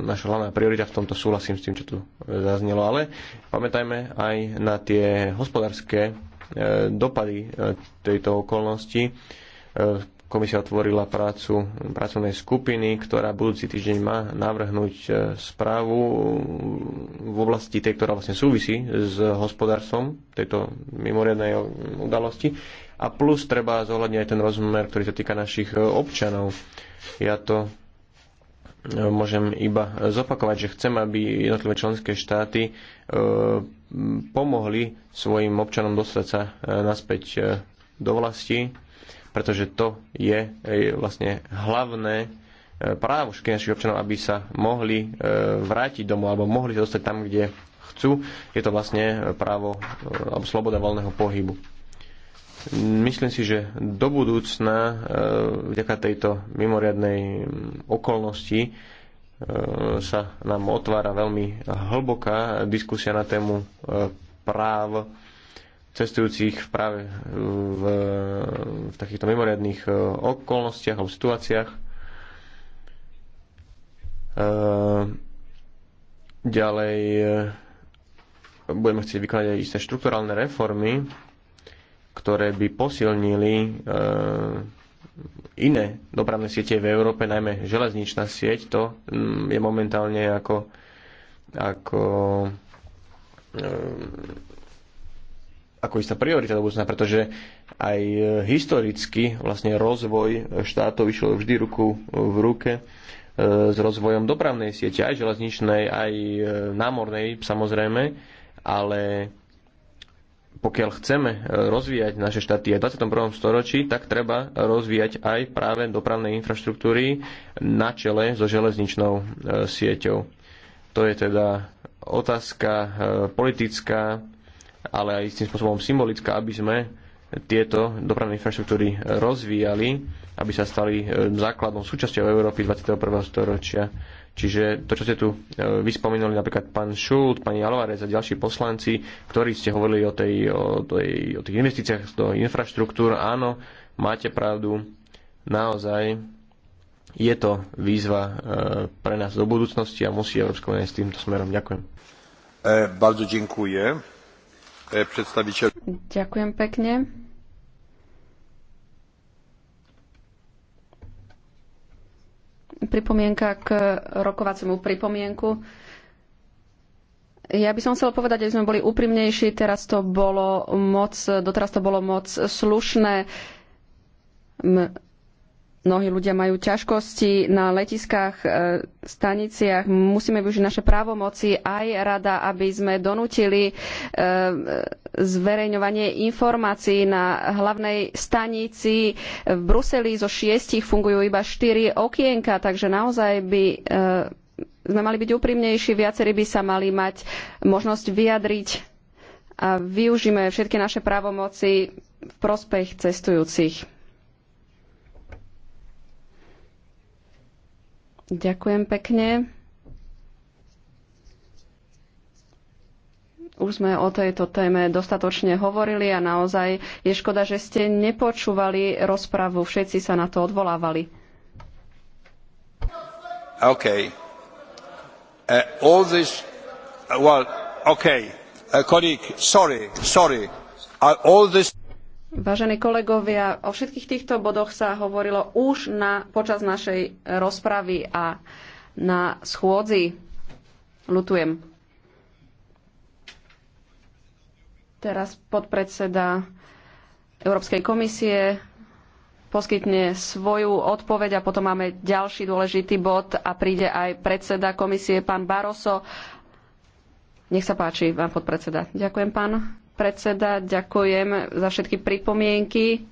naša hlavná priorita, v tomto súhlasím s tým, čo tu zaznelo, ale pamätajme aj na tie hospodárske dopady tejto okolnosti, Komisia otvorila prácu pracovnej skupiny, ktorá budúci týždeň má navrhnúť e, správu v oblasti tej, ktorá vlastne súvisí s hospodárstvom tejto mimoriadnej udalosti. A plus treba zohľadniť aj ten rozmer, ktorý sa týka našich e, občanov. Ja to e, môžem iba zopakovať, že chcem, aby jednotlivé členské štáty pomohli svojim občanom dostať sa naspäť do vlasti pretože to je vlastne hlavné e, právo všetkých našich občanov, aby sa mohli e, vrátiť domov alebo mohli sa dostať tam, kde chcú. Je to vlastne právo e, alebo sloboda voľného pohybu. Myslím si, že do budúcna vďaka tejto mimoriadnej okolnosti sa nám otvára veľmi hlboká diskusia na tému práv cestujúcich práve v, v takýchto mimoriadných e, okolnostiach alebo situáciách. E, ďalej e, budeme chcieť vykonať aj isté štrukturálne reformy, ktoré by posilnili iné dopravné siete v Európe, najmä železničná sieť. To mm, je momentálne ako, ako ako istá priorita do budúcna, pretože aj e, historicky vlastne rozvoj štátov išiel vždy ruku v ruke e, s rozvojom dopravnej siete, aj železničnej, aj e, námornej samozrejme, ale pokiaľ chceme rozvíjať naše štáty aj v 21. storočí, tak treba rozvíjať aj práve dopravné infraštruktúry na čele so železničnou sieťou. To je teda otázka politická, ale aj istým spôsobom symbolická, aby sme tieto dopravné infraštruktúry rozvíjali, aby sa stali e, základnou súčasťou Európy 21. storočia. Čiže to, čo ste tu e, vyspomínali, napríklad pán Šult, pani Alvarez a ďalší poslanci, ktorí ste hovorili o, tej, o, tej, o tých investíciách do infraštruktúr, áno, máte pravdu, naozaj je to výzva e, pre nás do budúcnosti a musí Európska únia s týmto smerom. Ďakujem. E, bardzo dziękuję. E, predstaviteľ. Ďakujem pekne. Pripomienka k rokovaciemu pripomienku. Ja by som chcel povedať, že sme boli úprimnejší, teraz to bolo moc, doteraz to bolo moc slušné. Mnohí ľudia majú ťažkosti na letiskách, e, staniciach. Musíme využiť naše právomoci aj rada, aby sme donútili e, zverejňovanie informácií na hlavnej stanici. V Bruseli zo šiestich fungujú iba štyri okienka, takže naozaj by e, sme mali byť úprimnejší, viacerí by sa mali mať možnosť vyjadriť a využíme všetky naše právomoci v prospech cestujúcich. Ďakujem pekne. Už sme o tejto téme dostatočne hovorili a naozaj je škoda, že ste nepočúvali rozpravu. Všetci sa na to odvolávali. OK. Uh, all this, uh, well, OK. Uh, colleague, sorry, sorry. Uh, all this... Vážení kolegovia, o všetkých týchto bodoch sa hovorilo už na, počas našej rozpravy a na schôdzi. Lutujem. Teraz podpredseda Európskej komisie poskytne svoju odpoveď a potom máme ďalší dôležitý bod a príde aj predseda komisie, pán Baroso. Nech sa páči, pán podpredseda. Ďakujem, pán predseda. Ďakujem za všetky pripomienky.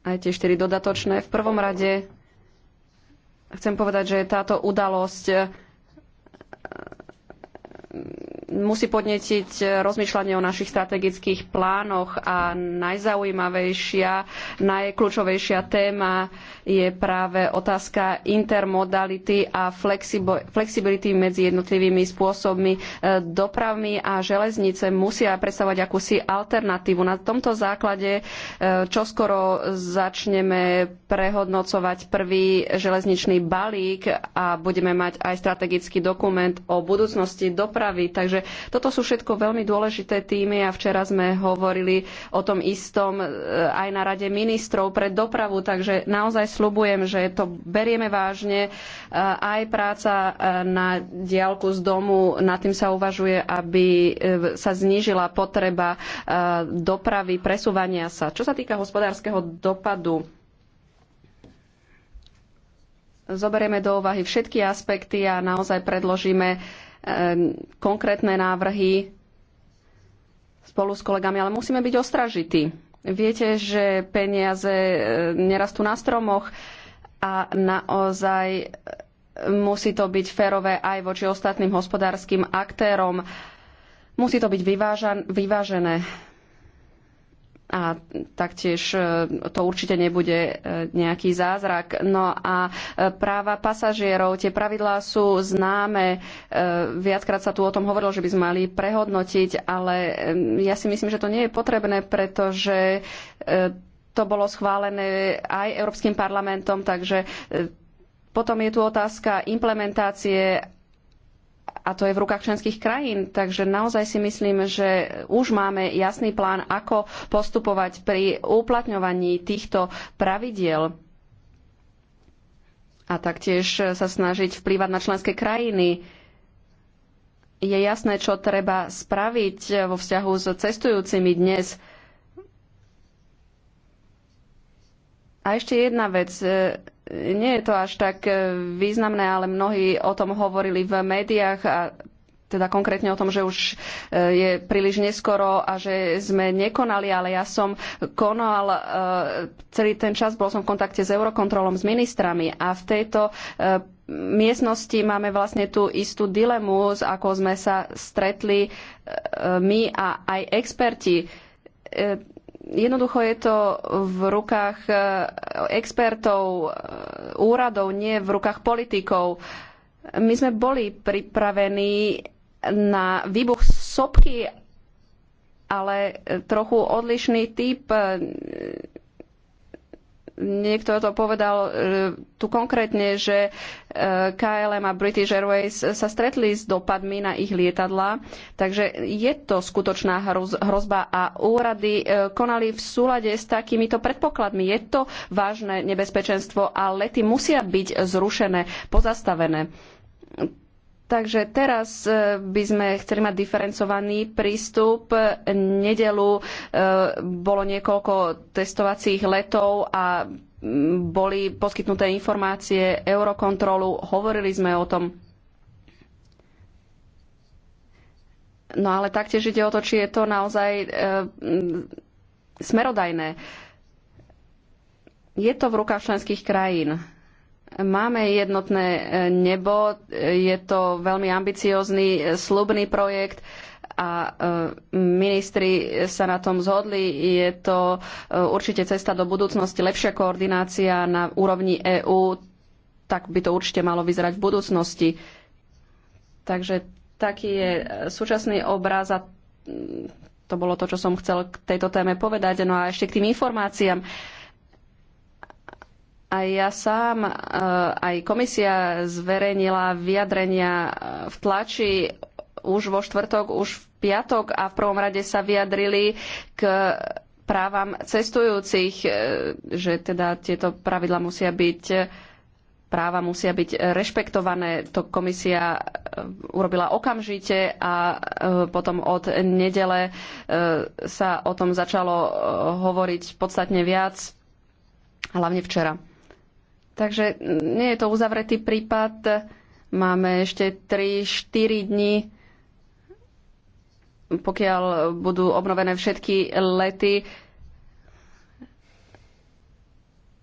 Aj tie štyri dodatočné. V prvom rade chcem povedať, že táto udalosť musí podnetiť rozmýšľanie o našich strategických plánoch a najzaujímavejšia, najkľúčovejšia téma je práve otázka intermodality a flexibility medzi jednotlivými spôsobmi e, dopravy a železnice musia predstavovať akúsi alternatívu. Na tomto základe e, čoskoro začneme prehodnocovať prvý železničný balík a budeme mať aj strategický dokument o budúcnosti dopravy. Takže toto sú všetko veľmi dôležité týmy a včera sme hovorili o tom istom e, aj na Rade ministrov pre dopravu, takže naozaj slubujem, že to berieme vážne. E, aj práca e, na diálku z domu, nad tým sa uvažuje, aby sa znížila potreba dopravy, presúvania sa. Čo sa týka hospodárskeho dopadu, zoberieme do úvahy všetky aspekty a naozaj predložíme konkrétne návrhy spolu s kolegami, ale musíme byť ostražití. Viete, že peniaze e, nerastú na stromoch a naozaj e, musí to byť férové aj voči ostatným hospodárskym aktérom. Musí to byť vyvážené a taktiež e, to určite nebude e, nejaký zázrak. No a e, práva pasažierov, tie pravidlá sú známe. Viackrát sa tu o tom hovorilo, že by sme mali prehodnotiť, ale ja si myslím, že to nie je potrebné, pretože to bolo schválené aj Európskym parlamentom, takže potom je tu otázka implementácie a to je v rukách členských krajín. Takže naozaj si myslím, že už máme jasný plán, ako postupovať pri uplatňovaní týchto pravidiel a taktiež sa snažiť vplývať na členské krajiny. Je jasné, čo treba spraviť vo vzťahu s cestujúcimi dnes. A ešte jedna vec nie je to až tak e, významné, ale mnohí o tom hovorili v médiách a teda konkrétne o tom, že už e, je príliš neskoro a že sme nekonali, ale ja som konal e, celý ten čas, bol som v kontakte s Eurokontrolom, s ministrami a v tejto miestnosti máme vlastne tú istú dilemu, s ako sme sa stretli my a aj experti Jednoducho je to v rukách e, expertov, e, úradov, nie v rukách politikov. My sme boli pripravení na výbuch sopky, ale trochu odlišný typ e, niekto to povedal e, tu konkrétne, že e, KLM a British Airways sa stretli s dopadmi na ich lietadla, takže je to skutočná hrozba a úrady e, konali v súlade s takýmito predpokladmi. Je to vážne nebezpečenstvo a lety musia byť zrušené, pozastavené Takže teraz e, by sme chceli mať diferencovaný prístup. Nedelu e, bolo niekoľko testovacích letov a boli poskytnuté informácie Eurokontrolu. Hovorili sme o tom. No ale taktiež ide o to, či je to naozaj e, smerodajné. Je to v rukách členských krajín Máme jednotné e, nebo, je to veľmi ambiciózny, e, slubný projekt a e, ministri sa na tom zhodli. Je to určite cesta do budúcnosti, lepšia koordinácia na úrovni EÚ, tak by to určite malo vyzerať v budúcnosti. Takže taký je súčasný obraz a mm, to bolo to, čo som chcel k tejto téme povedať. No a ešte k tým informáciám. Uh, aj ja sám, e, aj komisia zverejnila vyjadrenia e, v tlači už vo štvrtok, už v piatok a v prvom rade sa vyjadrili k právam cestujúcich, e, že teda tieto pravidla musia byť práva musia byť rešpektované. To komisia urobila okamžite a potom od nedele sa o tom začalo hovoriť podstatne viac, hlavne včera. Takže nie je to uzavretý prípad. Máme ešte 3-4 dní, pokiaľ budú obnovené všetky lety.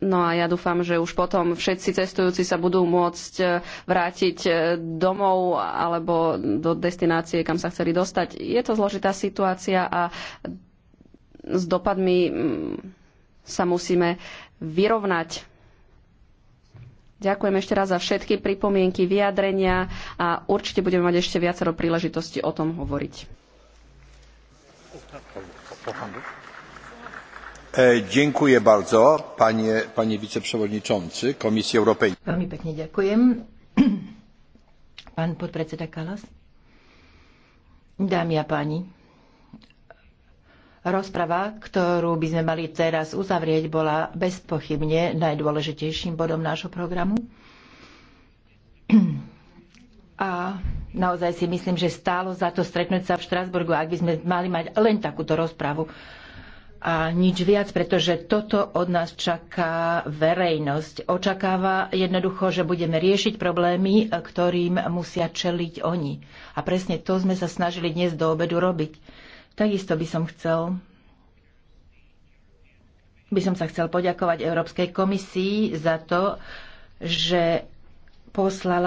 No a ja dúfam, že už potom všetci cestujúci sa budú môcť eh, vrátiť eh, domov alebo do destinácie, kam sa chceli dostať. Je to zložitá situácia a s dopadmi mm, sa musíme vyrovnať. Ďakujem ešte raz za všetky pripomienky, vyjadrenia a určite budeme mať ešte viacero príležitostí o tom hovoriť. E, dziękuję bardzo, panie, panie wiceprzewodniczący Komisji Europejskiej. Veľmi pekne ďakujem. Pán podpredseda Kalas. Dámy a páni, Rozprava, ktorú by sme mali teraz uzavrieť, bola bezpochybne najdôležitejším bodom nášho programu. A naozaj si myslím, že stálo za to stretnúť sa v Štrasburgu, ak by sme mali mať len takúto rozpravu a nič viac, pretože toto od nás čaká verejnosť. Očakáva jednoducho, že budeme riešiť problémy, ktorým musia čeliť oni. A presne to sme sa snažili dnes do obedu robiť Takisto by som chcel by som sa chcel poďakovať Európskej komisii za to, že poslala